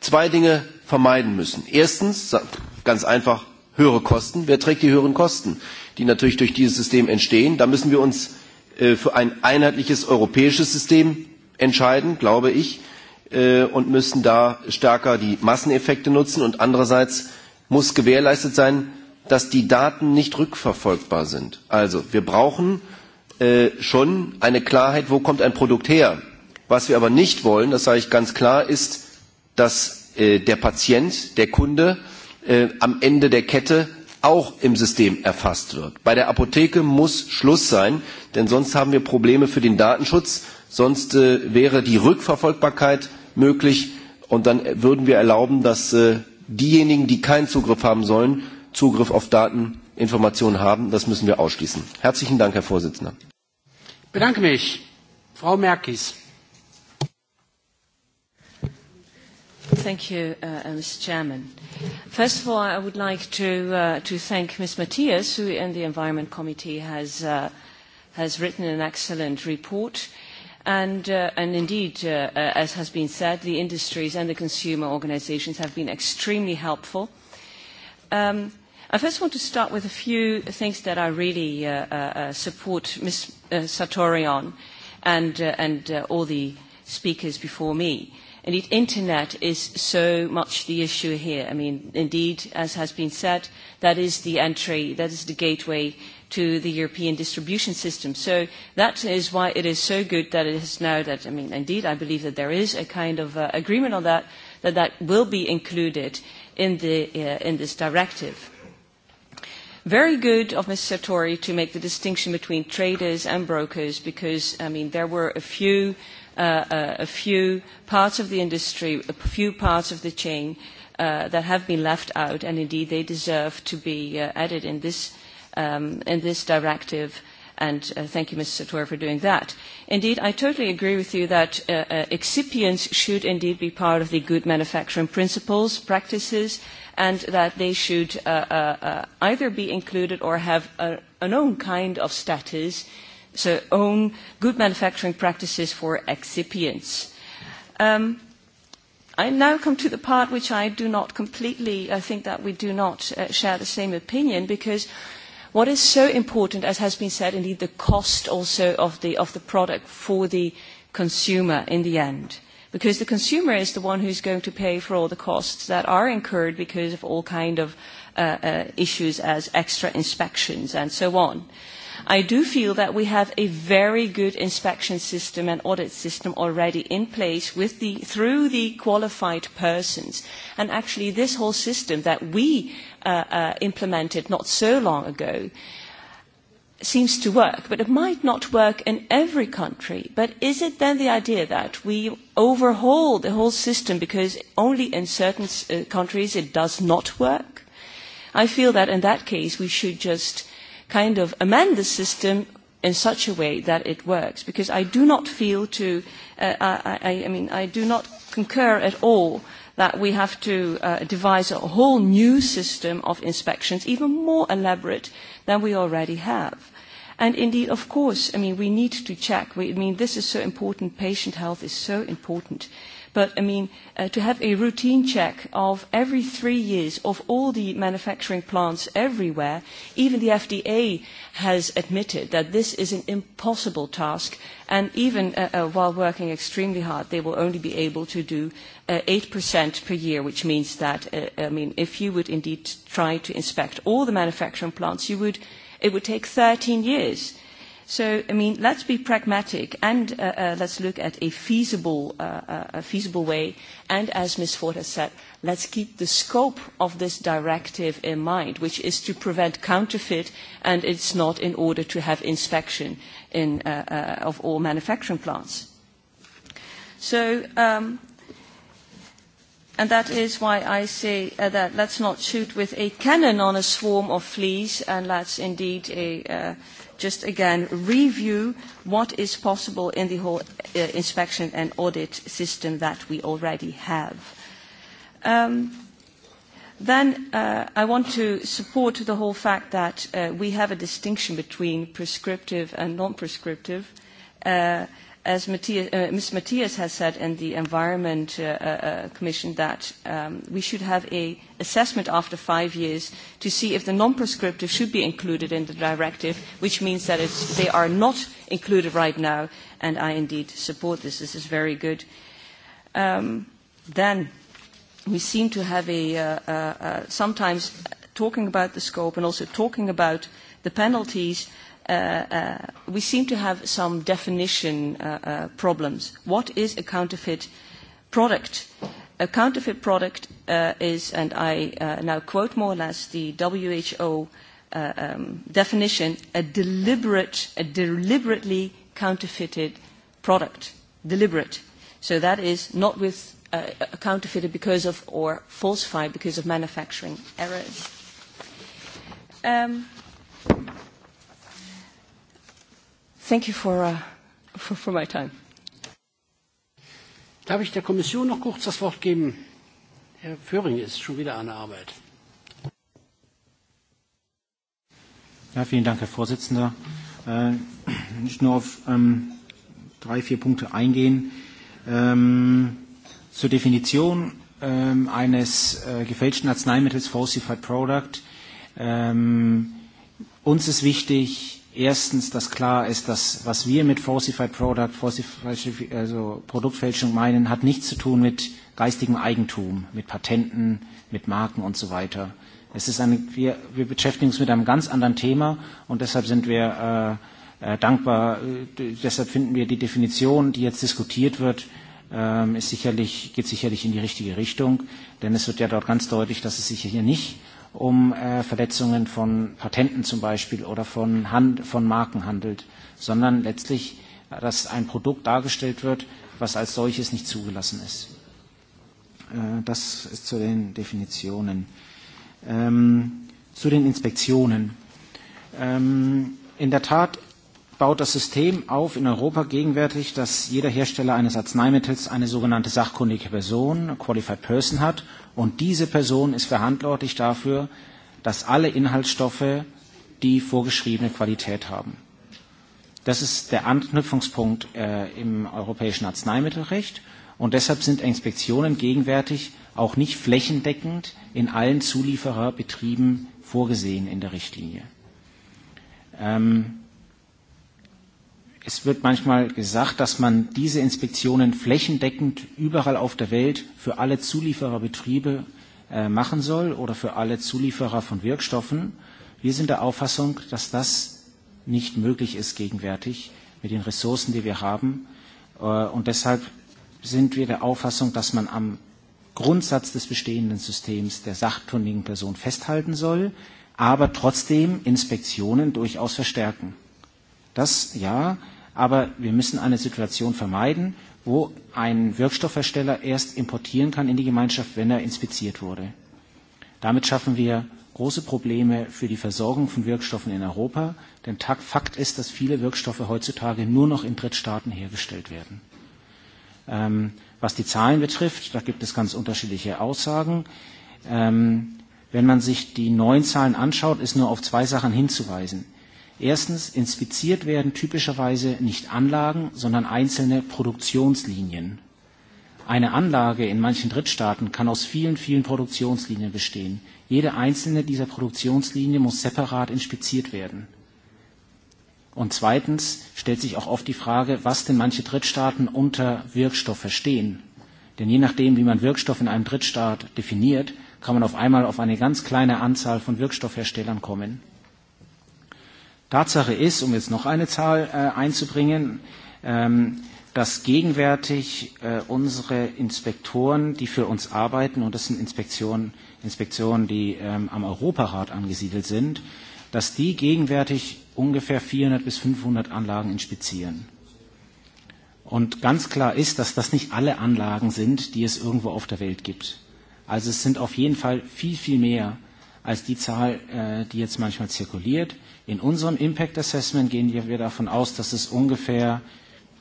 zwei Dinge vermeiden müssen. Erstens, ganz einfach, höhere Kosten. Wer trägt die höheren Kosten, die natürlich durch dieses System entstehen? Da müssen wir uns äh, für ein einheitliches europäisches System entscheiden, glaube ich, äh, und müssen da stärker die Masseneffekte nutzen. Und andererseits muss gewährleistet sein, dass die Daten nicht rückverfolgbar sind. Also wir brauchen äh, schon eine Klarheit, wo kommt ein Produkt her. Was wir aber nicht wollen, das sage ich ganz klar, ist, dass äh, der Patient, der Kunde am Ende der Kette auch im System erfasst wird. Bei der Apotheke muss Schluss sein, denn sonst haben wir Probleme für den Datenschutz Sonst äh, wäre die Rückverfolgbarkeit möglich und dann würden wir erlauben, dass äh, diejenigen, die keinen Zugriff haben sollen, Zugriff auf Daten, Informationen haben. Das müssen wir ausschließen. Herzlichen Dank, Herr Vorsitzender. Ich bedanke mich. Frau Merkis. Thank you, uh, uh Mr. Chairman. First of all, I would like to, uh, to thank Ms. Matias, who in the Environment Committee has, uh, has written an excellent report. Uh, And, uh, and indeed, uh, uh, as has been said, the industries and the consumer organizations have been extremely helpful. Um, I first want to start with a few things that I really uh, uh, uh support Ms. Uh, Sartori on and, uh, and uh, all the speakers before me. Indeed, internet is so much the issue here. I mean, indeed, as has been said, that is the entry, that is the gateway to the European distribution system. So that is why it is so good that it is now that, I mean, indeed, I believe that there is a kind of uh, agreement on that, that that will be included in, the, uh, in this directive. Very good of Ms. Sartori to make the distinction between traders and brokers because, I mean, there were a few, uh, uh, a few parts of the industry, a few parts of the chain uh, that have been left out, and indeed they deserve to be uh, added in this um, in this directive and uh, thank you, Mr. Sator, for doing that. Indeed, I totally agree with you that uh, uh, excipients should indeed be part of the good manufacturing principles, practices, and that they should uh, uh, uh, either be included or have a, an own kind of status, so own good manufacturing practices for excipients. Um, I now come to the part which I do not completely, I uh, think that we do not uh, share the same opinion because uh, What is so important, as has been said, indeed, the cost also of the, of the product for the consumer in the end. Because the consumer is the one who's going to pay for all the costs that are incurred because of all kind of uh, uh, issues as extra inspections and so on. I do feel that we have a very good inspection system and audit system already in place with the, through the qualified persons. And actually this whole system that we uh, uh, implemented not so long ago seems to work, but it might not work in every country. But is it then the idea that we overhaul the whole system because only in certain uh, countries it does not work? I feel that in that case we should just kind of amend the system in such a way that it works. Because I do not feel to, uh, I, I mean, I do not concur at all that we have to uh, devise a whole new system of inspections, even more elaborate than we already have. And indeed, of course, I mean, we need to check. We, I mean, this is so important. Patient health is so important. Uh, But I mean, uh, to have a routine check of every three years of all the manufacturing plants everywhere, even the FDA has admitted that this is an impossible task. And even uh, uh, while working extremely hard, they will only be able to do uh, 8% per year, which means that, uh, I mean, if you would indeed try to inspect all the manufacturing plants, you would, it would take 13 years So, I mean, let's be pragmatic and uh, uh, let's look at a feasible, uh, uh a feasible way. And as Ms. Ford has said, let's keep the scope of this directive in mind, which is to prevent counterfeit, and it's not in order to have inspection in, uh, uh, of all manufacturing plants. So, um, and that is why I say uh, that let's not shoot with a cannon on a swarm of fleas, and let's indeed a, uh, just again review what is possible in the whole uh, inspection and audit system that we already have. Um, then uh, I want to support the whole fact that uh, we have a distinction between prescriptive and non-prescriptive. Uh, as Matthias, uh, Ms. Matthias has said in the Environment uh, uh, uh Commission, that um, we should have an assessment after five years to see if the non-prescriptive should be included in the directive, which means that it's, they are not included right now, and I indeed support this. This is very good. Um, then we seem to have a, uh, uh, uh, sometimes talking about the scope and also talking about the penalties – Uh, uh, we seem to have some definition uh, uh, problems. What is a counterfeit product? A counterfeit product uh, is, and I uh, now quote more or less the WHO uh, um, definition, a deliberate, a deliberately counterfeited product. Deliberate. So that is not with uh, a counterfeited because of or falsified because of manufacturing errors. Um, Thank you for, uh, for, for my time. Darf ich der Kommission noch kurz das Wort geben? Herr Föhring ist schon wieder an der Arbeit. Ja, vielen Dank, Herr Vorsitzender. Äh, nicht nur auf ähm, drei, vier Punkte eingehen. Ähm, zur Definition ähm, eines äh, gefälschten Arzneimittels, Falsified Product. Ähm, uns ist wichtig, Erstens, dass klar ist, dass was wir mit Falsified Product, Falsified, also Produktfälschung meinen, hat nichts zu tun mit geistigem Eigentum, mit Patenten, mit Marken und so weiter. Es ist eine, wir, wir beschäftigen uns mit einem ganz anderen Thema und deshalb sind wir äh, äh, dankbar. Äh, deshalb finden wir die Definition, die jetzt diskutiert wird, ähm, ist sicherlich, geht sicherlich in die richtige Richtung, denn es wird ja dort ganz deutlich, dass es sich hier nicht um äh, Verletzungen von Patenten zum Beispiel oder von, Hand, von Marken handelt, sondern letztlich, äh, dass ein Produkt dargestellt wird, was als solches nicht zugelassen ist. Äh, das ist zu den Definitionen. Ähm, zu den Inspektionen. Ähm, in der Tat baut das System auf in Europa gegenwärtig, dass jeder Hersteller eines Arzneimittels eine sogenannte sachkundige Person, Qualified Person hat. Und diese Person ist verantwortlich dafür, dass alle Inhaltsstoffe die vorgeschriebene Qualität haben. Das ist der Anknüpfungspunkt äh, im europäischen Arzneimittelrecht. Und deshalb sind Inspektionen gegenwärtig auch nicht flächendeckend in allen Zuliefererbetrieben vorgesehen in der Richtlinie. Ähm, Es wird manchmal gesagt, dass man diese Inspektionen flächendeckend überall auf der Welt für alle Zuliefererbetriebe äh, machen soll oder für alle Zulieferer von Wirkstoffen. Wir sind der Auffassung, dass das nicht möglich ist gegenwärtig mit den Ressourcen, die wir haben. Äh, und deshalb sind wir der Auffassung, dass man am Grundsatz des bestehenden Systems der sachkundigen Person festhalten soll, aber trotzdem Inspektionen durchaus verstärken. Das ja, aber wir müssen eine Situation vermeiden, wo ein Wirkstoffhersteller erst importieren kann in die Gemeinschaft, wenn er inspiziert wurde. Damit schaffen wir große Probleme für die Versorgung von Wirkstoffen in Europa, denn Fakt ist, dass viele Wirkstoffe heutzutage nur noch in Drittstaaten hergestellt werden. Ähm, was die Zahlen betrifft, da gibt es ganz unterschiedliche Aussagen. Ähm, wenn man sich die neuen Zahlen anschaut, ist nur auf zwei Sachen hinzuweisen. Erstens inspiziert werden typischerweise nicht Anlagen, sondern einzelne Produktionslinien. Eine Anlage in manchen Drittstaaten kann aus vielen, vielen Produktionslinien bestehen. Jede einzelne dieser Produktionslinien muss separat inspiziert werden. Und zweitens stellt sich auch oft die Frage, was denn manche Drittstaaten unter Wirkstoff verstehen. Denn je nachdem, wie man Wirkstoff in einem Drittstaat definiert, kann man auf einmal auf eine ganz kleine Anzahl von Wirkstoffherstellern kommen. Tatsache ist, um jetzt noch eine Zahl äh, einzubringen, ähm, dass gegenwärtig äh, unsere Inspektoren, die für uns arbeiten, und das sind Inspektionen, Inspektionen die ähm, am Europarat angesiedelt sind, dass die gegenwärtig ungefähr 400 bis 500 Anlagen inspizieren. Und ganz klar ist, dass das nicht alle Anlagen sind, die es irgendwo auf der Welt gibt. Also es sind auf jeden Fall viel, viel mehr als die Zahl, äh, die jetzt manchmal zirkuliert. In unserem Impact Assessment gehen wir davon aus, dass es ungefähr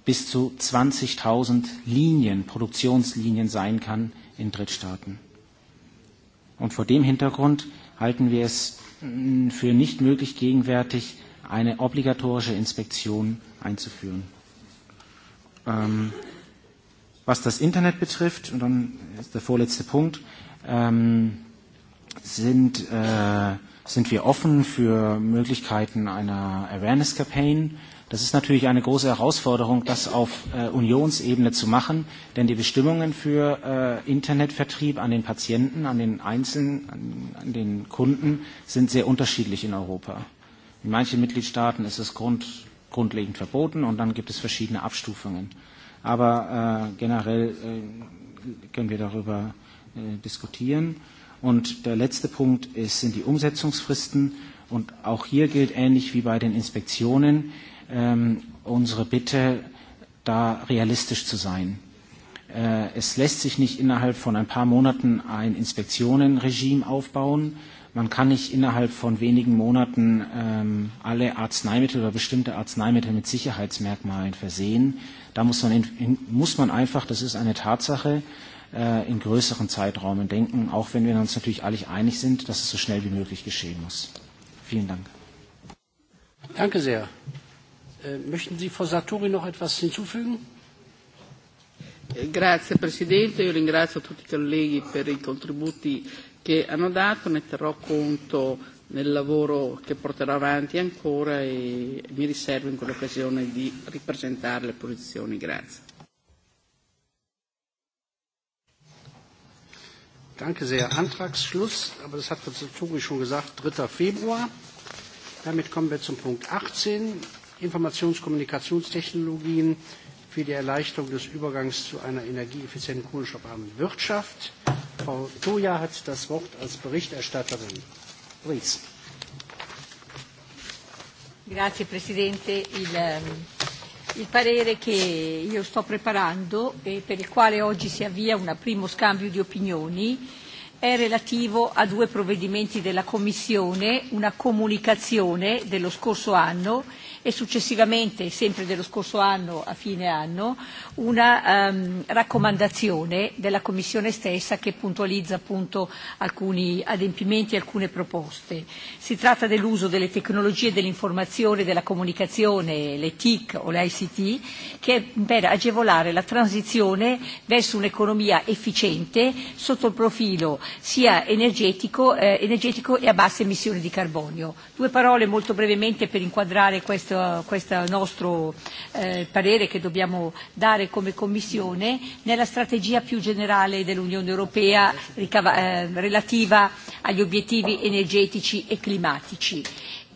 bis zu 20.000 Linien, Produktionslinien sein kann in Drittstaaten. Und vor dem Hintergrund halten wir es mm, für nicht möglich, gegenwärtig eine obligatorische Inspektion einzuführen. Ähm, was das Internet betrifft, und dann ist der vorletzte Punkt, ähm, sind, äh, sind wir offen für Möglichkeiten einer Awareness Campaign. Das ist natürlich eine große Herausforderung, das auf äh, Unionsebene zu machen, denn die Bestimmungen für äh, Internetvertrieb an den Patienten, an den Einzelnen, an, an den Kunden sind sehr unterschiedlich in Europa. In manchen Mitgliedstaaten ist es grund, grundlegend verboten und dann gibt es verschiedene Abstufungen. Aber äh, generell äh, können wir darüber äh, diskutieren. Und der letzte Punkt ist, sind die Umsetzungsfristen. Und auch hier gilt ähnlich wie bei den Inspektionen ähm, unsere Bitte, da realistisch zu sein. Äh, es lässt sich nicht innerhalb von ein paar Monaten ein Inspektionenregime aufbauen. Man kann nicht innerhalb von wenigen Monaten ähm, alle Arzneimittel oder bestimmte Arzneimittel mit Sicherheitsmerkmalen versehen. Da muss man, in, in, muss man einfach, das ist eine Tatsache, äh, in größeren Zeiträumen denken, auch wenn wir uns natürlich alle einig sind, dass es so schnell wie möglich geschehen muss. Vielen Dank. Danke sehr. Äh, möchten Sie, Frau Sartori, noch etwas hinzufügen? Eh, grazie Presidente, io ringrazio tutti i colleghi per i contributi che hanno dato, ne terrò conto nel lavoro che porterò avanti ancora e mi riservo in quell'occasione di ripresentare le posizioni. Grazie. Danke sehr. Antragsschluss, aber das hat Frau Tori schon gesagt, 3. Februar. Damit kommen wir zum Punkt 18, Informationskommunikationstechnologien für die Erleichterung des Übergangs zu einer energieeffizienten, kohlenstoffarmen Wirtschaft. Frau Toja hat das Wort als Berichterstatterin. Please. Grazie Presidente. Il, ehm, il parere che io sto preparando e per il quale oggi si avvia un primo scambio di opinioni è relativo a due provvedimenti della Commissione, una comunicazione dello scorso anno e successivamente, sempre dello scorso anno, a fine anno, una um, raccomandazione della Commissione stessa che puntualizza appunto alcuni adempimenti e alcune proposte. Si tratta dell'uso delle tecnologie dell'informazione e della comunicazione, le TIC o le ICT, che per agevolare la transizione verso un'economia efficiente sotto il profilo sia energetico, eh, energetico e a basse emissioni di carbonio. Due parole molto brevemente per inquadrare questo questo, questo nostro eh, parere che dobbiamo dare come Commissione nella strategia più generale dell'Unione Europea ricava, eh, relativa agli obiettivi energetici e climatici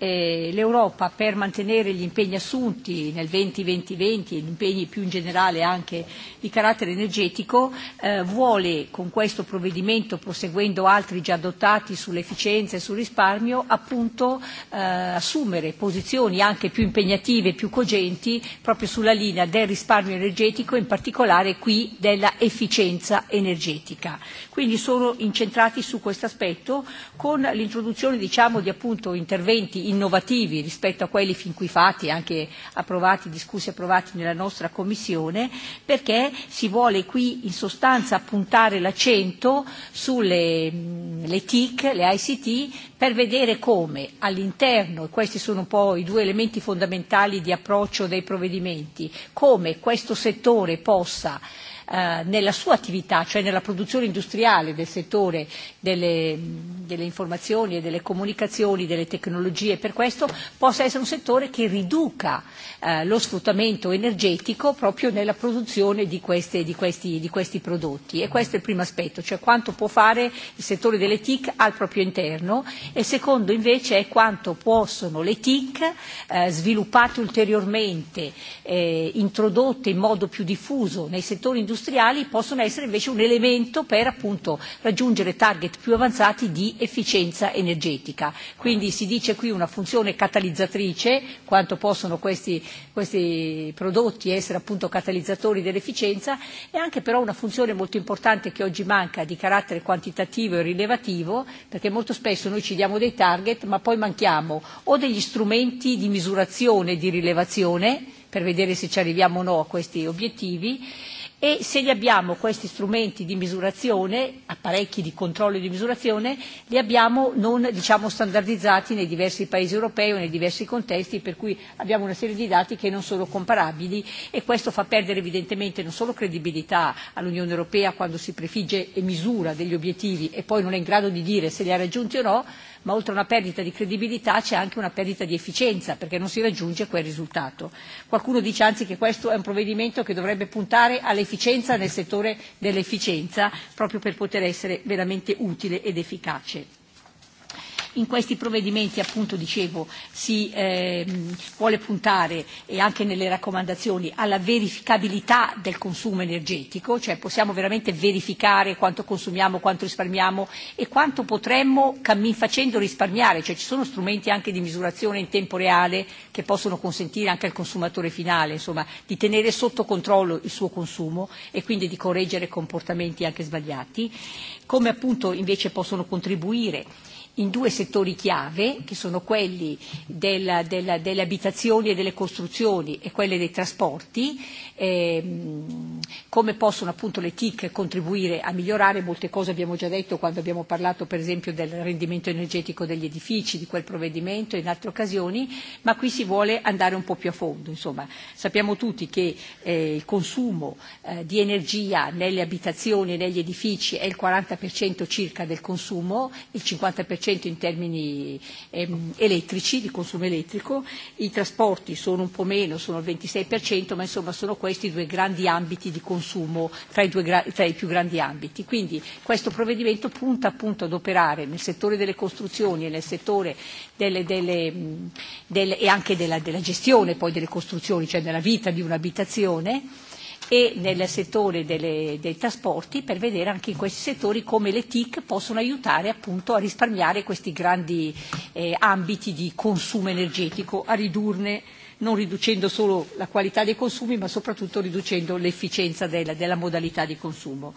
eh, l'Europa per mantenere gli impegni assunti nel 2020-2020 e gli impegni più in generale anche di carattere energetico eh, vuole con questo provvedimento, proseguendo altri già adottati sull'efficienza e sul risparmio, appunto eh, assumere posizioni anche più impegnative, e più cogenti proprio sulla linea del risparmio energetico, in particolare qui della efficienza energetica. Quindi sono incentrati su questo aspetto con l'introduzione diciamo, di appunto interventi innovativi rispetto a quelli fin qui fatti, anche approvati, discussi e approvati nella nostra Commissione, perché si vuole qui in sostanza puntare l'accento sulle le TIC, le ICT, per vedere come all'interno, e questi sono un po' i due elementi fondamentali di approccio dei provvedimenti, come questo settore possa Eh, nella sua attività, cioè nella produzione industriale del settore delle, delle informazioni e delle comunicazioni, delle tecnologie, per questo possa essere un settore che riduca eh, lo sfruttamento energetico proprio nella produzione di, queste, di, questi, di questi prodotti. E questo è il primo aspetto, cioè quanto può fare il settore delle TIC al proprio interno e secondo invece è quanto possono le TIC eh, sviluppate ulteriormente, eh, introdotte in modo più diffuso nei settori industriali, industriali possono essere invece un elemento per appunto raggiungere target più avanzati di efficienza energetica. Quindi si dice qui una funzione catalizzatrice, quanto possono questi, questi prodotti essere appunto catalizzatori dell'efficienza, e anche però una funzione molto importante che oggi manca di carattere quantitativo e rilevativo, perché molto spesso noi ci diamo dei target ma poi manchiamo o degli strumenti di misurazione e di rilevazione, per vedere se ci arriviamo o no a questi obiettivi e se li abbiamo questi strumenti di misurazione, apparecchi di controllo e di misurazione, li abbiamo non diciamo, standardizzati nei diversi paesi europei o nei diversi contesti, per cui abbiamo una serie di dati che non sono comparabili e questo fa perdere evidentemente non solo credibilità all'Unione Europea quando si prefigge e misura degli obiettivi e poi non è in grado di dire se li ha raggiunti o no, ma oltre a una perdita di credibilità c'è anche una perdita di efficienza perché non si raggiunge quel risultato. Qualcuno dice anzi che questo è un provvedimento che dovrebbe puntare all'efficienza nel settore dell'efficienza proprio per poter essere veramente utile ed efficace. In questi provvedimenti, appunto dicevo, si eh, vuole puntare, e anche nelle raccomandazioni, alla verificabilità del consumo energetico, cioè possiamo veramente verificare quanto consumiamo, quanto risparmiamo e quanto potremmo cammin facendo risparmiare, cioè ci sono strumenti anche di misurazione in tempo reale che possono consentire anche al consumatore finale insomma, di tenere sotto controllo il suo consumo e quindi di correggere comportamenti anche sbagliati, come appunto invece possono contribuire in due settori chiave, che sono quelli della, della, delle abitazioni e delle costruzioni e quelle dei trasporti, ehm, come possono appunto le TIC contribuire a migliorare molte cose abbiamo già detto quando abbiamo parlato per esempio del rendimento energetico degli edifici, di quel provvedimento e in altre occasioni, ma qui si vuole andare un po' più a fondo. Insomma, sappiamo tutti che eh, il consumo eh, di energia nelle abitazioni e negli edifici è il 40% circa del consumo, il 50% 40% in termini ehm, elettrici, di consumo elettrico, i trasporti sono un po' meno, sono il 26%, ma insomma sono questi i due grandi ambiti di consumo, tra i, due, tra i più grandi ambiti. Quindi questo provvedimento punta appunto ad operare nel settore delle costruzioni e nel settore delle, delle, delle, e anche della, della gestione poi delle costruzioni, cioè della vita di un'abitazione, e nel settore delle, dei trasporti per vedere anche in questi settori come le TIC possono aiutare appunto a risparmiare questi grandi eh, ambiti di consumo energetico, a ridurne non riducendo solo la qualità dei consumi ma soprattutto riducendo l'efficienza della, della modalità di consumo.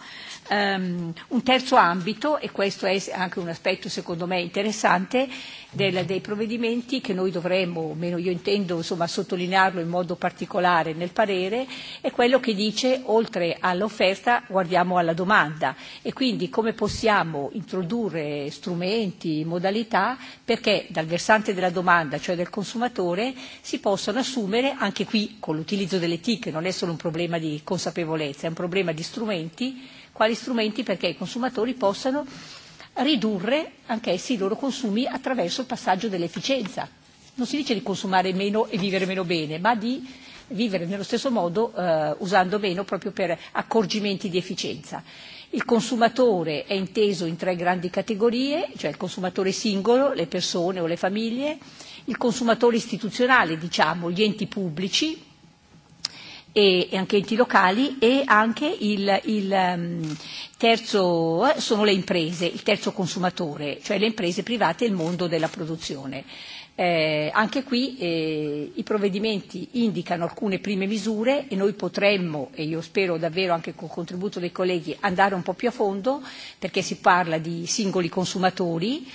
Um, un terzo ambito, e questo è anche un aspetto secondo me interessante, del, dei provvedimenti che noi dovremmo, o meno io intendo insomma, sottolinearlo in modo particolare nel parere, è quello che dice oltre all'offerta guardiamo alla domanda e quindi come possiamo introdurre strumenti, modalità perché dal versante della domanda, cioè del consumatore, si possono assumere anche qui con l'utilizzo delle TIC, non è solo un problema di consapevolezza, è un problema di strumenti quali strumenti perché i consumatori possano ridurre anch'essi i loro consumi attraverso il passaggio dell'efficienza. Non si dice di consumare meno e vivere meno bene, ma di vivere nello stesso modo eh, usando meno proprio per accorgimenti di efficienza. Il consumatore è inteso in tre grandi categorie, cioè il consumatore singolo, le persone o le famiglie, il consumatore istituzionale, diciamo, gli enti pubblici, e anche enti locali e anche il, il ehm, terzo sono le imprese, il terzo consumatore, cioè le imprese private e il mondo della produzione. Eh, anche qui eh, i provvedimenti indicano alcune prime misure e noi potremmo, e io spero davvero anche col contributo dei colleghi, andare un po' più a fondo perché si parla di singoli consumatori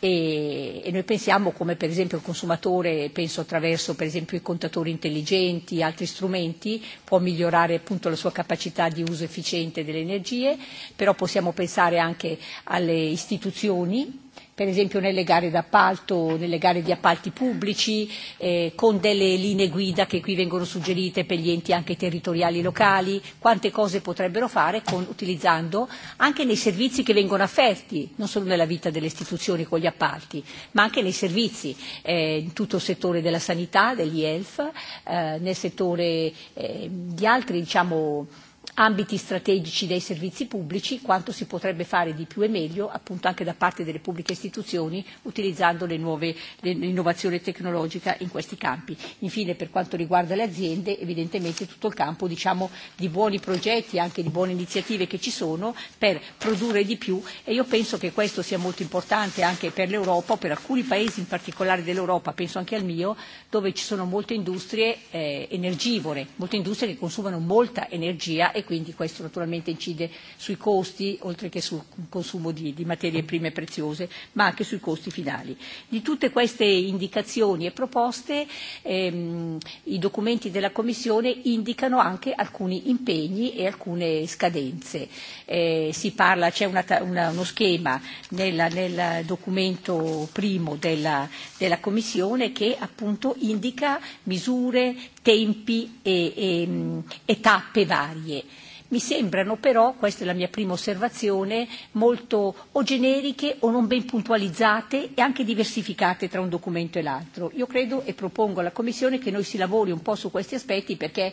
e, e noi pensiamo come per esempio il consumatore, penso attraverso per esempio i contatori intelligenti, altri strumenti, può migliorare appunto la sua capacità di uso efficiente delle energie, però possiamo pensare anche alle istituzioni per esempio nelle gare d'appalto, nelle gare di appalti pubblici, eh, con delle linee guida che qui vengono suggerite per gli enti anche territoriali locali, quante cose potrebbero fare con, utilizzando anche nei servizi che vengono offerti, non solo nella vita delle istituzioni con gli appalti, ma anche nei servizi, eh, in tutto il settore della sanità, degli health, eh, nel settore eh, di altri diciamo, eh, ambiti strategici dei servizi pubblici, quanto si potrebbe fare di più e meglio appunto anche da parte delle pubbliche istituzioni utilizzando le nuove, l'innovazione tecnologica in questi campi. Infine per quanto riguarda le aziende evidentemente tutto il campo diciamo, di buoni progetti, e anche di buone iniziative che ci sono per produrre di più e io penso che questo sia molto importante anche per l'Europa, per alcuni paesi in particolare dell'Europa, penso anche al mio, dove ci sono molte industrie eh, energivore, molte industrie che consumano molta energia e quindi questo naturalmente incide sui costi, oltre che sul consumo di, di materie prime preziose, ma anche sui costi finali. Di tutte queste indicazioni e proposte ehm, i documenti della Commissione indicano anche alcuni impegni e alcune scadenze. Eh, si parla, c'è una, una, uno schema nella, nel documento primo della, della Commissione che appunto indica misure, tempi e, e, mm, e tappe varie. Mi sembrano però, questa è la mia prima osservazione, molto o generiche o non ben puntualizzate e anche diversificate tra un documento e l'altro. Io credo e propongo alla Commissione che noi si lavori un po' su questi aspetti perché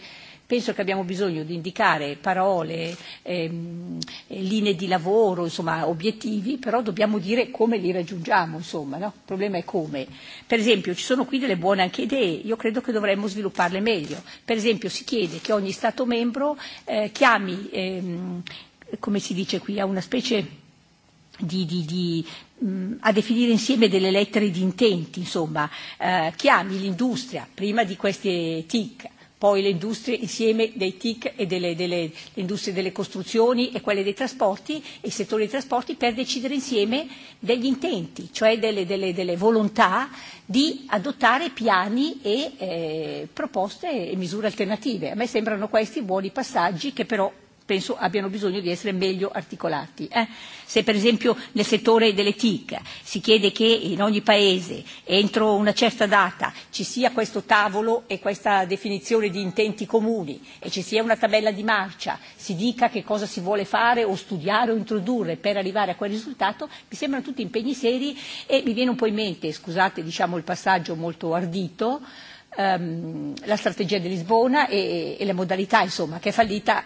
penso che abbiamo bisogno di indicare parole, ehm, eh, linee di lavoro, insomma obiettivi, però dobbiamo dire come li raggiungiamo, insomma, no? Il problema è come. Per esempio ci sono qui delle buone anche idee, io credo che dovremmo svilupparle meglio. Per esempio si chiede che ogni Stato membro eh, chiami, ehm, come si dice qui, a una specie di, di, di, mh, mm, a definire insieme delle lettere di intenti, insomma, eh, chiami l'industria prima di queste TIC, poi le industrie insieme dei TIC e delle, delle le industrie delle costruzioni e quelle dei trasporti e il settore dei trasporti per decidere insieme degli intenti, cioè delle, delle, delle volontà di adottare piani e eh, proposte e misure alternative. A me sembrano questi buoni passaggi che però penso abbiano bisogno di essere meglio articolati. Eh? Se per esempio nel settore delle TIC si chiede che in ogni paese entro una certa data ci sia questo tavolo e questa definizione di intenti comuni e ci sia una tabella di marcia, si dica che cosa si vuole fare o studiare o introdurre per arrivare a quel risultato, mi sembrano tutti impegni seri e mi viene un po' in mente, scusate diciamo il passaggio molto ardito, ehm, la strategia di Lisbona e, e la modalità insomma, che è fallita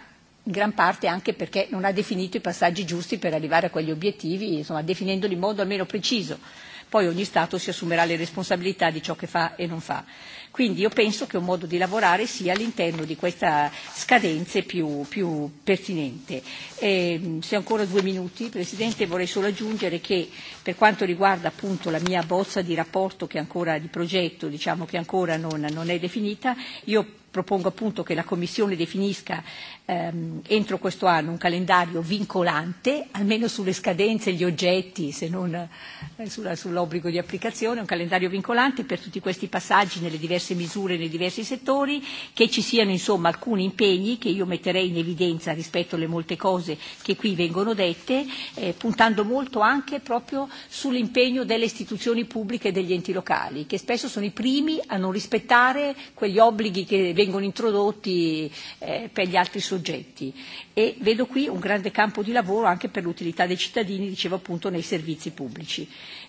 in gran parte anche perché non ha definito i passaggi giusti per arrivare a quegli obiettivi, insomma, definendoli in modo almeno preciso. Poi ogni Stato si assumerà le responsabilità di ciò che fa e non fa. Quindi io penso che un modo di lavorare sia all'interno di questa scadenza più, più pertinente. E, se ho ancora due minuti, Presidente, vorrei solo aggiungere che per quanto riguarda appunto la mia bozza di rapporto che ancora di progetto diciamo, che ancora non, non è definita, io propongo appunto che la Commissione definisca ehm, entro questo anno un calendario vincolante, almeno sulle scadenze e gli oggetti, se non eh, sulla, sull'obbligo di applicazione, un calendario vincolante per tutti questi passaggi nelle diverse misure, nei diversi settori, che ci siano insomma alcuni impegni che io metterei in evidenza rispetto alle molte cose che qui vengono dette, eh, puntando molto anche proprio sull'impegno delle istituzioni pubbliche e degli enti locali, che spesso sono i primi a non rispettare quegli obblighi che vengono introdotti eh, per gli altri soggetti e vedo qui un grande campo di lavoro anche per l'utilità dei cittadini, dicevo appunto, nei servizi pubblici.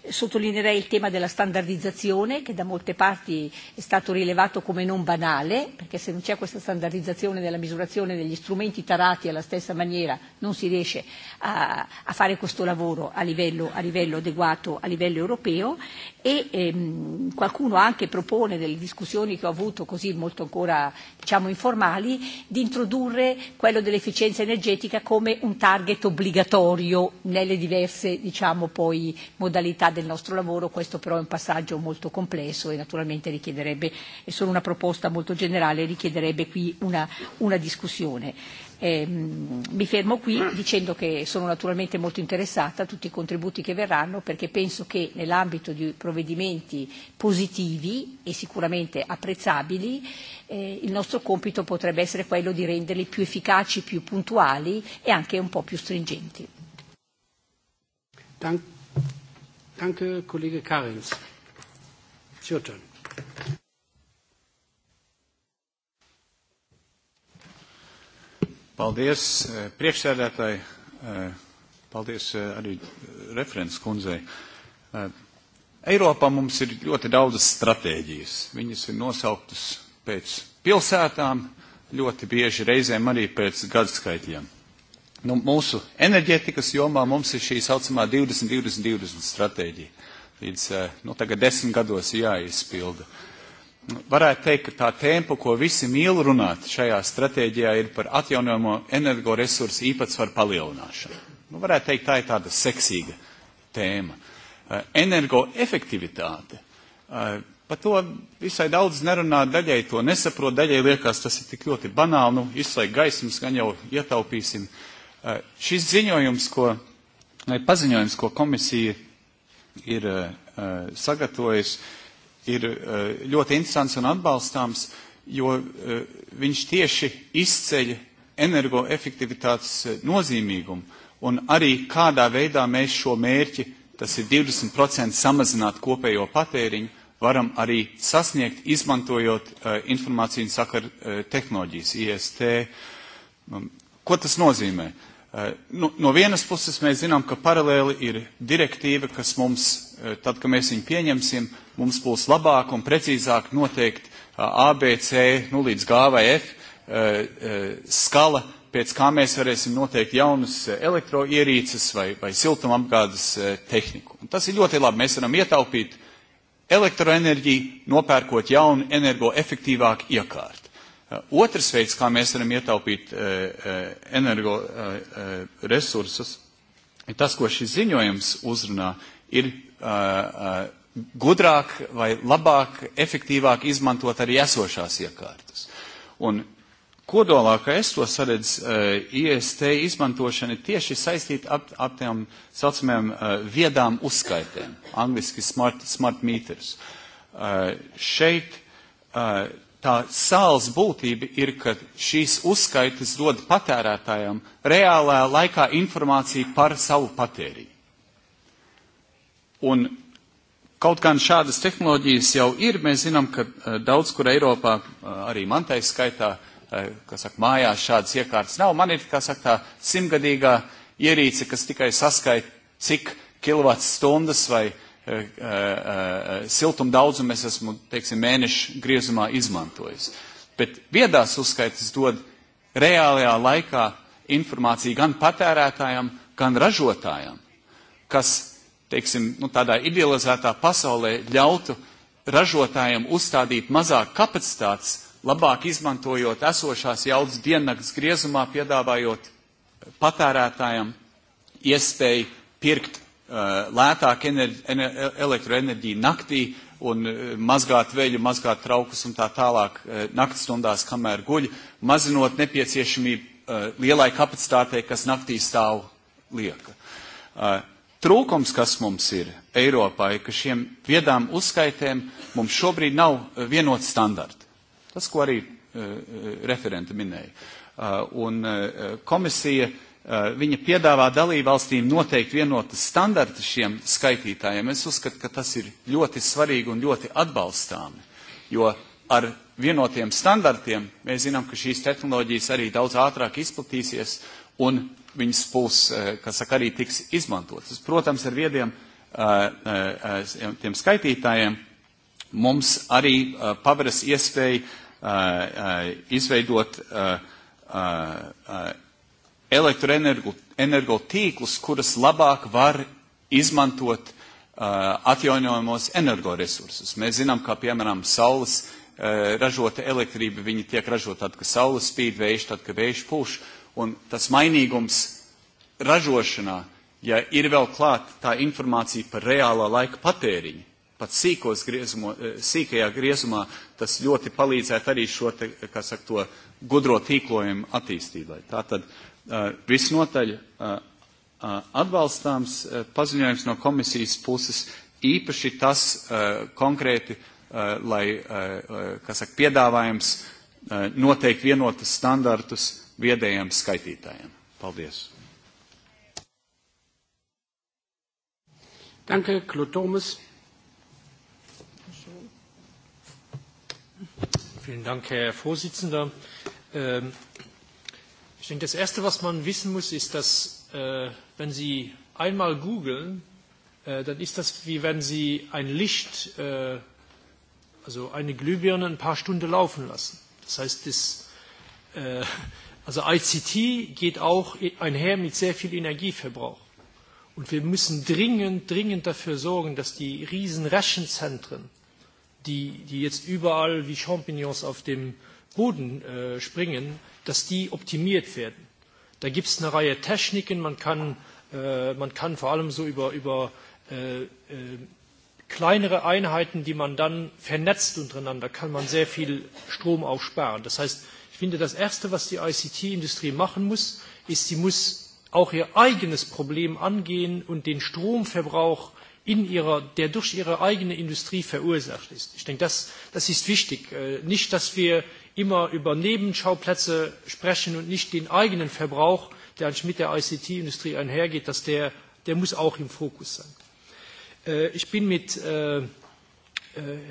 Sottolineerei il tema della standardizzazione che da molte parti è stato rilevato come non banale, perché se non c'è questa standardizzazione della misurazione degli strumenti tarati alla stessa maniera non si riesce a, a fare questo lavoro a livello, a livello adeguato a livello europeo e ehm, qualcuno anche propone delle discussioni che ho avuto così molto ancora diciamo informali di introdurre quello dell'efficienza energetica come un target obbligatorio nelle diverse diciamo poi modalità del nostro lavoro, questo però è un passaggio molto complesso e naturalmente richiederebbe, è solo una proposta molto generale, richiederebbe qui una, una discussione. Eh, mi fermo qui dicendo che sono naturalmente molto interessata a tutti i contributi che verranno perché penso che nell'ambito di provvedimenti positivi e sicuramente apprezzabili eh, il nostro compito potrebbe essere quello di renderli più efficaci, più puntuali e anche un po' più stringenti. Dank Danke, Kollege Karins. Paldies eh, priekšsēdētāji, eh, paldies eh, arī referents kundzei. Eiropā mums ir ļoti daudz stratēģijas. Viņas ir nosauktas pēc pilsētām, ļoti bieži reizēm arī pēc gadskaitļiem nu, mūsu enerģētikas jomā mums ir šī saucamā 20-20-20 stratēģija. Līdz eh, nu, tagad desmit gados jāizpilda. Nu, varētu teikt, ka tā tempa, ko visi mīl runāt šajā stratēģijā, ir par atjaunojamo energoresursu īpatsvaru palielināšanu. Nu, varētu teikt, tā ir tāda seksīga tēma. Eh, energoefektivitāte. Eh, par to visai daudz nerunā, daļai to nesaprot, daļai liekas, tas ir tik ļoti banāli, nu, izslēgt gaismas, gan jau ietaupīsim. Uh, Šis ziņojums, ko, vai paziņojums, ko komisija ir sagatavojusi, ir ļoti interesants un atbalstāms, jo viņš tieši izceļ energoefektivitātes nozīmīgumu un arī kādā veidā mēs šo mērķi, tas ir 20% samazināt kopējo patēriņu, varam arī sasniegt, izmantojot informāciju un sakaru tehnoloģijas, IST. Ko tas nozīmē? Uh, Eh, nu, no, no vienas puses mēs zinām, ka paralēli ir direktīva, kas mums, eh, tad, kad mēs viņu pieņemsim, mums būs labāk un precīzāk noteikt eh, ABC nu, līdz G vai F skala, pēc kā mēs varēsim noteikt jaunus elektroierīces vai, vai siltumapgādes tehniku. Un tas ir ļoti labi. Mēs varam ietaupīt elektroenerģiju, nopērkot jaunu energoefektīvāku iekārtu. Otrs veids, kā mēs varam ietaupīt e, e, energoresursus, e, ir tas, ko šis ziņojums uzrunā, ir gudrāk vai labāk, efektīvāk izmantot arī esošās iekārtas. Un kodolā, ka es to saredzu, IST izmantošana ir tieši saistīta ap, ap tiem saucamajām viedām uzskaitēm, angliski smart, smart meters. Šeit tā sāls būtība ir, ka šīs uzskaitas dod patērētājam reālā laikā informāciju par savu patēriju. Un kaut gan šādas tehnoloģijas jau ir, mēs zinām, ka eh, daudz kur Eiropā, eh, arī man tai skaitā, eh, kā saka, mājās šādas iekārtas nav. Man ir, kā saka, tā simgadīgā ierīce, kas tikai saskaita, cik kilovats stundas vai uh, Eh, eh, eh, siltumdaudzumu es esmu, teiksim, mēnešu griezumā izmantojis. Bet viedās uzskaitas dod reālajā laikā informāciju gan patērētājam, gan ražotājam, kas, teiksim, nu, tādā idealizētā pasaulē ļautu ražotājiem uzstādīt mazāk kapacitātes, labāk izmantojot esošās jaudas diennakts griezumā, piedāvājot patērētājiem iespēju pirkt Eh, lētāk enerģi, ener, elektroenerģiju naktī un eh, mazgāt veļu, mazgāt traukus un tā tālāk eh, naktas stundās, kamēr guļ, mazinot nepieciešamību lielai kapacitātei, kas naktī stāv lieka. Trūkums, kas mums ir Eiropā, ir, ka šiem viedām uzskaitēm mums šobrīd nav vienots standarts. Tas, ko arī referenta minēja. Un komisija uh, Eh, viņa piedāvā dalībvalstīm noteikt vienotas standartas šiem skaitītājiem. Es uzskatu, ka tas ir ļoti svarīgi un ļoti atbalstāmi, jo ar vienotiem standartiem mēs zinām, ka šīs tehnoloģijas arī daudz ātrāk izplatīsies un viņas būs, eh, kas saka, arī tiks izmantotas. Protams, ar viediem eh, tiem skaitītājiem mums arī paveras iespēja izveidot elektroenergotīklus, kuras labāk var izmantot uh, atjaunojamos energoresursus. Mēs zinām, kā piemēram saules uh, ražota elektrība, viņi tiek ražota tad, kad saule spīd, vējš tad, kad vējš pūš, un tas mainīgums ražošanā, ja ir vēl klāt tā informācija par reālā laika patēriņu, pat sīkos griezumo, uh, sīkajā griezumā, tas ļoti palīdzētu arī šo, te, kā saka, to gudro tīklojumu attīstībai. Tātad Eh, visnotaļ eh, eh, atbalstāms paziņojums no komisijas puses, īpaši tas konkrēti, lai, kā saka, piedāvājums noteikt vienotas standartus viedējiem skaitītājiem. Paldies! Danke, Claude Thomas. Vielen Dank, Herr Vorsitzender. Ähm, denke, das Erste, was man wissen muss, ist, dass äh, wenn Sie einmal googeln, äh, dann ist das wie wenn Sie ein Licht, äh, also eine Glühbirne, ein paar Stunden laufen lassen. Das heißt, das, äh, also ICT geht auch einher mit sehr viel Energieverbrauch. Und wir müssen dringend, dringend dafür sorgen, dass die riesen Rechenzentren, die, die jetzt überall wie Champignons auf dem Boden äh, springen, dass die optimiert werden. Da gibt es eine Reihe Techniken. Man kann, äh, man kann vor allem so über, über äh, äh, kleinere Einheiten, die man dann vernetzt untereinander, kann man sehr viel Strom aufsparen. Das heißt, ich finde, das Erste, was die ICT-Industrie machen muss, ist, sie muss auch ihr eigenes Problem angehen und den Stromverbrauch in ihrer, der durch ihre eigene Industrie verursacht ist. Ich denke, das, das ist wichtig. Äh, nicht, dass wir immer über Nebenschauplätze sprechen und nicht den eigenen Verbrauch, der mit der ICT-Industrie einhergeht, dass der, der muss auch im Fokus sein. Äh, ich bin mit äh, äh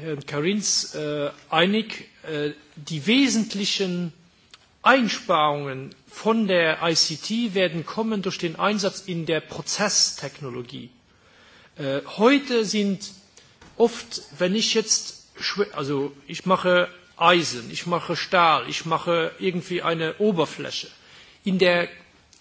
Herrn Karins äh, einig, äh, die wesentlichen Einsparungen von der ICT werden kommen durch den Einsatz in der Prozesstechnologie. Äh, heute sind oft, wenn ich jetzt, also ich mache Eisen, ich mache Stahl, ich mache irgendwie eine Oberfläche. In der,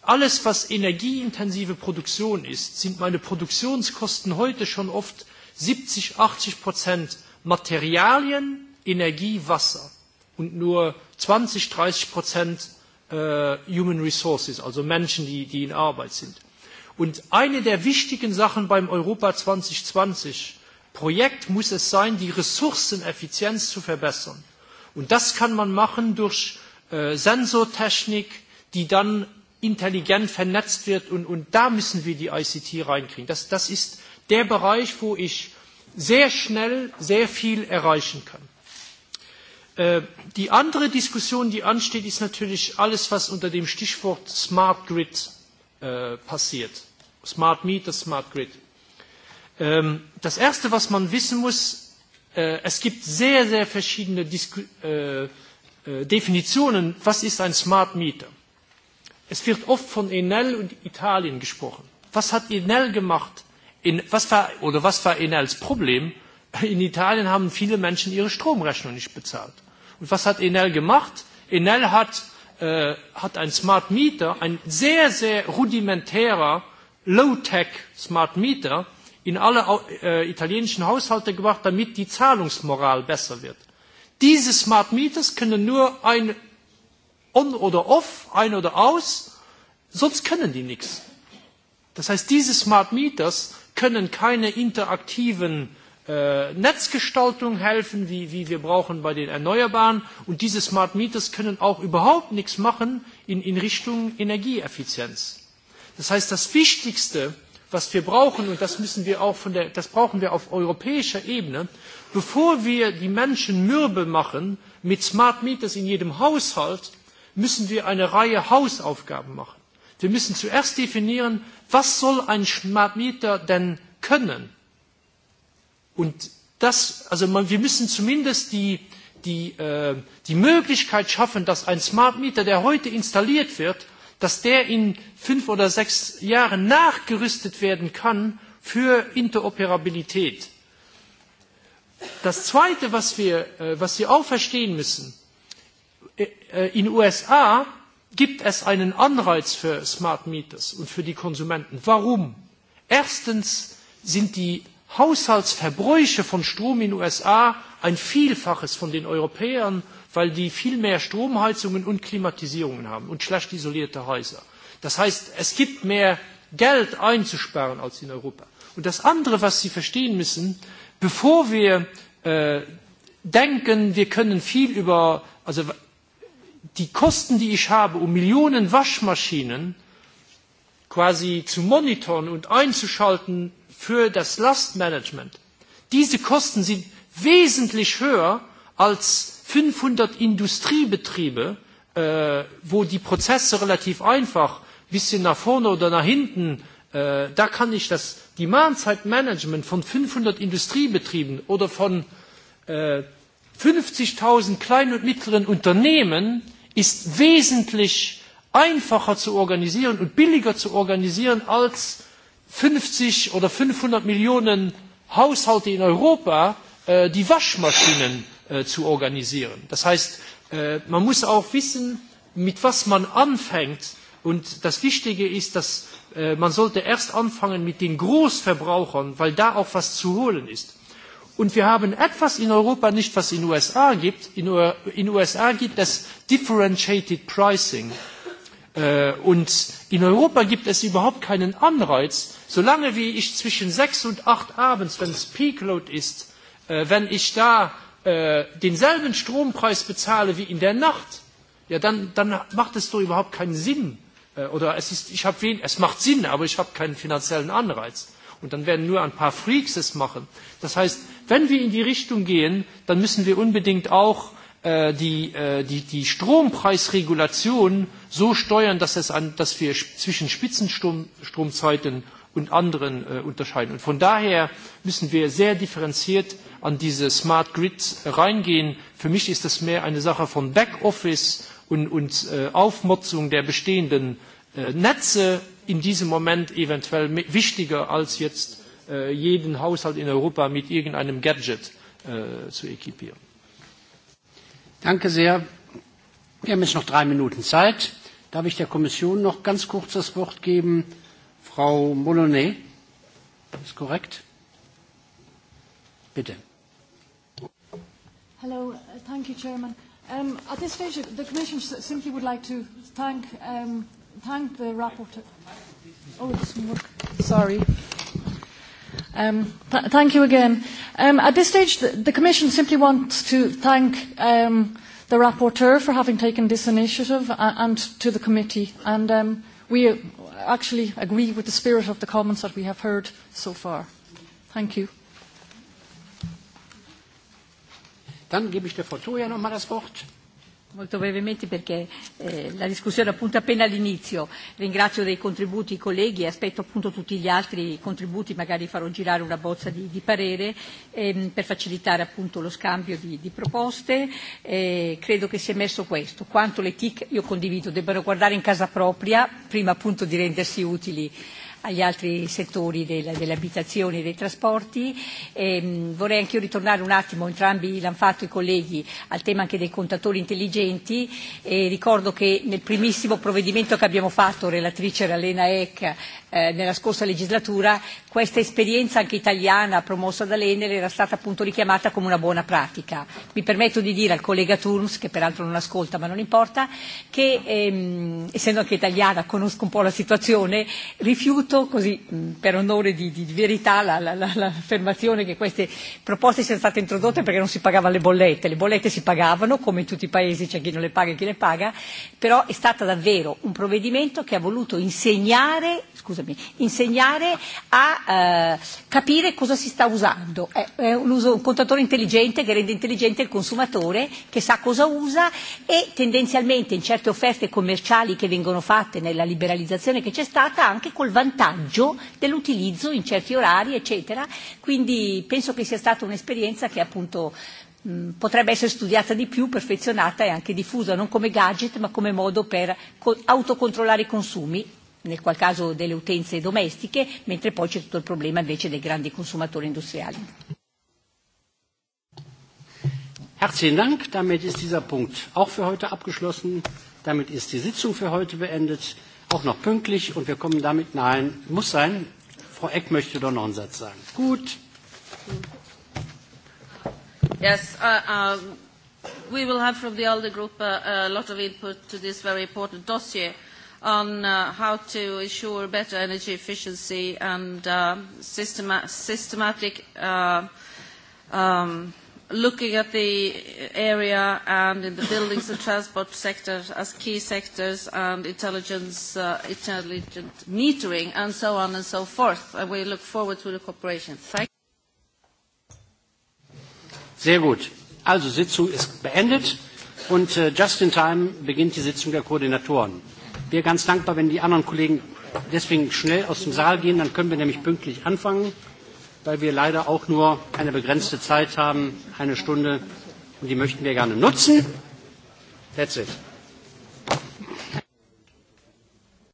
alles, was energieintensive Produktion ist, sind meine Produktionskosten heute schon oft 70, 80 Prozent Materialien, Energie, Wasser und nur 20, 30 Prozent äh, Human Resources, also Menschen, die, die in Arbeit sind. Und eine der wichtigen Sachen beim Europa 2020 Projekt muss es sein, die Ressourceneffizienz zu verbessern. Und das kann man machen durch äh, Sensortechnik, die dann intelligent vernetzt wird. Und, und da müssen wir die ICT reinkriegen. Das, das ist der Bereich, wo ich sehr schnell sehr viel erreichen kann. Äh, die andere Diskussion, die ansteht, ist natürlich alles, was unter dem Stichwort Smart Grid äh, passiert. Smart Meter, Smart Grid. Ähm, das Erste, was man wissen muss, Äh, es gibt sehr, sehr verschiedene Disku äh, äh, Definitionen, was ist ein Smart Meter. Es wird oft von Enel und Italien gesprochen. Was hat Enel gemacht? In, was war, oder was war Enels Problem? In Italien haben viele Menschen ihre Stromrechnung nicht bezahlt. Und was hat Enel gemacht? Enel hat, äh, hat ein Smart Meter, ein sehr, sehr rudimentärer Low-Tech Smart Meter, in alle äh, italienischen Haushalte gebracht, damit die Zahlungsmoral besser wird. Diese Smart Meters können nur ein on oder off, ein oder aus, sonst können die nichts. Das heißt, diese Smart Meters können keine interaktiven äh, Netzgestaltung helfen, wie, wie wir brauchen bei den Erneuerbaren. Und diese Smart Meters können auch überhaupt nichts machen in, in Richtung Energieeffizienz. Das heißt, das Wichtigste was wir brauchen, und das, müssen wir auch von der, das brauchen wir auf europäischer Ebene, bevor wir die Menschen mürbe machen mit Smart Meters in jedem Haushalt, müssen wir eine Reihe Hausaufgaben machen. Wir müssen zuerst definieren, was soll ein Smart Meter denn können? Und das, also man, wir müssen zumindest die, die, äh, die Möglichkeit schaffen, dass ein Smart Meter, der heute installiert wird, dass der in fünf oder sechs Jahren nachgerüstet werden kann für Interoperabilität. Das Zweite, was wir, äh, was wir auch verstehen müssen, äh, äh, in den USA gibt es einen Anreiz für Smart Meters und für die Konsumenten. Warum? Erstens sind die Haushaltsverbräuche von Strom in den USA ein Vielfaches von den Europäern weil die viel mehr Stromheizungen und Klimatisierungen haben und schlecht isolierte Häuser. Das heißt, es gibt mehr Geld einzusparen als in Europa. Und das andere, was Sie verstehen müssen, bevor wir äh, denken, wir können viel über, also die Kosten, die ich habe, um Millionen Waschmaschinen quasi zu monitoren und einzuschalten für das Lastmanagement, diese Kosten sind wesentlich höher als 500 Industriebetriebe, äh, wo die Prozesse relativ einfach, ein bisschen nach vorne oder nach hinten, äh, da kann ich das Demand-Side-Management von 500 Industriebetrieben oder von äh, 50.000 kleinen und mittleren Unternehmen ist wesentlich einfacher zu organisieren und billiger zu organisieren als 50 oder 500 Millionen Haushalte in Europa, äh, die Waschmaschinen Äh, zu organisieren. Das heißt, äh, man muss auch wissen, mit was man anfängt. Und das Wichtige ist, dass äh, man sollte erst anfangen mit den Großverbrauchern, weil da auch was zu holen ist. Und wir haben etwas in Europa nicht, was in den USA gibt. In den USA gibt es Differentiated Pricing. Und in Europa gibt es überhaupt keinen Anreiz, solange wie ich zwischen sechs und acht abends, wenn es Peakload ist, wenn ich da Äh, denselben Strompreis bezahle wie in der Nacht, ja, dann, dann macht es doch überhaupt keinen Sinn. Äh, oder es, ist, ich habe wen, es macht Sinn, aber ich habe keinen finanziellen Anreiz. Und dann werden nur ein paar Freaks es machen. Das heißt, wenn wir in die Richtung gehen, dann müssen wir unbedingt auch äh, die, äh, die, die Strompreisregulation so steuern, dass, es an, dass wir zwischen Spitzenstromzeiten und anderen äh, unterscheiden. Und von daher müssen wir sehr differenziert an diese Smart Grids reingehen. Für mich ist das mehr eine Sache von Backoffice und, und äh, Aufmotzung der bestehenden äh, Netze in diesem Moment eventuell wichtiger als jetzt äh, jeden Haushalt in Europa mit irgendeinem Gadget äh, zu equipieren. Danke sehr. Wir haben jetzt noch drei Minuten Zeit. Darf ich der Kommission noch ganz kurz das Wort geben? Frau Molonnet, ist korrekt? Bitte. Hello, uh, thank you, Chairman. Um, at this stage, the Commission simply would like to thank, um, thank the rapporteur. Oh, it doesn't work. Sorry. Um, th thank you again. Um, at this stage, the, the Commission simply wants to thank um, the rapporteur for having taken this initiative uh, and to the committee. And um, we uh, actually agree with the spirit of the comments that we have heard so far. Thank you. Dann gebe ich der Frau Toja mal das Wort. Molto brevemente perché eh, la discussione è appunto appena all'inizio. Ringrazio dei contributi i colleghi e aspetto appunto tutti gli altri contributi, magari farò girare una bozza di, di parere ehm, per facilitare appunto lo scambio di, di proposte. Eh, credo che sia emerso questo, quanto le TIC, io condivido, debbano guardare in casa propria prima appunto di rendersi utili agli altri settori del, delle abitazioni e dei trasporti. E, ehm, mh, vorrei anche io ritornare un attimo, entrambi l'hanno fatto i colleghi, al tema anche dei contatori intelligenti. E ricordo che nel primissimo provvedimento che abbiamo fatto, relatrice Ralena Eck, eh, nella scorsa legislatura, questa esperienza anche italiana promossa dall'Enel era stata appunto richiamata come una buona pratica. Mi permetto di dire al collega Turms, che peraltro non ascolta ma non importa, che ehm, essendo anche italiana conosco un po' la situazione, rifiuto così per onore di, di, verità la, la, la, l'affermazione che queste proposte siano state introdotte perché non si pagavano le bollette. Le bollette si pagavano, come in tutti i paesi c'è chi non le paga e chi le paga, però è stato davvero un provvedimento che ha voluto insegnare scusami, insegnare a eh, capire cosa si sta usando. È, è un, uso, un contatore intelligente che rende intelligente il consumatore, che sa cosa usa e tendenzialmente in certe offerte commerciali che vengono fatte nella liberalizzazione che c'è stata anche col vantaggio dell'utilizzo in certi orari, eccetera. Quindi penso che sia stata un'esperienza che appunto mm, potrebbe essere studiata di più, perfezionata e anche diffusa, non come gadget ma come modo per autocontrollare i consumi nel qual caso delle utenze domestiche, mentre poi c'è tutto il problema invece dei grandi consumatori industriali. Herzlichen Dank. Damit ist dieser Punkt auch für heute abgeschlossen. Damit ist die Sitzung für heute beendet, auch noch pünktlich. Und wir kommen damit, nein, muss sein. Frau Eck möchte doch noch einen Satz sagen. Gut. Yes, uh, um, we will have from the ALDE group uh, a uh, lot of input to this very important dossier on uh, how to ensure better energy efficiency and uh, systematic uh, um, looking at the area and in the buildings and transport sectors as key sectors and intelligence, uh, intelligent metering and so on and so forth. And we look forward to the cooperation. Thank Sehr gut. Also Sitzung ist beendet und äh, just in time beginnt die Sitzung der Koordinatoren wäre ganz dankbar, wenn die anderen Kollegen deswegen schnell aus dem Saal gehen. Dann können wir nämlich pünktlich anfangen, weil wir leider auch nur eine begrenzte Zeit haben, eine Stunde. Und die möchten wir gerne nutzen. That's it.